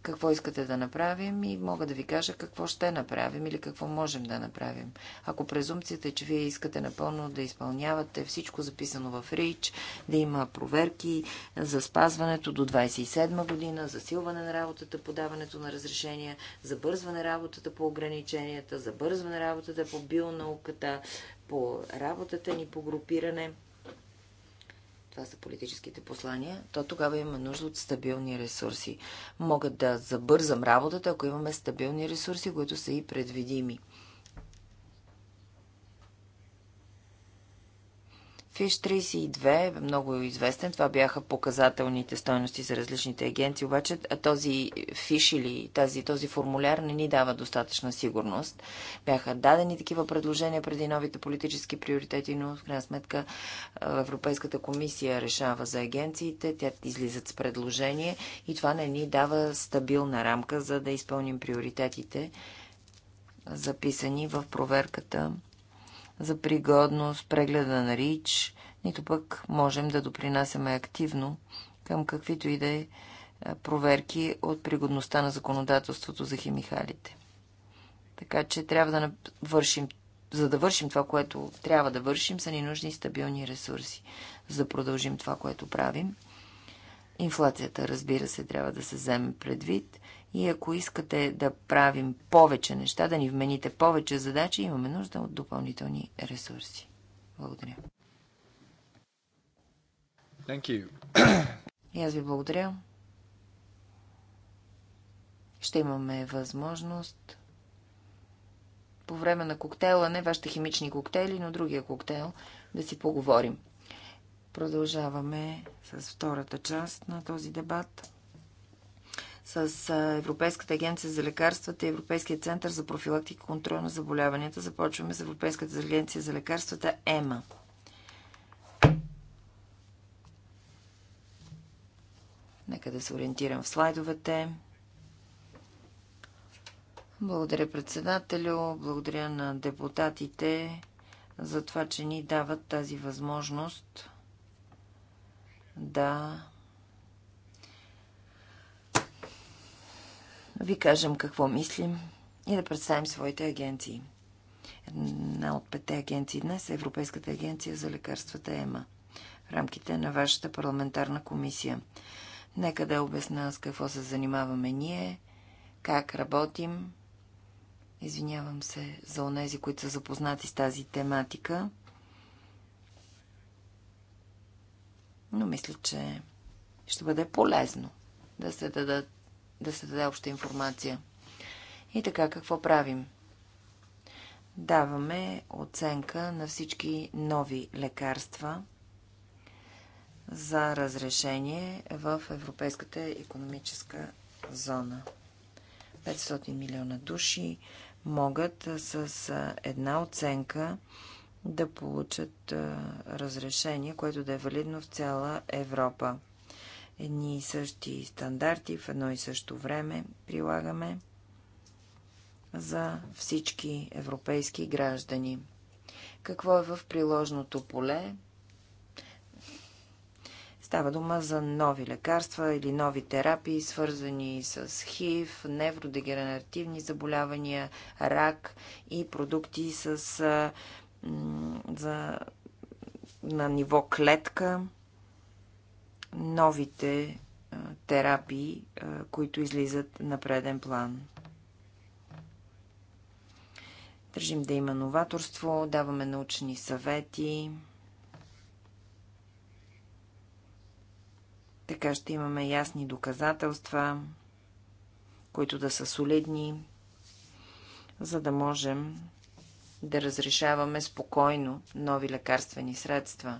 какво искате да направим и мога да ви кажа какво ще направим или какво можем да направим. Ако презумцията е, че вие искате напълно да изпълнявате всичко записано в РИЧ, да има проверки за спазването до 27 година, засилване на работата, подаването на разрешения, забързване работата по ограниченията, забързване работата по бионауката, по работата ни по групиране – това са политическите послания, то тогава има нужда от стабилни ресурси. Могат да забързам работата, ако имаме стабилни ресурси, които са и предвидими. Fish 32 е много известен. Това бяха показателните стойности за различните агенции, обаче този фиш или тази, този формуляр не ни дава достатъчна сигурност. Бяха дадени такива предложения преди новите политически приоритети, но в крайна сметка Европейската комисия решава за агенциите, те излизат с предложение и това не ни дава стабилна рамка, за да изпълним приоритетите, записани в проверката за пригодност, прегледа на РИЧ, нито пък можем да допринасяме активно към каквито и да е проверки от пригодността на законодателството за химикалите. Така че трябва да вършим, за да вършим това, което трябва да вършим, са ни нужни стабилни ресурси, за да продължим това, което правим. Инфлацията, разбира се, трябва да се вземе предвид и ако искате да правим повече неща, да ни вмените повече задачи, имаме нужда от допълнителни ресурси. Благодаря. Thank you. И аз ви благодаря. Ще имаме възможност по време на коктейла, не вашите химични коктейли, но другия коктейл, да си поговорим. Продължаваме с втората част на този дебат с Европейската агенция за лекарствата и Европейския център за профилактика и контрол на заболяванията. Започваме с Европейската агенция за лекарствата ЕМА. Нека да се ориентирам в слайдовете. Благодаря председателю, благодаря на депутатите за това, че ни дават тази възможност да ви кажем какво мислим и да представим своите агенции. Една от петте агенции днес е Европейската агенция за лекарствата ЕМА в рамките на вашата парламентарна комисия. Нека да обясна с какво се занимаваме ние, как работим. Извинявам се за онези, които са запознати с тази тематика. Но мисля, че ще бъде полезно да се дадат да се даде обща информация. И така, какво правим? Даваме оценка на всички нови лекарства за разрешение в Европейската економическа зона. 500 милиона души могат с една оценка да получат разрешение, което да е валидно в цяла Европа едни и същи стандарти в едно и също време прилагаме за всички европейски граждани. Какво е в приложното поле? Става дума за нови лекарства или нови терапии, свързани с ХИВ, невродегенеративни заболявания, рак и продукти с, за, на ниво клетка новите терапии, които излизат на преден план. Държим да има новаторство, даваме научни съвети. Така ще имаме ясни доказателства, които да са солидни, за да можем да разрешаваме спокойно нови лекарствени средства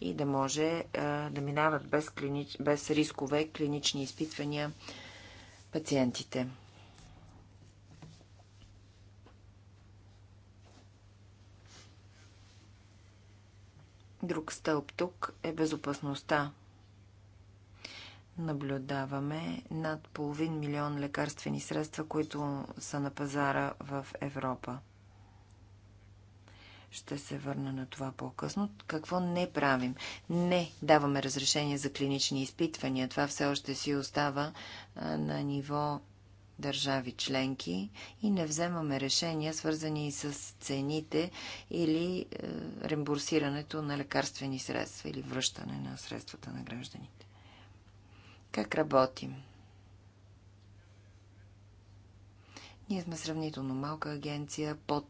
и да може да минават без, клини... без рискове клинични изпитвания пациентите. Друг стълб тук е безопасността. Наблюдаваме над половин милион лекарствени средства, които са на пазара в Европа. Ще се върна на това по-късно. Какво не правим? Не даваме разрешение за клинични изпитвания. Това все още си остава на ниво държави членки и не вземаме решения, свързани с цените или е, на лекарствени средства или връщане на средствата на гражданите. Как работим? Ние сме сравнително малка агенция под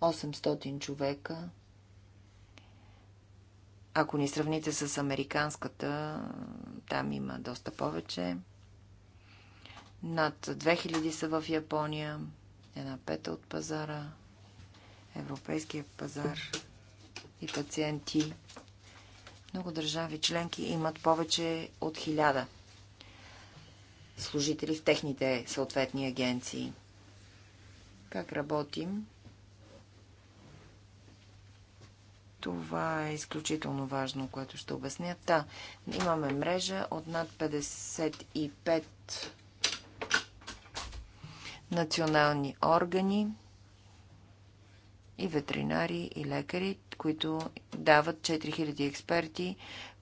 800 човека. Ако ни сравните с американската, там има доста повече. Над 2000 са в Япония, една пета от пазара, европейския пазар и пациенти. Много държави членки имат повече от 1000 служители в техните съответни агенции. Как работим? Това е изключително важно, което ще обясня. Та, имаме мрежа от над 55 национални органи и ветеринари и лекари, които дават 4000 експерти,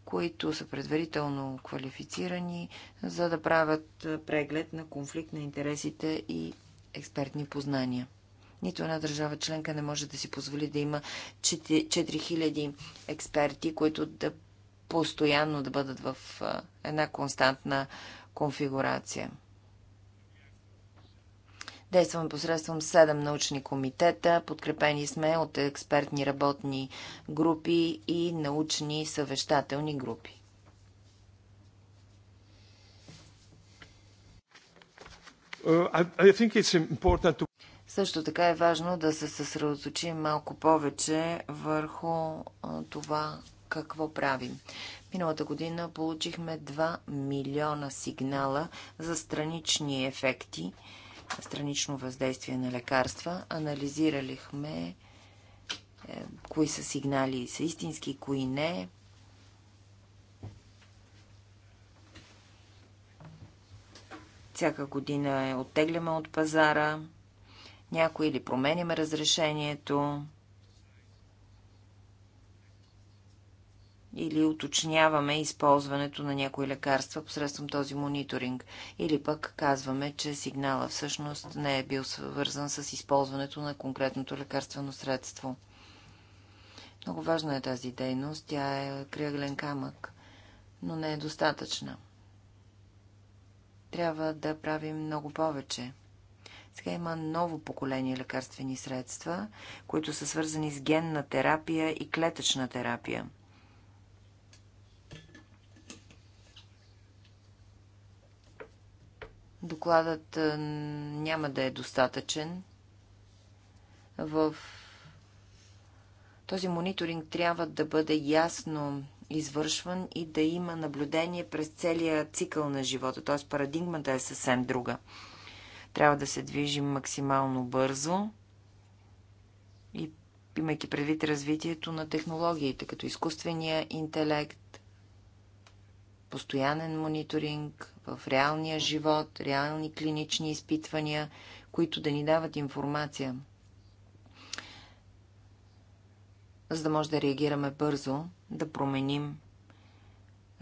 които са предварително квалифицирани, за да правят преглед на конфликт на интересите и експертни познания. Нито една държава членка не може да си позволи да има 4000 експерти, които да постоянно да бъдат в една константна конфигурация. Действаме посредством 7 научни комитета. Подкрепени сме от експертни работни групи и научни съвещателни групи. Uh, I, I също така е важно да се съсредоточим малко повече върху това какво правим. Миналата година получихме 2 милиона сигнала за странични ефекти, странично въздействие на лекарства. Анализиралихме е, кои са сигнали са истински, кои не. Всяка година е оттегляме от пазара – някой или променяме разрешението, или уточняваме използването на някои лекарства посредством този мониторинг. Или пък казваме, че сигнала всъщност не е бил свързан с използването на конкретното лекарствено средство. Много важна е тази дейност. Тя е кръглен камък, но не е достатъчна. Трябва да правим много повече. Сега има ново поколение лекарствени средства, които са свързани с генна терапия и клетъчна терапия. Докладът е, няма да е достатъчен. В този мониторинг трябва да бъде ясно извършван и да има наблюдение през целия цикъл на живота, т.е. парадигмата е съвсем друга. Трябва да се движим максимално бързо и имайки предвид развитието на технологиите, като изкуствения интелект, постоянен мониторинг в реалния живот, реални клинични изпитвания, които да ни дават информация, за да може да реагираме бързо, да променим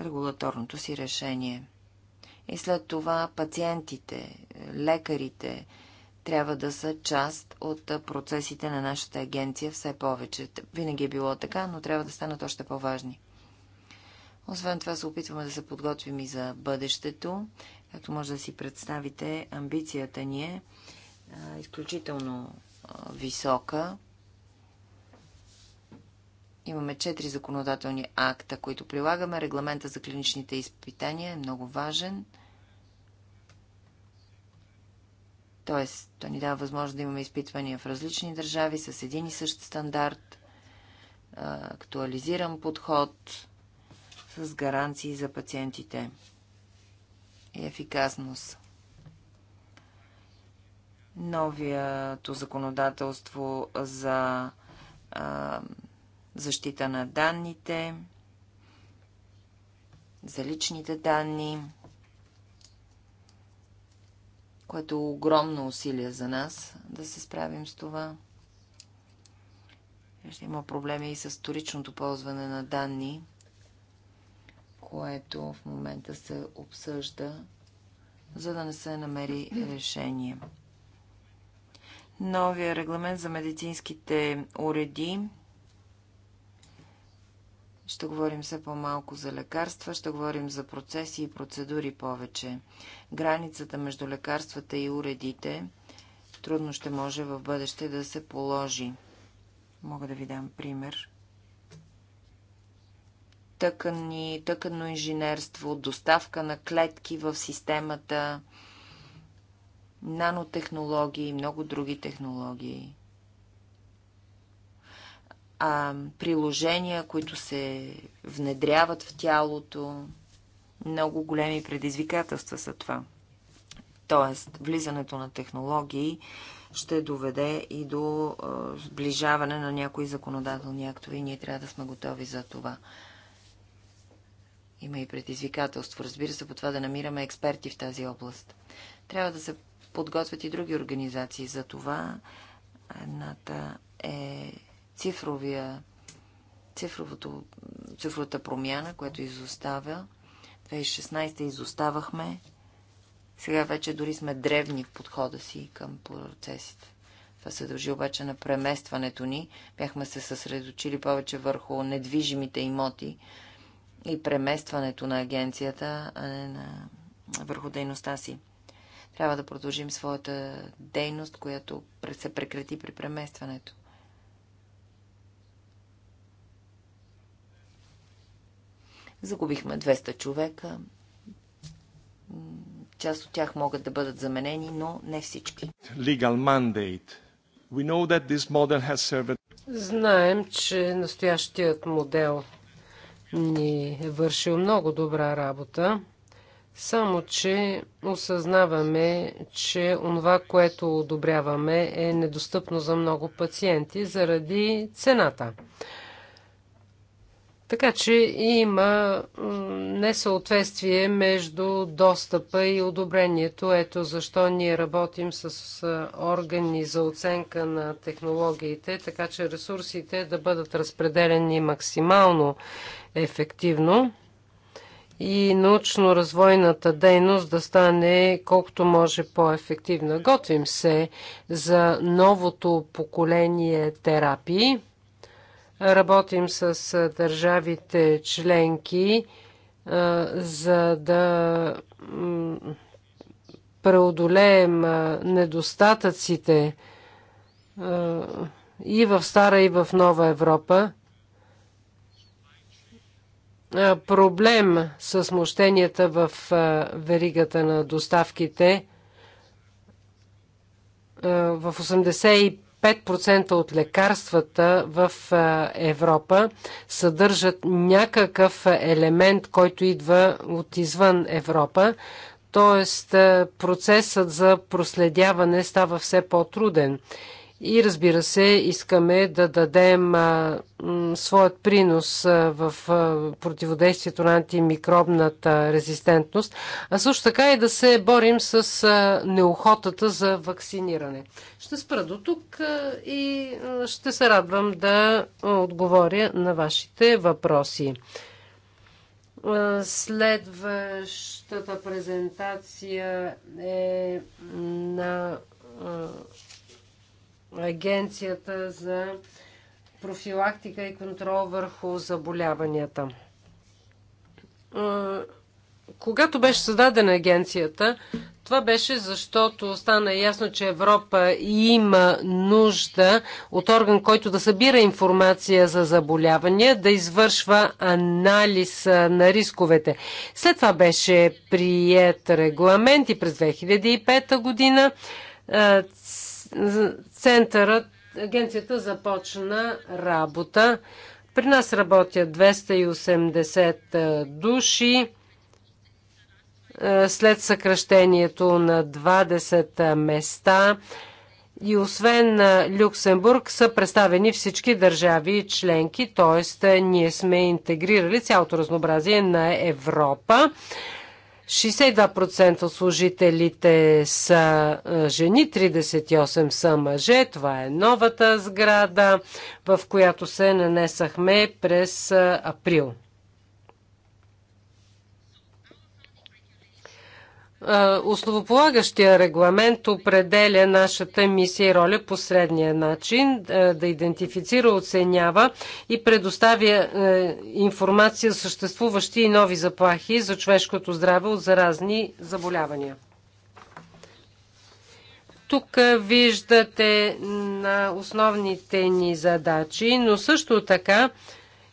регулаторното си решение. И след това пациентите, лекарите трябва да са част от процесите на нашата агенция все повече. Винаги е било така, но трябва да станат още по-важни. Освен това се опитваме да се подготвим и за бъдещето. Както може да си представите, амбицията ни е а, изключително а, висока Имаме четири законодателни акта, които прилагаме. Регламента за клиничните изпитания е много важен. Тоест, то ни дава възможност да имаме изпитвания в различни държави с един и същ стандарт, актуализиран подход с гаранции за пациентите и ефикасност. Новиято законодателство за защита на данните, за личните данни, което е огромно усилие за нас да се справим с това. Ще има проблеми и с вторичното ползване на данни, което в момента се обсъжда, за да не се намери решение. Новия регламент за медицинските уреди ще говорим все по-малко за лекарства, ще говорим за процеси и процедури повече. Границата между лекарствата и уредите трудно ще може в бъдеще да се положи. Мога да ви дам пример. Тъкани, тъканно инженерство, доставка на клетки в системата, нанотехнологии и много други технологии а, приложения, които се внедряват в тялото. Много големи предизвикателства са това. Тоест, влизането на технологии ще доведе и до а, сближаване на някои законодателни актове и ние трябва да сме готови за това. Има и предизвикателство, разбира се, по това да намираме експерти в тази област. Трябва да се подготвят и други организации за това. Едната е цифровия, цифровото, цифровата промяна, която изоставя. 2016 изоставахме. Сега вече дори сме древни в подхода си към процесите. Това се дължи обаче на преместването ни. Бяхме се съсредочили повече върху недвижимите имоти и преместването на агенцията, а не на... върху дейността си. Трябва да продължим своята дейност, която се прекрати при преместването. Загубихме 200 човека. Част от тях могат да бъдат заменени, но не всички. Legal mandate. We know that this model has served... Знаем, че настоящият модел ни е вършил много добра работа, само че осъзнаваме, че онова, което одобряваме е недостъпно за много пациенти заради цената. Така че има несъответствие между достъпа и одобрението. Ето защо ние работим с органи за оценка на технологиите, така че ресурсите да бъдат разпределени максимално ефективно и научно-развойната дейност да стане колкото може по-ефективна. Готвим се за новото поколение терапии Работим с държавите членки, за да преодолеем недостатъците и в Стара, и в Нова Европа. Проблем с мощенията в веригата на доставките. В 85 5% от лекарствата в Европа съдържат някакъв елемент, който идва от извън Европа. Тоест процесът за проследяване става все по-труден и разбира се, искаме да дадем а, м, своят принос а, в а, противодействието на антимикробната резистентност, а също така и да се борим с а, неохотата за вакциниране. Ще спра до тук а, и а, ще се радвам да отговоря на вашите въпроси. Следващата презентация е на Агенцията за профилактика и контрол върху заболяванията. Когато беше създадена агенцията, това беше защото стана ясно, че Европа има нужда от орган, който да събира информация за заболявания, да извършва анализ на рисковете. След това беше прият регламент и през 2005 година Центърът, агенцията започна работа. При нас работят 280 души. След съкръщението на 20 места и освен Люксембург са представени всички държави и членки, т.е. ние сме интегрирали цялото разнообразие на Европа. 62% от служителите са е, жени, 38% са мъже. Това е новата сграда, в която се нанесахме през е, април. Е, основополагащия регламент определя нашата мисия и роля по средния начин е, да идентифицира, оценява и предоставя е, информация за съществуващи и нови заплахи за човешкото здраве от заразни заболявания. Тук виждате на основните ни задачи, но също така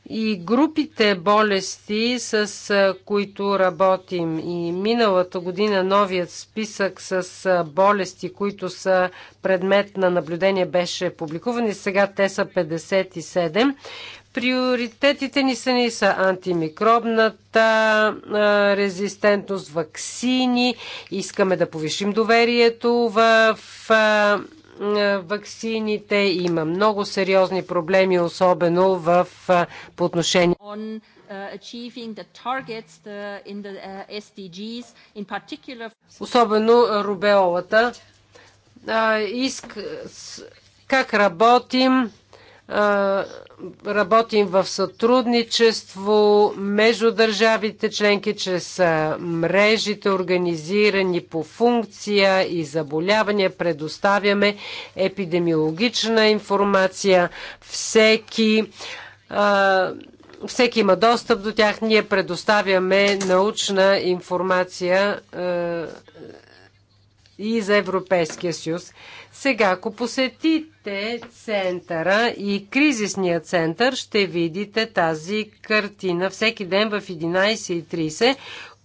и групите болести, с които работим. И миналата година новият списък с болести, които са предмет на наблюдение, беше публикуван и сега те са 57. Приоритетите ни са, ни са антимикробната резистентност, вакцини. Искаме да повишим доверието в е, ваксините. Има много сериозни проблеми, особено в, е, по отношение е, Особено рубеолата. Иск, как работим? Работим в сътрудничество между държавите членки чрез мрежите, организирани по функция и заболявания. Предоставяме епидемиологична информация. Всеки всеки има достъп до тях. Ние предоставяме научна информация и за Европейския съюз. Сега, ако посетите центъра и кризисния център, ще видите тази картина. Всеки ден в 11.30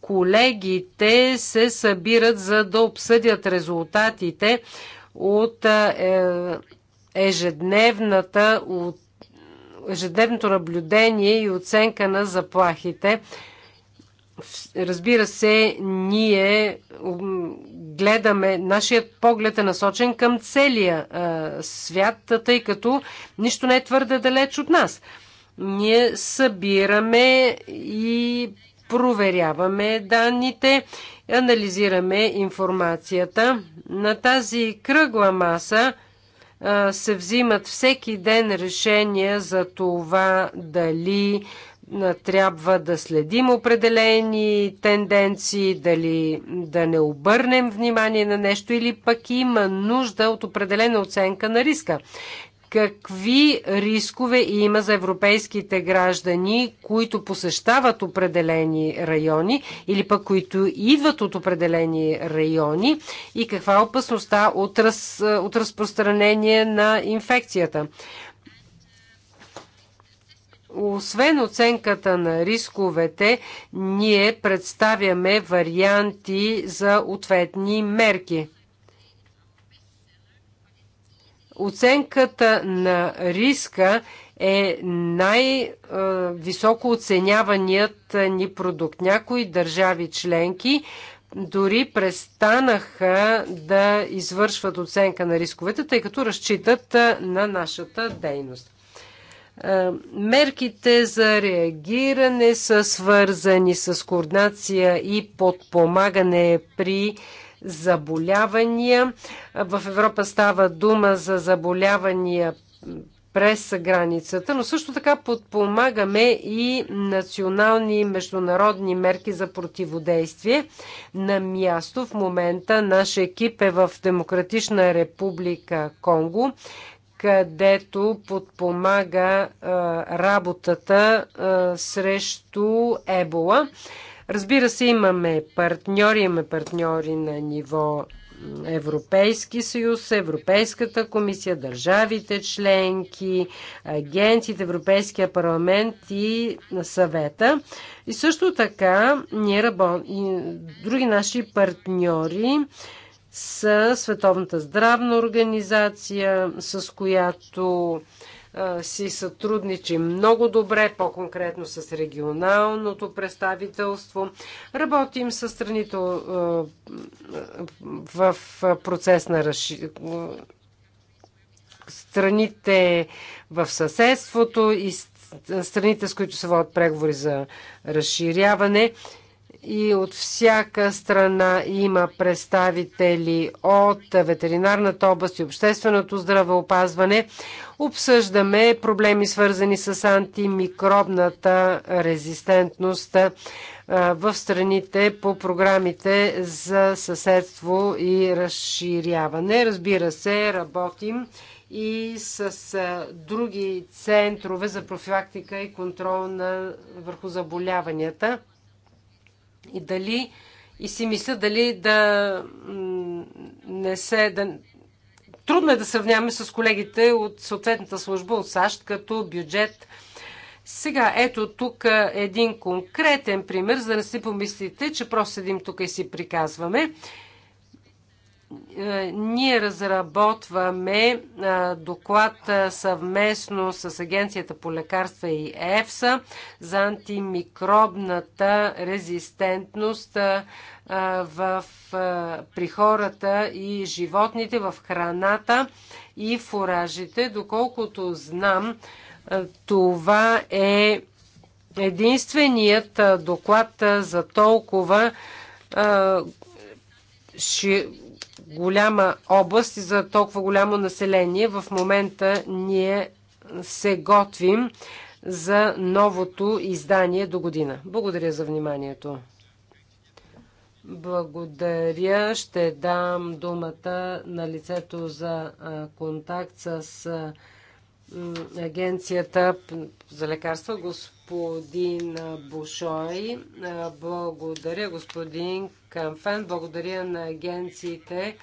колегите се събират за да обсъдят резултатите от е, ежедневната от ежедневното наблюдение и оценка на заплахите. Разбира се, ние гледаме, нашият поглед е насочен към целия свят, тъй като нищо не е твърде далеч от нас. Ние събираме и проверяваме данните, анализираме информацията. На тази кръгла маса се взимат всеки ден решения за това дали трябва да следим определени тенденции, дали да не обърнем внимание на нещо или пък има нужда от определена оценка на риска. Какви рискове има за европейските граждани, които посещават определени райони или пък които идват от определени райони и каква е опасността от, раз, от разпространение на инфекцията? Освен оценката на рисковете, ние представяме варианти за ответни мерки. Оценката на риска е най-високо оценяваният ни продукт. Някои държави членки дори престанаха да извършват оценка на рисковете, тъй като разчитат на нашата дейност. Е, мерките за реагиране са свързани с координация и подпомагане при заболявания. В Европа става дума за заболявания през границата, но също така подпомагаме и национални и международни мерки за противодействие на място. В момента наш екип е в Демократична република Конго където подпомага а, работата а, срещу ебола. Разбира се, имаме партньори, имаме партньори на ниво Европейски съюз, Европейската комисия, държавите членки, агенциите, Европейския парламент и съвета. И също така ние работим, други наши партньори с Световната здравна организация, с която си сътрудничи много добре, по-конкретно с регионалното представителство. Работим с страните в процес на разширение страните в съседството и страните, с които се водят преговори за разширяване и от всяка страна има представители от ветеринарната област и общественото здравеопазване. Обсъждаме проблеми свързани с антимикробната резистентност в страните по програмите за съседство и разширяване. Разбира се, работим и с други центрове за профилактика и контрол на, върху заболяванията и дали и си мисля дали да не се... Да... Трудно е да сравняваме с колегите от съответната служба от САЩ като бюджет. Сега, ето тук един конкретен пример, за да не си помислите, че просто седим тук и си приказваме. Е, ние разработваме е, доклад е, съвместно с Агенцията по лекарства и ЕФСА за антимикробната резистентност в, при хората и животните в храната и фуражите. Доколкото знам, това е единственият доклад за толкова голяма област и за толкова голямо население. В момента ние се готвим за новото издание до година. Благодаря за вниманието. Благодаря. Ще дам думата на лицето за контакт с Агенцията за лекарства, господин Бушой. Благодаря, господин Камфен. Благодаря на агенциите.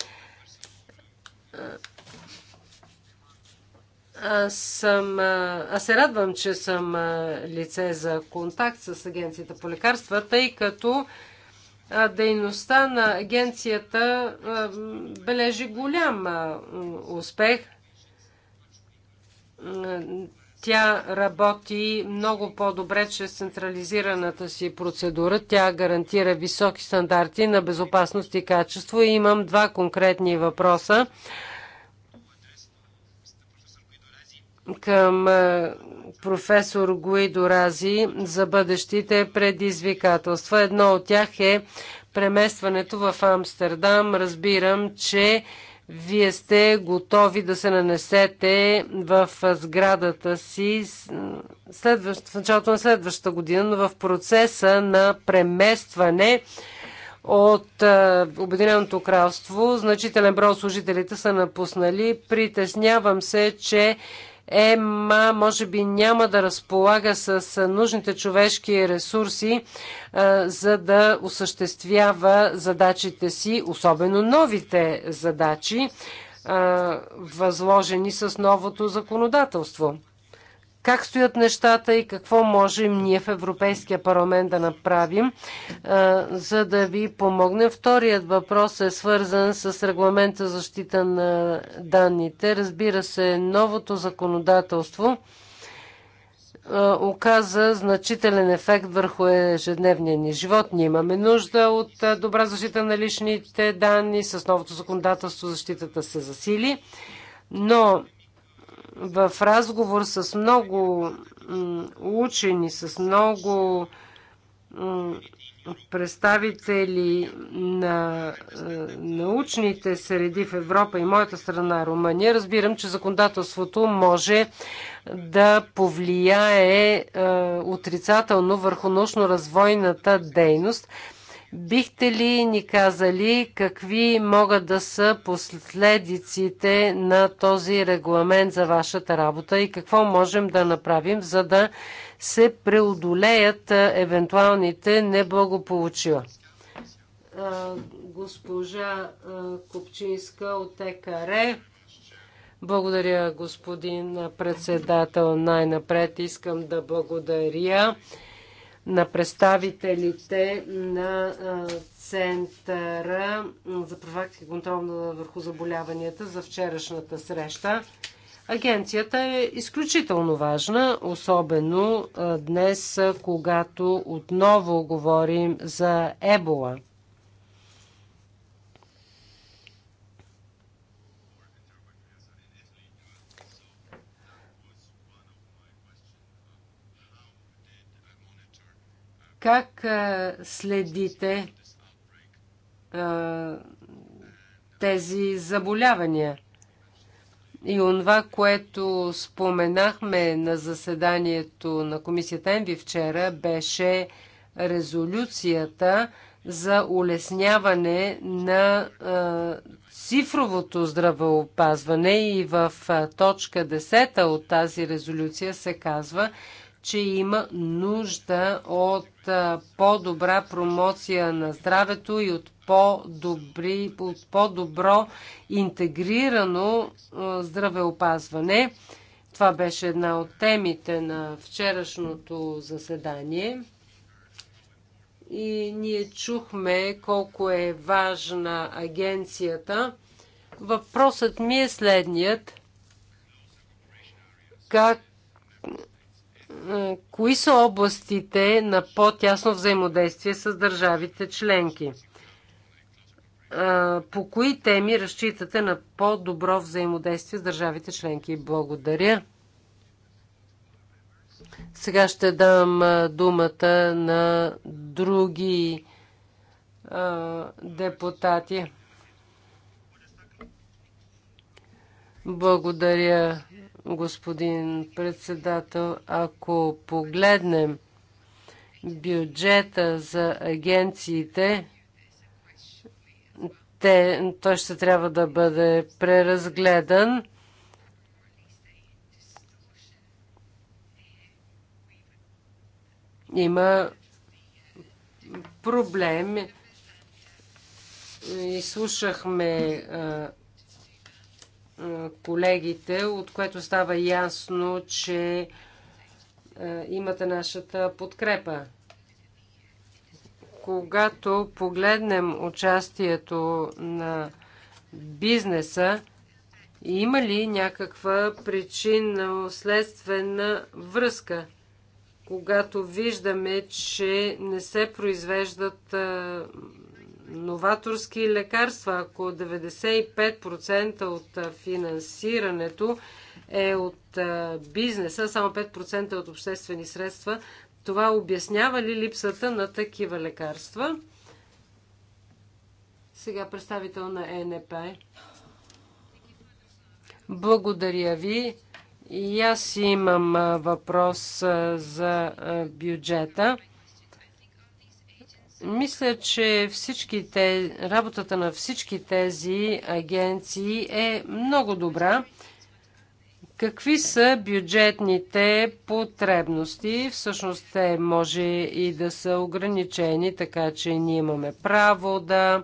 Аз, съм, аз се радвам, че съм лице за контакт с Агенцията по лекарства, тъй като дейността на агенцията бележи голям успех. Тя работи много по-добре чрез централизираната си процедура. Тя гарантира високи стандарти на безопасност и качество. И имам два конкретни въпроса към е, професор Гуидо Рази за бъдещите предизвикателства. Едно от тях е преместването в Амстердам. Разбирам, че вие сте готови да се нанесете в сградата си следващ, в началото на следващата година, но в процеса на преместване от Обединеното кралство. Значителен брой от служителите са напуснали. Притеснявам се, че ЕМА може би няма да разполага с нужните човешки ресурси, за да осъществява задачите си, особено новите задачи, възложени с новото законодателство как стоят нещата и какво можем ние в Европейския парламент да направим, за да ви помогнем. Вторият въпрос е свързан с регламента за защита на данните. Разбира се, новото законодателство оказа значителен ефект върху ежедневния ни живот. Ние имаме нужда от добра защита на личните данни. С новото законодателство защитата се засили. Но в разговор с много учени, с много представители на е, научните среди в Европа и моята страна Румъния, разбирам, че законодателството може да повлияе е, отрицателно върху научно-развойната дейност Бихте ли ни казали какви могат да са последиците на този регламент за вашата работа и какво можем да направим, за да се преодолеят евентуалните неблагополучива? Госпожа Купчинска от ЕКАРЕ. Благодаря, господин председател. Най-напред искам да благодаря на представителите на Центъра за профилактика и контрол върху заболяванията за вчерашната среща. Агенцията е изключително важна, особено днес, когато отново говорим за ебола. Как следите тези заболявания? И онова, което споменахме на заседанието на комисията ЕНВИ вчера, беше резолюцията за улесняване на цифровото здравеопазване и в точка 10 от тази резолюция се казва, че има нужда от по-добра промоция на здравето и от, по-добри, от по-добро интегрирано здравеопазване. Това беше една от темите на вчерашното заседание. И ние чухме колко е важна агенцията. Въпросът ми е следният. Как кои са областите на по-тясно взаимодействие с държавите членки? По кои теми разчитате на по-добро взаимодействие с държавите членки? Благодаря. Сега ще дам думата на други депутати. Благодаря, господин председател. Ако погледнем бюджета за агенциите, те, той ще трябва да бъде преразгледан. Има проблем. Изслушахме колегите, от което става ясно, че имате нашата подкрепа. Когато погледнем участието на бизнеса, има ли някаква причина следствена връзка, когато виждаме, че не се произвеждат новаторски лекарства. Ако 95% от финансирането е от бизнеса, само 5% е от обществени средства, това обяснява ли липсата на такива лекарства? Сега представител на ЕНП. Благодаря ви. И аз имам въпрос за бюджета. Мисля, че всичките, работата на всички тези агенции е много добра. Какви са бюджетните потребности? Всъщност те може и да са ограничени, така че ние имаме право да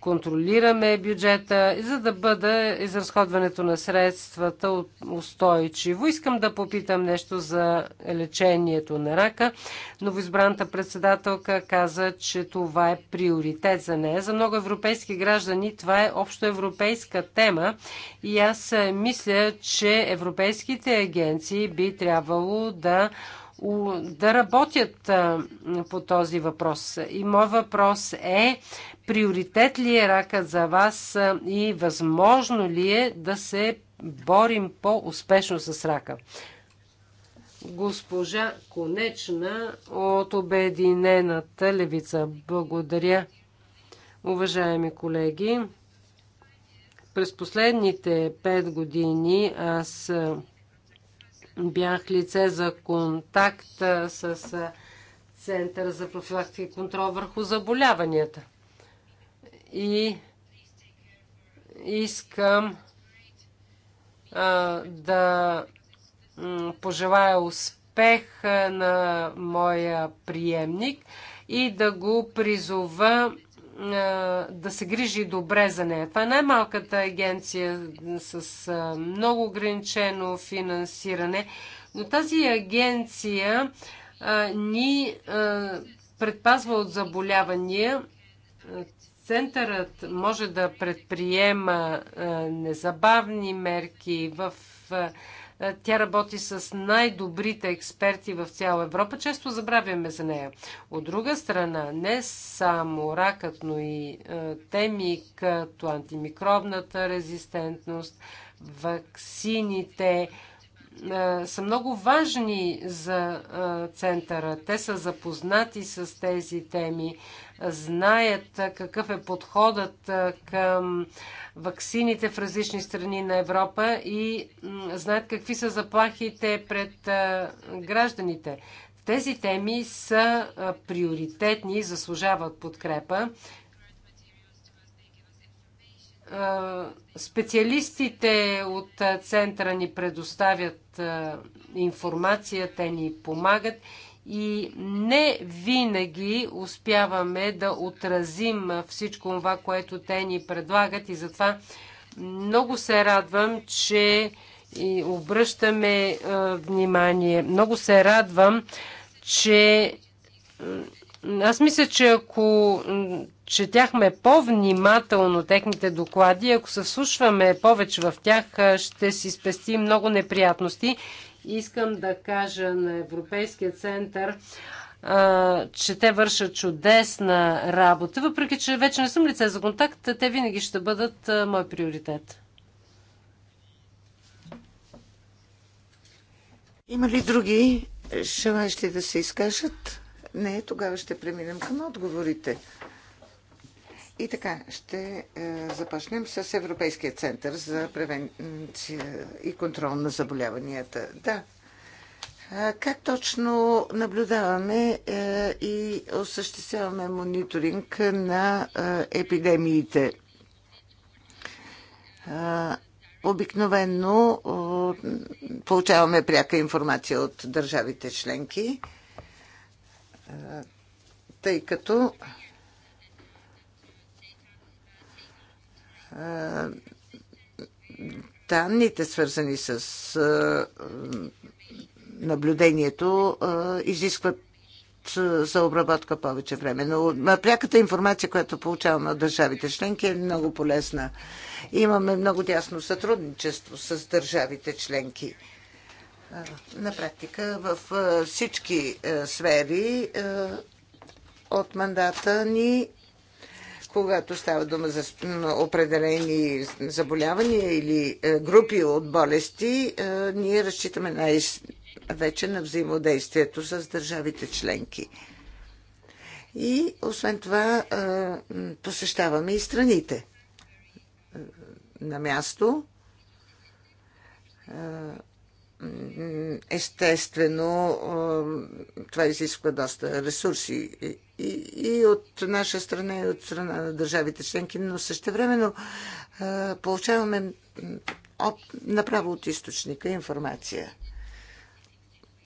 контролираме бюджета, за да бъде изразходването на средствата устойчиво. Искам да попитам нещо за лечението на рака. Новоизбраната председателка каза, че това е приоритет за нея. За много европейски граждани това е общо европейска тема и аз мисля, че европейските агенции би трябвало да да работят по този въпрос. И мой въпрос е, приоритет ли е рака за вас и възможно ли е да се борим по-успешно с рака? Госпожа Конечна от Обединената левица. Благодаря, уважаеми колеги. През последните пет години аз Бях лице за контакт с Център за профилактика и контрол върху заболяванията. И искам а, да пожелая успех на моя приемник и да го призова да се грижи добре за нея. Това е най-малката агенция с много ограничено финансиране, но тази агенция ни предпазва от заболявания. Центърът може да предприема незабавни мерки в е, тя работи с най-добрите експерти в цяла Европа. Често забравяме за нея. От друга страна, не само ракът, но и е, теми като антимикробната резистентност, ваксините, е, са много важни за е, центъра. Те са запознати с тези теми, знаят е, какъв е подходът към ваксините в различни страни на Европа и знаят какви са заплахите пред гражданите. Тези теми са приоритетни и заслужават подкрепа. Специалистите от центъра ни предоставят информация, те ни помагат и не винаги успяваме да отразим всичко това, което те ни предлагат и затова много се радвам, че и обръщаме внимание. Много се радвам, че аз мисля, че ако четяхме по-внимателно техните доклади, ако се вслушваме повече в тях, ще си спести много неприятности. Искам да кажа на Европейския център, че те вършат чудесна работа. Въпреки, че вече не съм лице за контакт, те винаги ще бъдат мой приоритет. Има ли други желаящи да се изкажат? Не, тогава ще преминем към отговорите. И така, ще е, започнем с Европейския център за превенция и контрол на заболяванията. Да. Как точно наблюдаваме е, и осъществяваме мониторинг на е, епидемиите? Обикновенно получаваме пряка информация от държавите членки е, тъй като е, данните, свързани с е, наблюдението, изискват за обработка повече време. Но пряката информация, която получавам от държавите членки е много полезна. Имаме много тясно сътрудничество с държавите членки. На практика в всички сфери от мандата ни, когато става дума за определени заболявания или групи от болести, ние разчитаме най-вече на взаимодействието с държавите членки. И освен това посещаваме и страните на място естествено е, това изисква доста ресурси и, и от наша страна, и от страна на държавите членки, но същевременно е, получаваме от, направо от източника информация.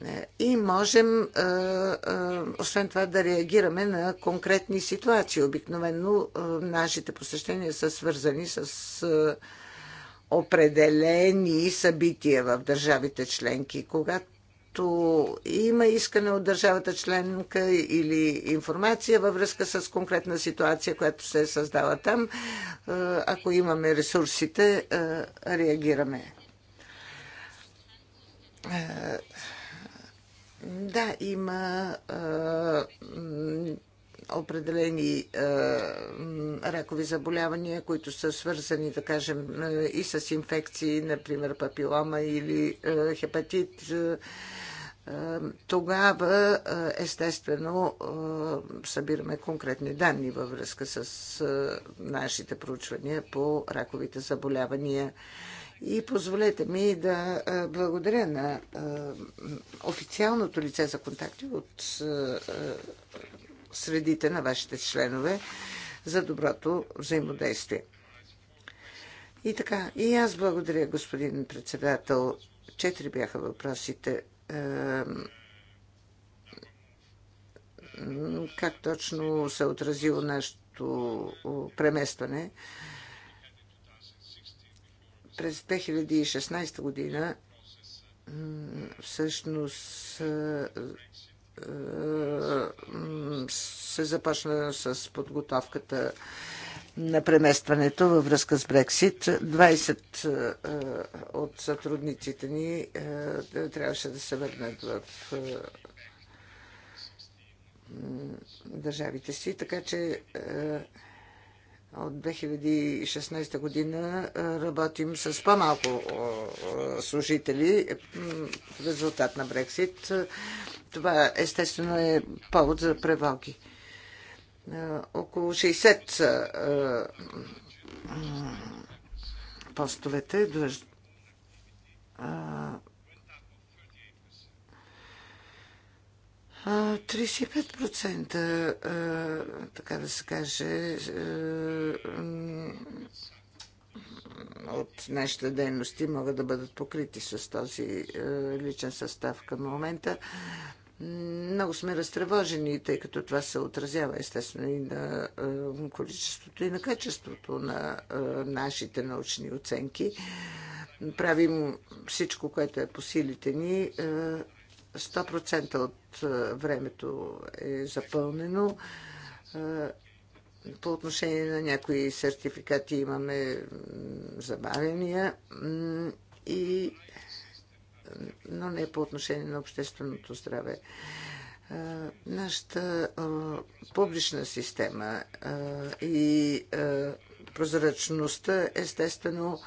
Е, и можем, освен това, да реагираме на конкретни ситуации. Обикновено нашите посещения са свързани с определени събития в държавите членки, когато има искане от държавата членка или информация във връзка с конкретна ситуация, която се е създала там, е, ако имаме ресурсите, е, реагираме. Е, да, има определени е, ракови заболявания, които са свързани, да кажем, е, и с инфекции, например папилома или е, хепатит. тогава, естествено, събираме конкретни данни във връзка с нашите проучвания по раковите заболявания. И позволете ми да благодаря на официалното лице за контакти от средите на вашите членове за доброто взаимодействие. И така, и аз благодаря, господин председател. Четири бяха въпросите. Как точно се е отразило нашето преместване? През 2016 година всъщност се започна с подготовката на преместването във връзка с Брексит. 20 е, от сътрудниците ни е, трябваше да се върнат в е, държавите си, така че от 2016 година работим с по-малко служители в резултат на Брексит. Това естествено е повод за превалки. Около 60 постовете. 35% така да се каже от нашите дейности могат да бъдат покрити с този личен състав към момента. Много сме разтревожени, тъй като това се отразява естествено и на количеството и на качеството на нашите научни оценки правим всичко, което е по силите ни, 100% от е, времето е запълнено. Е, по отношение на някои сертификати имаме забавения и но не по отношение на общественото здраве. Е, нашата публична система и прозрачността естествено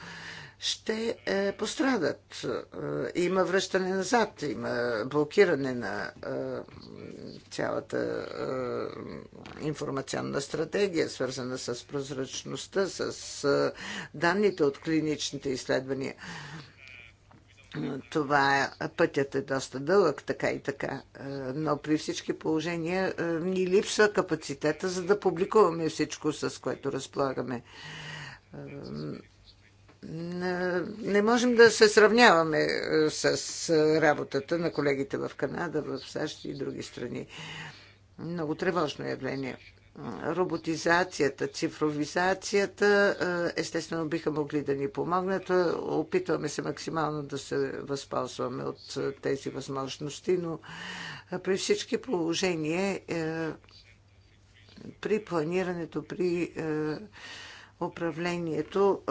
ще е, пострадат. Е, има връщане назад, има блокиране на е, цялата е, информационна стратегия, свързана с прозрачността, с е, данните от клиничните изследвания. Това е, пътят е доста дълъг, така и така. Е, но при всички положения ни липсва капацитета, за да публикуваме всичко, с което разполагаме не можем да се сравняваме е, с е, работата на колегите в Канада, в САЩ и други страни. Много тревожно явление. Роботизацията, цифровизацията, е, естествено, биха могли да ни помогнат. Опитваме се максимално да се възползваме от тези възможности, но при всички положения, при планирането, при управлението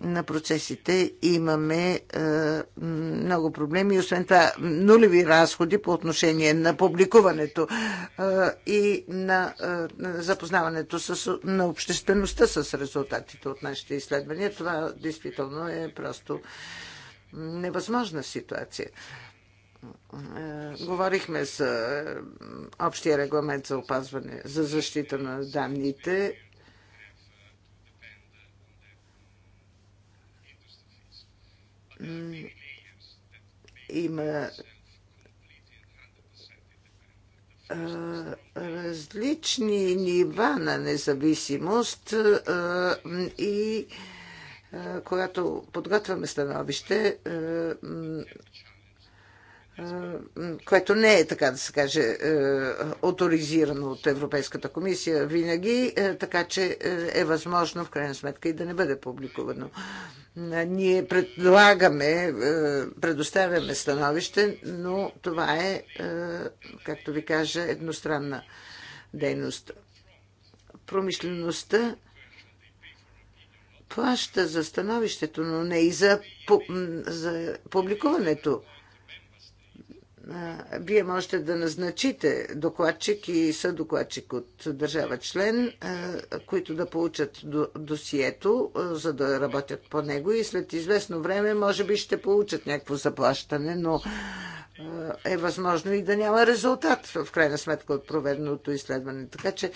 на процесите имаме е, много проблеми. Освен това, нулеви разходи по отношение на публикуването е, и е, на запознаването с, на обществеността с резултатите от нашите изследвания. Това действително е просто невъзможна ситуация. Говорихме за общия регламент за опазване, за защита на данните има различни нива на независимост и когато подготвяме становище, е, което не е, така да се каже, е, авторизирано от Европейската комисия винаги, е, така че е възможно в крайна сметка и да не бъде публикувано. Ние предлагаме, предоставяме становище, но това е, както ви кажа, едностранна дейност. Промишлеността плаща за становището, но не и за, за публикуването вие можете да назначите докладчик и съдокладчик от държава член, които да получат досието, за да работят по него и след известно време може би ще получат някакво заплащане, но е възможно и да няма резултат в крайна сметка от проведеното изследване. Така че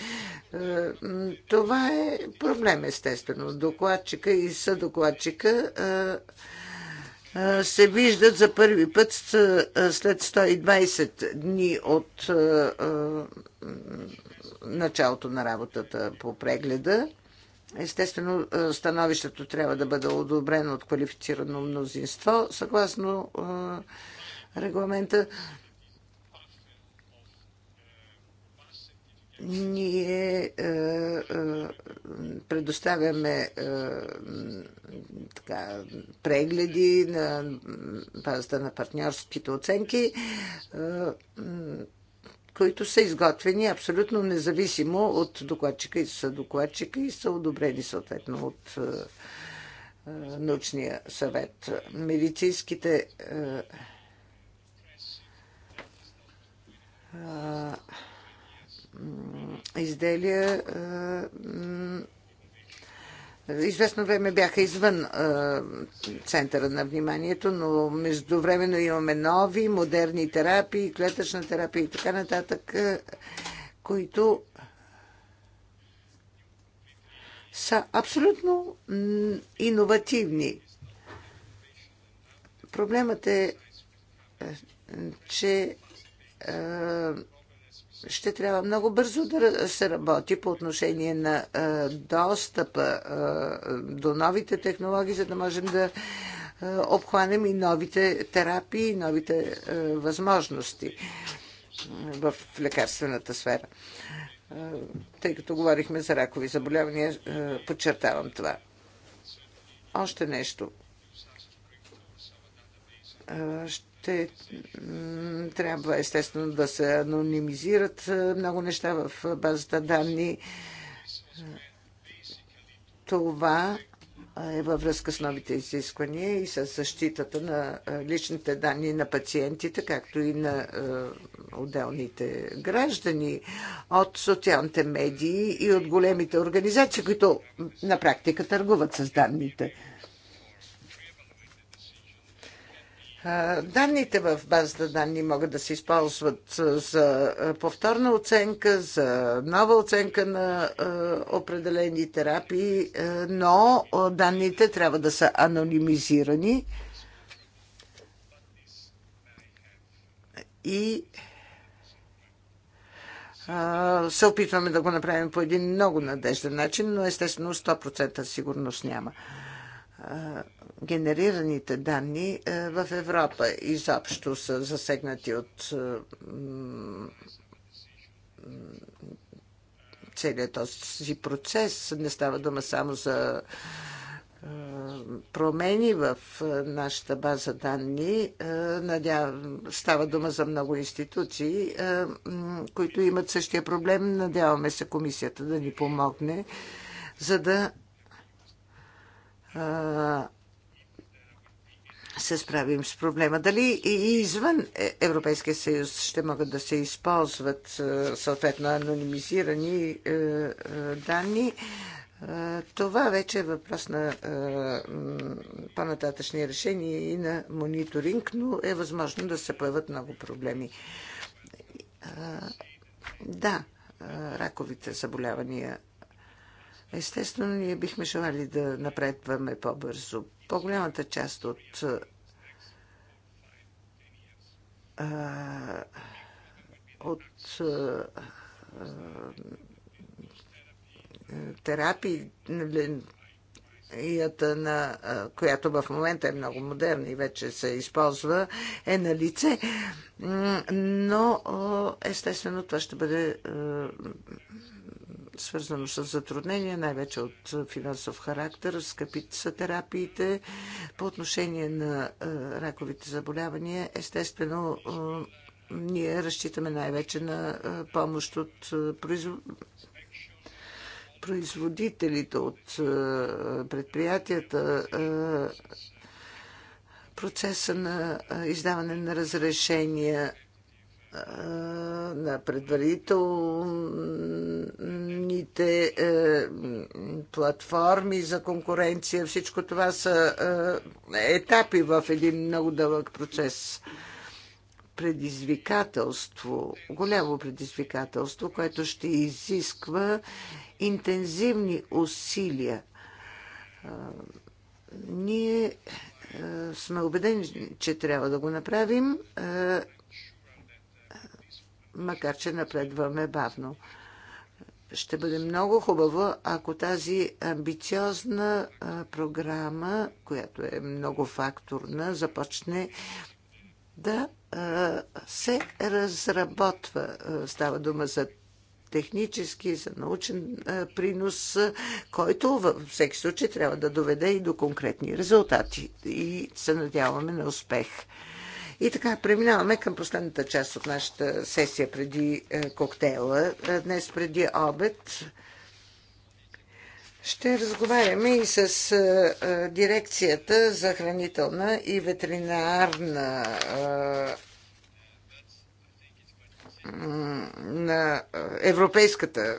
това е проблем естествено. Докладчика и съдокладчика се виждат за първи път след 120 дни от началото на работата по прегледа. Естествено, становището трябва да бъде одобрено от квалифицирано мнозинство, съгласно регламента. ние е, е, предоставяме е, така, прегледи на базата на партньорските оценки, е, които са изготвени абсолютно независимо от докладчика и са докладчика и са одобрени съответно от е, е научния съвет. Медицинските е, е изделия известно време бяха извън центъра на вниманието, но междувременно имаме нови, модерни терапии, клетъчна терапия и така нататък, които са абсолютно иновативни. Проблемът е, че ще трябва много бързо да се работи по отношение на достъпа до новите технологии, за да можем да обхванем и новите терапии, и новите възможности в лекарствената сфера. Тъй като говорихме за ракови заболявания, подчертавам това. Още нещо. Ще ще трябва естествено да се анонимизират е, много неща в базата данни. Е, това е във връзка с новите изисквания и с защитата на е, личните данни на пациентите, както и на отделните граждани от социалните медии и от големите организации, които на практика търгуват с данните. Данните в базата данни могат да се използват за повторна оценка, за нова оценка на определени терапии, но данните трябва да са анонимизирани и се опитваме да го направим по един много надежден начин, но естествено 100% сигурност няма генерираните данни е, в Европа изобщо са засегнати от е, целият този процес. Не става дума само за е, промени в нашата база данни. Надявам, става дума за много институции, които имат същия проблем. Надяваме се комисията да ни помогне, за да се справим с проблема. Дали и извън е, Европейския съюз ще могат да се използват е, съответно анонимизирани е, данни, това вече е въпрос на по-нататъчни решения и на мониторинг, но е възможно да се появят много проблеми. Да, раковите заболявания Естествено, ние бихме желали да напредваме по-бързо. По-голямата част от от терапията, на, която в момента е много модерна и вече се използва, е на лице. Но естествено това ще бъде свързано с затруднения, най-вече от финансов характер. Скъпите са терапиите. По отношение на раковите заболявания, естествено, ние разчитаме най-вече на помощ от производителите, от предприятията, процеса на издаване на разрешения на предварителните е, платформи за конкуренция. Всичко това са е, етапи в един много дълъг процес. Предизвикателство, голямо предизвикателство, което ще изисква интензивни усилия. Ние е, сме убедени, че трябва да го направим макар че напредваме бавно. Ще бъде много хубаво, ако тази амбициозна програма, която е много факторна, започне да се разработва. Става дума за технически, за научен принос, който във всеки случай трябва да доведе и до конкретни резултати. И се надяваме на успех. И така, преминаваме към последната част от нашата сесия преди е, коктейла. Е, днес преди обед ще разговаряме и с е, дирекцията за хранителна и ветеринарна на Европейската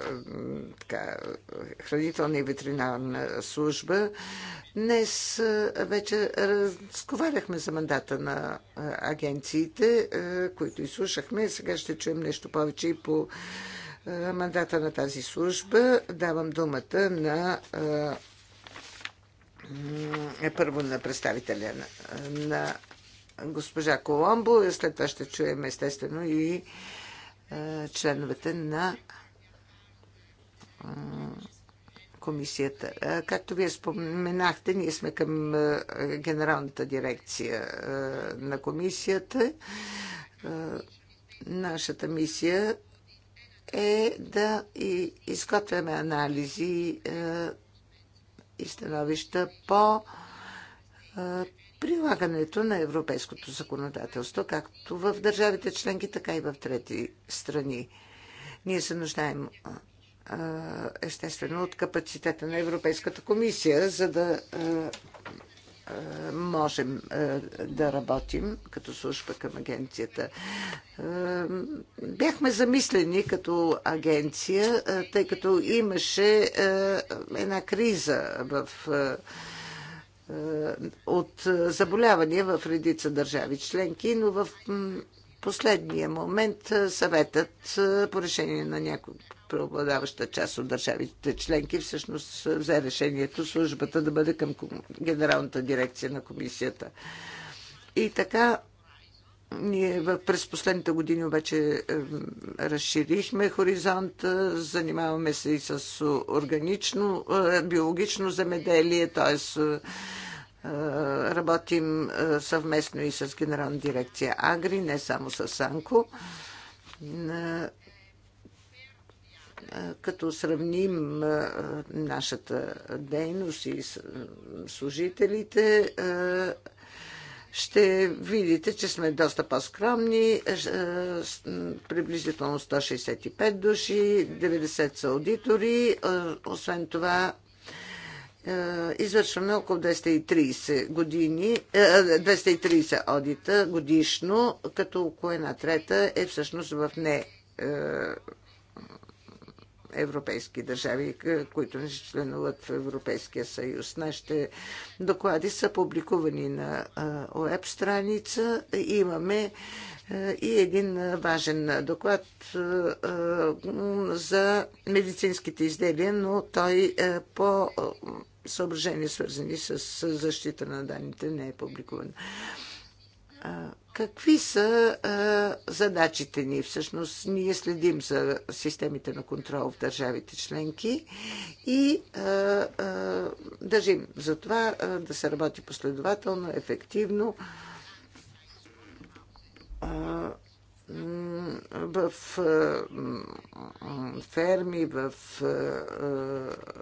така, хранителна и ветеринарна служба. Днес вече разговаряхме за мандата на агенциите, които изслушахме. Сега ще чуем нещо повече и по мандата на тази служба. Давам думата на е първо на представителя на, на госпожа Коломбо, след това ще чуем естествено и е, членовете на е, комисията. Е, както вие споменахте, ние сме към генералната дирекция на комисията. Нашата мисия е да изготвяме анализи и становища по прилагането на европейското законодателство, както в държавите членки, така и в трети страни. Ние се нуждаем естествено от капацитета на Европейската комисия, за да можем да работим като служба към агенцията. Бяхме замислени като агенция, тъй като имаше една криза в е, от е, заболявания в редица държави членки, но в последния момент е, съветът по решение на някои преобладаваща част от държавите членки всъщност взе решението службата да бъде към Генералната дирекция на комисията. И така ние през последните години обаче разширихме хоризонта, занимаваме се и с органично, е, биологично земеделие, т.е. Е, е, работим съвместно и с Генерална дирекция Агри, не само с Анко. Като сравним нашата дейност и служителите, ще видите, че сме доста по-скромни. Е, е, приблизително 165 души, 90 са аудитори. Е, освен това, извършваме около 230 години, 230 аудита годишно, като около една трета е всъщност в не европейски държави, които не членуват в Европейския съюз. Нашите доклади са публикувани на уеб страница. Имаме и един важен доклад за медицинските изделия, но той по съображения, свързани с защита на данните, не е публикуван. Какви са а, задачите ни? Всъщност, ние следим за системите на контрол в държавите членки и а, а, държим за това а, да се работи последователно, ефективно. А, в ферми, в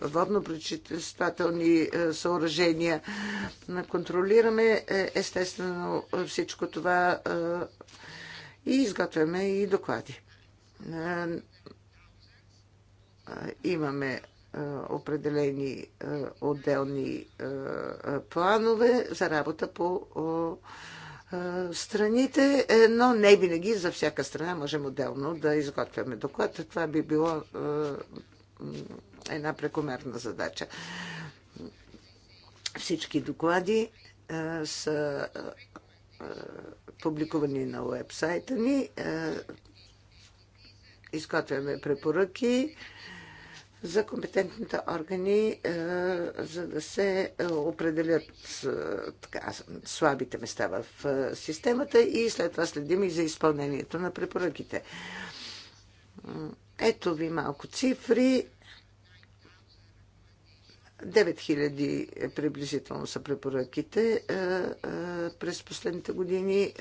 водно-пречиствателни съоръжения. Контролираме е, естествено всичко това и изготвяме и доклади. Имаме определени отделни планове за работа по страните, е, но не винаги за всяка страна можем отделно да изготвяме доклад. Това би било една прекомерна задача. Всички доклади са публикувани на уебсайта ни. Изготвяме препоръки за компетентните органи, е, за да се определят е, така, слабите места в е, системата и след това следим и за изпълнението на препоръките. Ето ви малко цифри. 9000 приблизително са препоръките през последните години.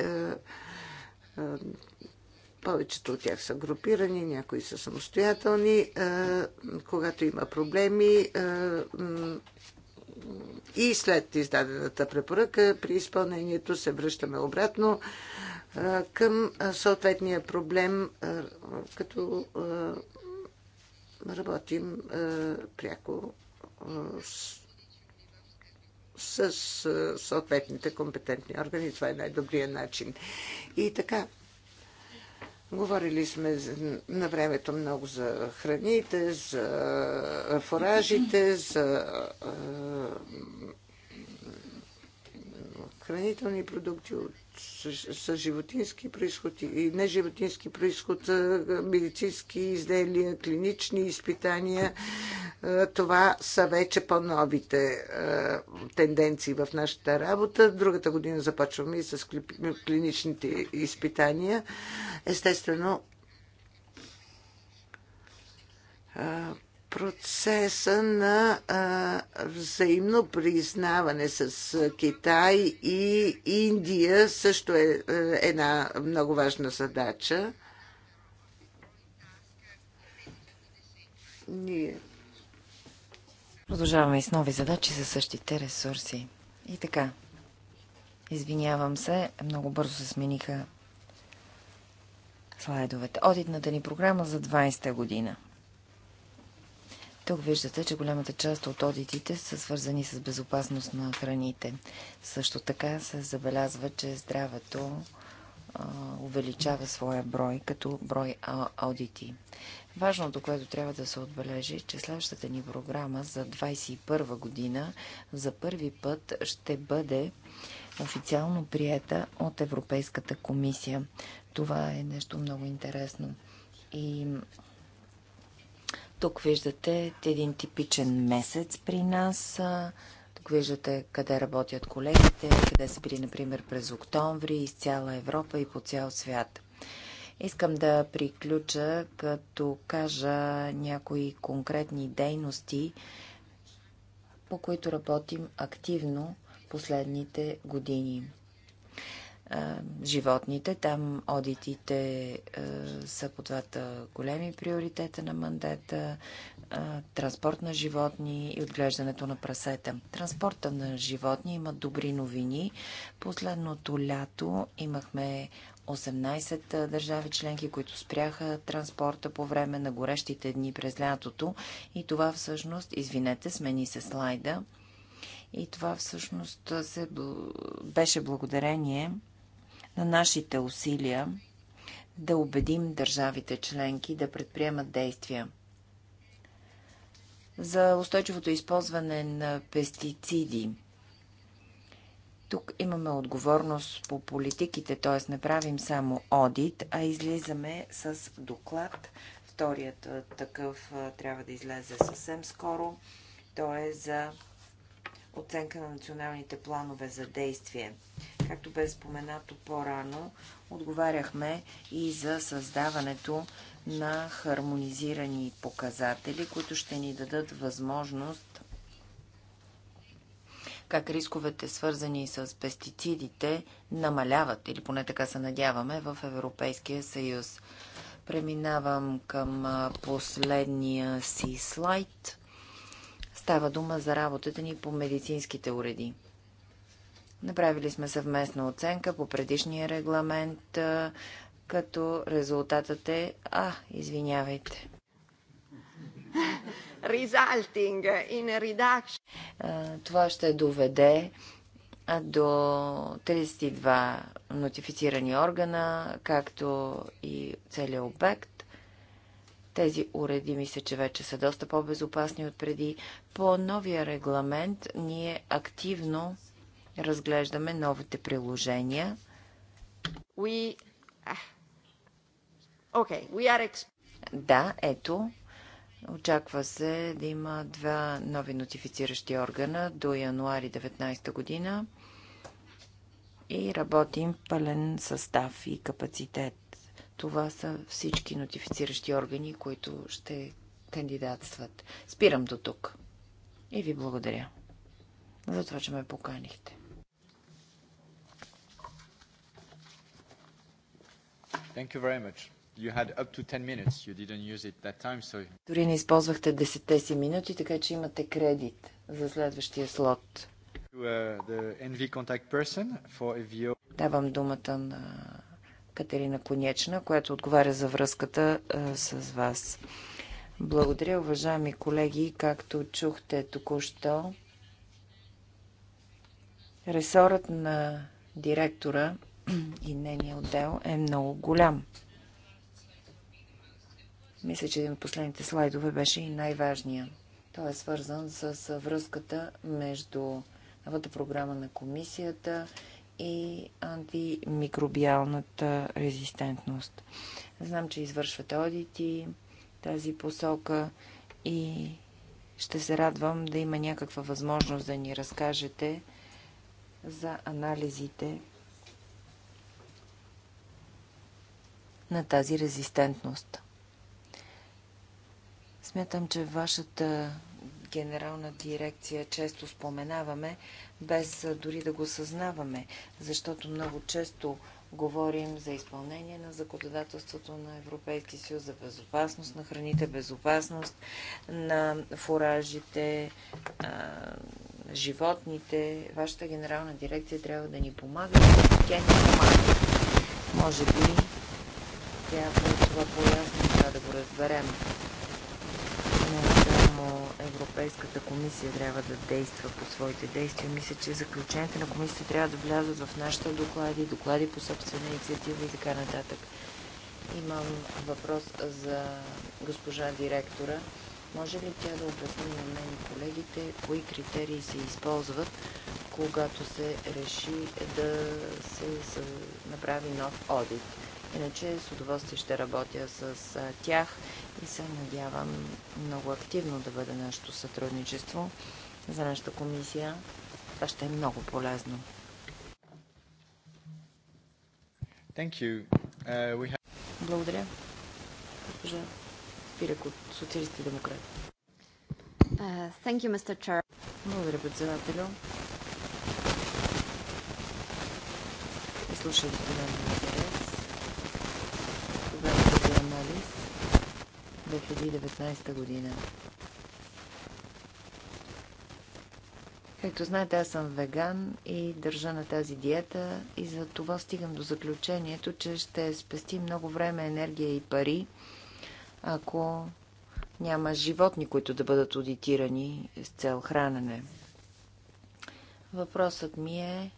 Повечето от тях са групирани, някои са самостоятелни. Е, когато има проблеми е, и след издадената препоръка при изпълнението се връщаме обратно е, към съответния проблем, като работим пряко с съответните компетентни органи. Това е най-добрият начин. И така, Говорили сме на времето много за храните, за фуражите, за хранителни продукти от с животински происход и неживотински происход, медицински изделия, клинични изпитания. Това са вече по-новите тенденции в нашата работа. Другата година започваме и с клиничните изпитания. Естествено, процеса на а, взаимно признаване с Китай и Индия също е, е една много важна задача. Ние. Продължаваме и с нови задачи за същите ресурси. И така. Извинявам се, много бързо се смениха слайдовете. Одитната ни програма за 20-та година. Тук виждате, че голямата част от одитите са свързани с безопасност на храните. Също така се забелязва, че здравето а, увеличава своя брой като брой а, аудити. Важното, което трябва да се отбележи, че следващата ни програма за 2021 година за първи път ще бъде официално приета от Европейската комисия. Това е нещо много интересно. И тук виждате един типичен месец при нас. Тук виждате къде работят колегите, къде са били, например, през октомври из цяла Европа и по цял свят. Искам да приключа, като кажа някои конкретни дейности, по които работим активно последните години животните. Там одитите са по двата големи приоритета на мандата транспорт на животни и отглеждането на прасета. Транспорта на животни има добри новини. Последното лято имахме 18 държави членки, които спряха транспорта по време на горещите дни през лятото. И това всъщност, извинете, смени се слайда. И това всъщност се, беше благодарение на нашите усилия да убедим държавите членки да предприемат действия за устойчивото използване на пестициди. Тук имаме отговорност по политиките, т.е. не правим само одит, а излизаме с доклад. Вторият такъв трябва да излезе съвсем скоро. Той е за оценка на националните планове за действие. Както бе споменато по-рано, отговаряхме и за създаването на хармонизирани показатели, които ще ни дадат възможност как рисковете, свързани с пестицидите, намаляват, или поне така се надяваме, в Европейския съюз. Преминавам към последния си слайд. Става дума за работата ни по медицинските уреди. Направили сме съвместна оценка по предишния регламент, като резултатът е... А, извинявайте. Resulting in reduction. Това ще доведе до 32 нотифицирани органа, както и целият обект. Тези уреди мисля, че вече са доста по-безопасни от преди. По новия регламент ние активно разглеждаме новите приложения. We... Ah, okay, we are... Да, ето. Очаква се да има два нови нотифициращи органа до януари 19 година и работим пълен състав и капацитет. Това са всички нотифициращи органи, които ще кандидатстват. Спирам до тук. И ви благодаря за това, че ме поканихте. Thank you very much. You had up to 10 minutes. You didn't use it that time, so... Дори не използвахте 10 си минути, така че имате кредит за следващия слот. To, uh, Давам думата на Катерина Конечна, която отговаря за връзката а, е, с вас. Благодаря, уважаеми колеги, както чухте току-що. Ресорът на директора и нейния отдел е много голям. Мисля, че един от последните слайдове беше и най-важния. Той е свързан с връзката между новата програма на комисията и антимикробиалната резистентност. Знам, че извършвате одити тази посока и ще се радвам да има някаква възможност да ни разкажете за анализите на тази резистентност. Смятам, че вашата генерална дирекция често споменаваме, без дори да го съзнаваме, защото много често говорим за изпълнение на законодателството на Европейския съюз, за безопасност на храните, безопасност на фуражите, животните. Вашата генерална дирекция трябва да ни помага, защото тя ни помага. Може би трябва това по-ясно да го разберем. Европейската комисия трябва да действа по своите действия. Мисля, че заключенията на комисията трябва да влязат в нашите доклади, доклади по собствена инициатива и така нататък. Имам въпрос за госпожа директора. Може ли тя да обясни на мен и колегите, кои критерии се използват, когато се реши да се направи нов одит? Иначе с удоволствие ще работя с тях и се надявам много активно да бъде нашето сътрудничество за нашата комисия. Това ще е много полезно. Thank you. Uh, we have... Благодаря. Госпожа Спирек от Социалисти демократи. Uh, thank you, Mr. Chair. Благодаря, председателю. Изслушах голям интерес. е анализ 2019 година. Както знаете, аз съм веган и държа на тази диета и за това стигам до заключението, че ще спести много време, енергия и пари, ако няма животни, които да бъдат аудитирани с цел хранене. Въпросът ми е,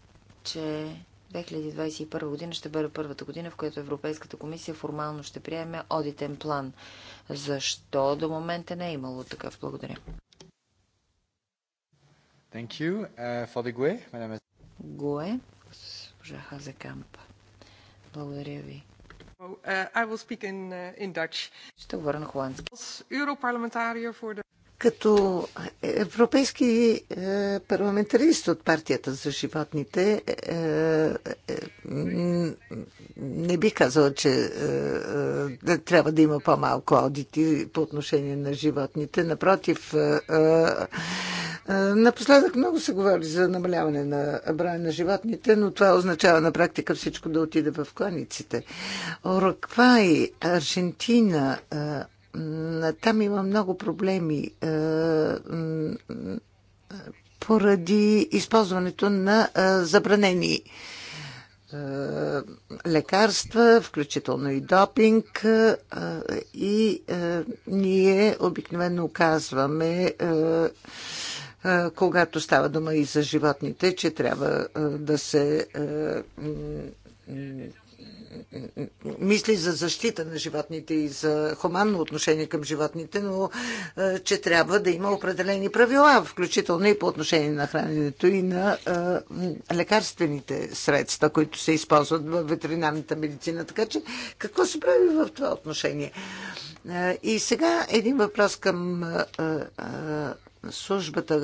че 2021 година ще бъде първата година, в която Европейската комисия формално ще приеме одитен план. Защо до момента не е имало такъв? Благодаря. Thank you. Uh, for the GUE, GUE, e, госпожа Хазекамп. Благодаря ви. Oh, uh, I will speak in, uh, in Dutch. Ще говоря на холандски. Als Europarlementariër voor de като европейски е, парламентарист от партията за животните, е, е, не би казала, че трябва да има по-малко аудити по отношение на животните. Напротив, напоследък много се говори за намаляване на броя на животните, но това означава на практика всичко да отиде в кланиците. Ораквай, Аржентина, там има много проблеми е, поради използването на е, забранени е, лекарства, включително и допинг. И ние обикновено казваме, когато става дума и за животните, че трябва да се мисли за защита на животните и за хуманно отношение към животните, но е, че трябва да има определени правила, включително и по отношение на храненето и на е, лекарствените средства, които се използват в ветеринарната медицина. Така че какво се прави в това отношение? Е, и сега един въпрос към службата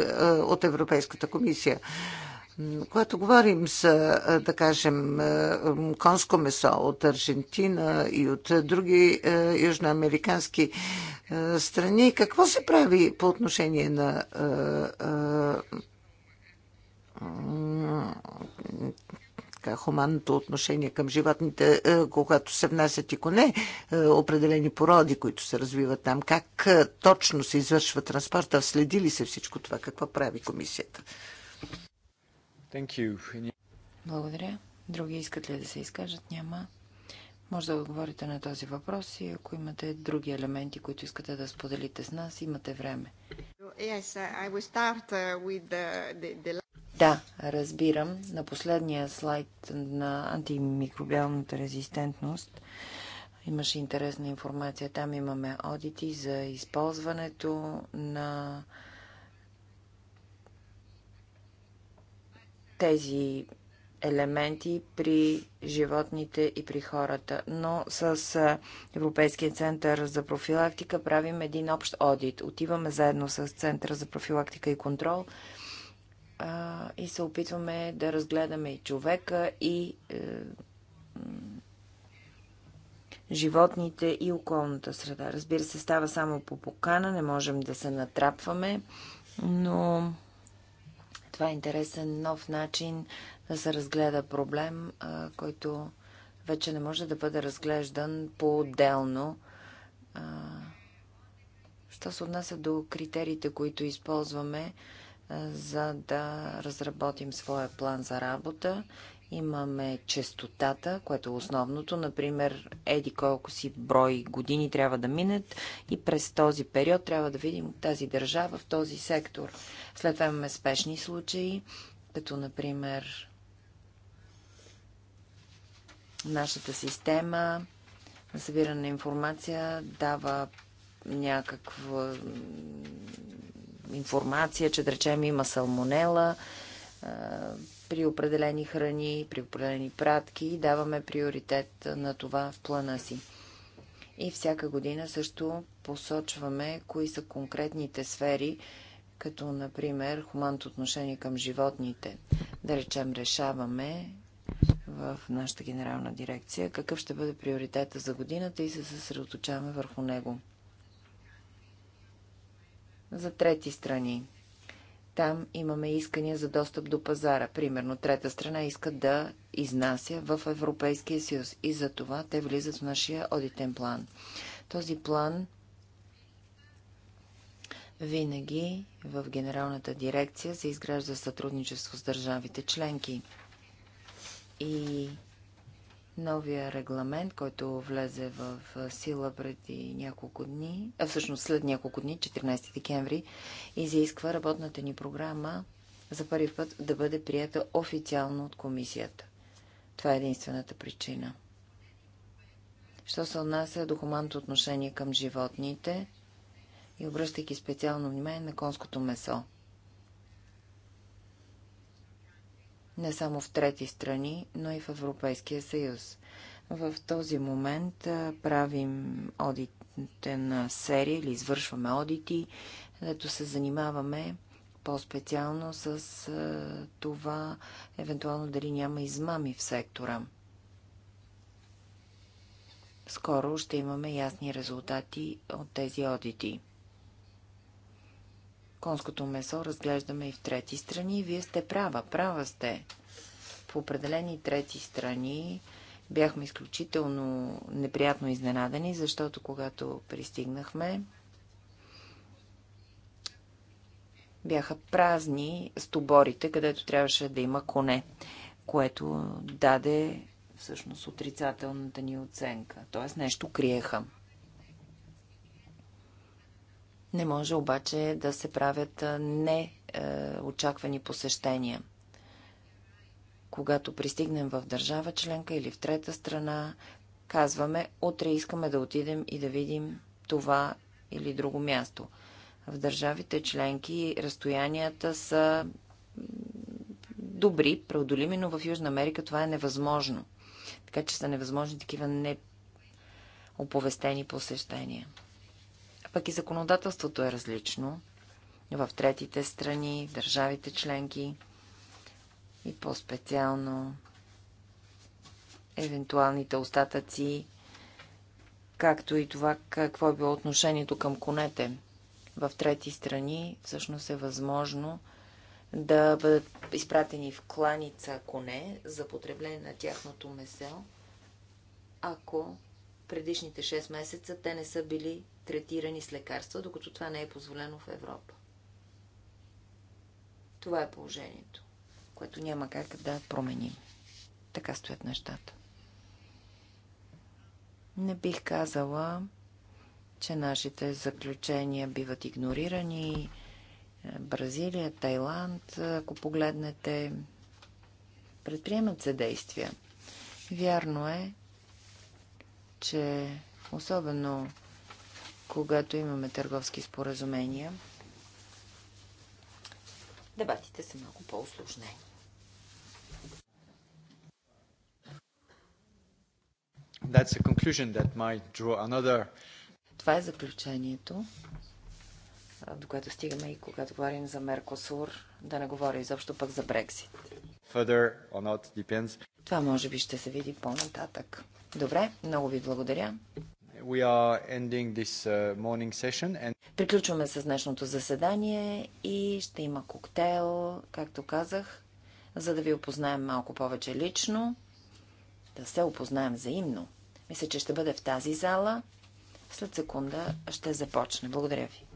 от Европейската комисия. Когато говорим за, да кажем, конско месо от Аржентина и от други южноамерикански страни, какво се прави по отношение на хуманното отношение към животните, когато се внасят и коне, определени породи, които се развиват там. Как точно се извършва транспорта? Следи ли се всичко това? Какво прави комисията? Благодаря. Други искат ли да се изкажат? Няма. Може да отговорите на този въпрос и ако имате други елементи, които искате да споделите с нас, имате време. Uh, да, разбирам. На последния слайд на антимикробиалната резистентност имаше интересна информация. Там имаме одити за използването на тези елементи при животните и при хората. Но с Европейския център за профилактика правим един общ одит. Отиваме заедно с Центъра за профилактика и контрол а, и се опитваме да разгледаме и човека, и е, животните, и околната среда. Разбира се, става само по покана, не можем да се натрапваме, но това е интересен нов начин да се разгледа проблем, който вече не може да бъде разглеждан по-отделно. Що се отнася до критериите, които използваме, за да разработим своя план за работа, Имаме честотата, което е основното. Например, еди колко си брой години трябва да минат и през този период трябва да видим тази държава в този сектор. След това имаме спешни случаи, като например нашата система на събиране на информация дава някаква информация, че да речем има салмонела, при определени храни, при определени пратки и даваме приоритет на това в плана си. И всяка година също посочваме кои са конкретните сфери, като например хуманното отношение към животните. Да речем, решаваме в нашата генерална дирекция какъв ще бъде приоритета за годината и се съсредоточаваме върху него. За трети страни. Там имаме искания за достъп до пазара. Примерно, трета страна иска да изнася в Европейския съюз и за това те влизат в нашия одитен план. Този план винаги в Генералната дирекция се изгражда сътрудничество с държавите членки. И Новия регламент, който влезе в сила преди няколко дни, а всъщност след няколко дни, 14 декември, изисква работната ни програма за първи път да бъде прията официално от комисията. Това е единствената причина. Що се отнася до хуманното отношение към животните и обръщайки специално внимание на конското месо. не само в трети страни, но и в Европейския съюз. В този момент правим одитен серия или извършваме одити, където се занимаваме по-специално с това, евентуално дали няма измами в сектора. Скоро ще имаме ясни резултати от тези одити. Конското месо разглеждаме и в трети страни. Вие сте права, права сте. В определени трети страни бяхме изключително неприятно изненадани, защото когато пристигнахме, бяха празни стоборите, където трябваше да има коне, което даде всъщност отрицателната ни оценка. Тоест нещо криеха. Не може обаче да се правят неочаквани е, посещения. Когато пристигнем в държава членка или в трета страна, казваме, утре искаме да отидем и да видим това или друго място. В държавите членки разстоянията са добри, преодолими, но в Южна Америка това е невъзможно. Така че са невъзможни такива неоповестени посещения пък и законодателството е различно в третите страни, в държавите членки и по-специално евентуалните остатъци, както и това какво е било отношението към конете. В трети страни всъщност е възможно да бъдат изпратени в кланица коне за потребление на тяхното месо, ако предишните 6 месеца те не са били третирани с лекарства, докато това не е позволено в Европа. Това е положението, което няма как да променим. Така стоят нещата. Не бих казала, че нашите заключения биват игнорирани. Бразилия, Тайланд, ако погледнете, предприемат се действия. Вярно е, че особено когато имаме търговски споразумения, дебатите са много по-осложнени. That's a conclusion that might draw another... Това е заключението, до което стигаме и когато говорим за Меркосур, да не говоря изобщо пък за Брексит. Further or not depends. Това може би ще се види по-нататък. Добре, много ви благодаря. Uh, and... Приключваме с днешното заседание и ще има коктейл, както казах, за да ви опознаем малко повече лично, да се опознаем взаимно. Мисля, че ще бъде в тази зала. След секунда ще започне. Благодаря ви.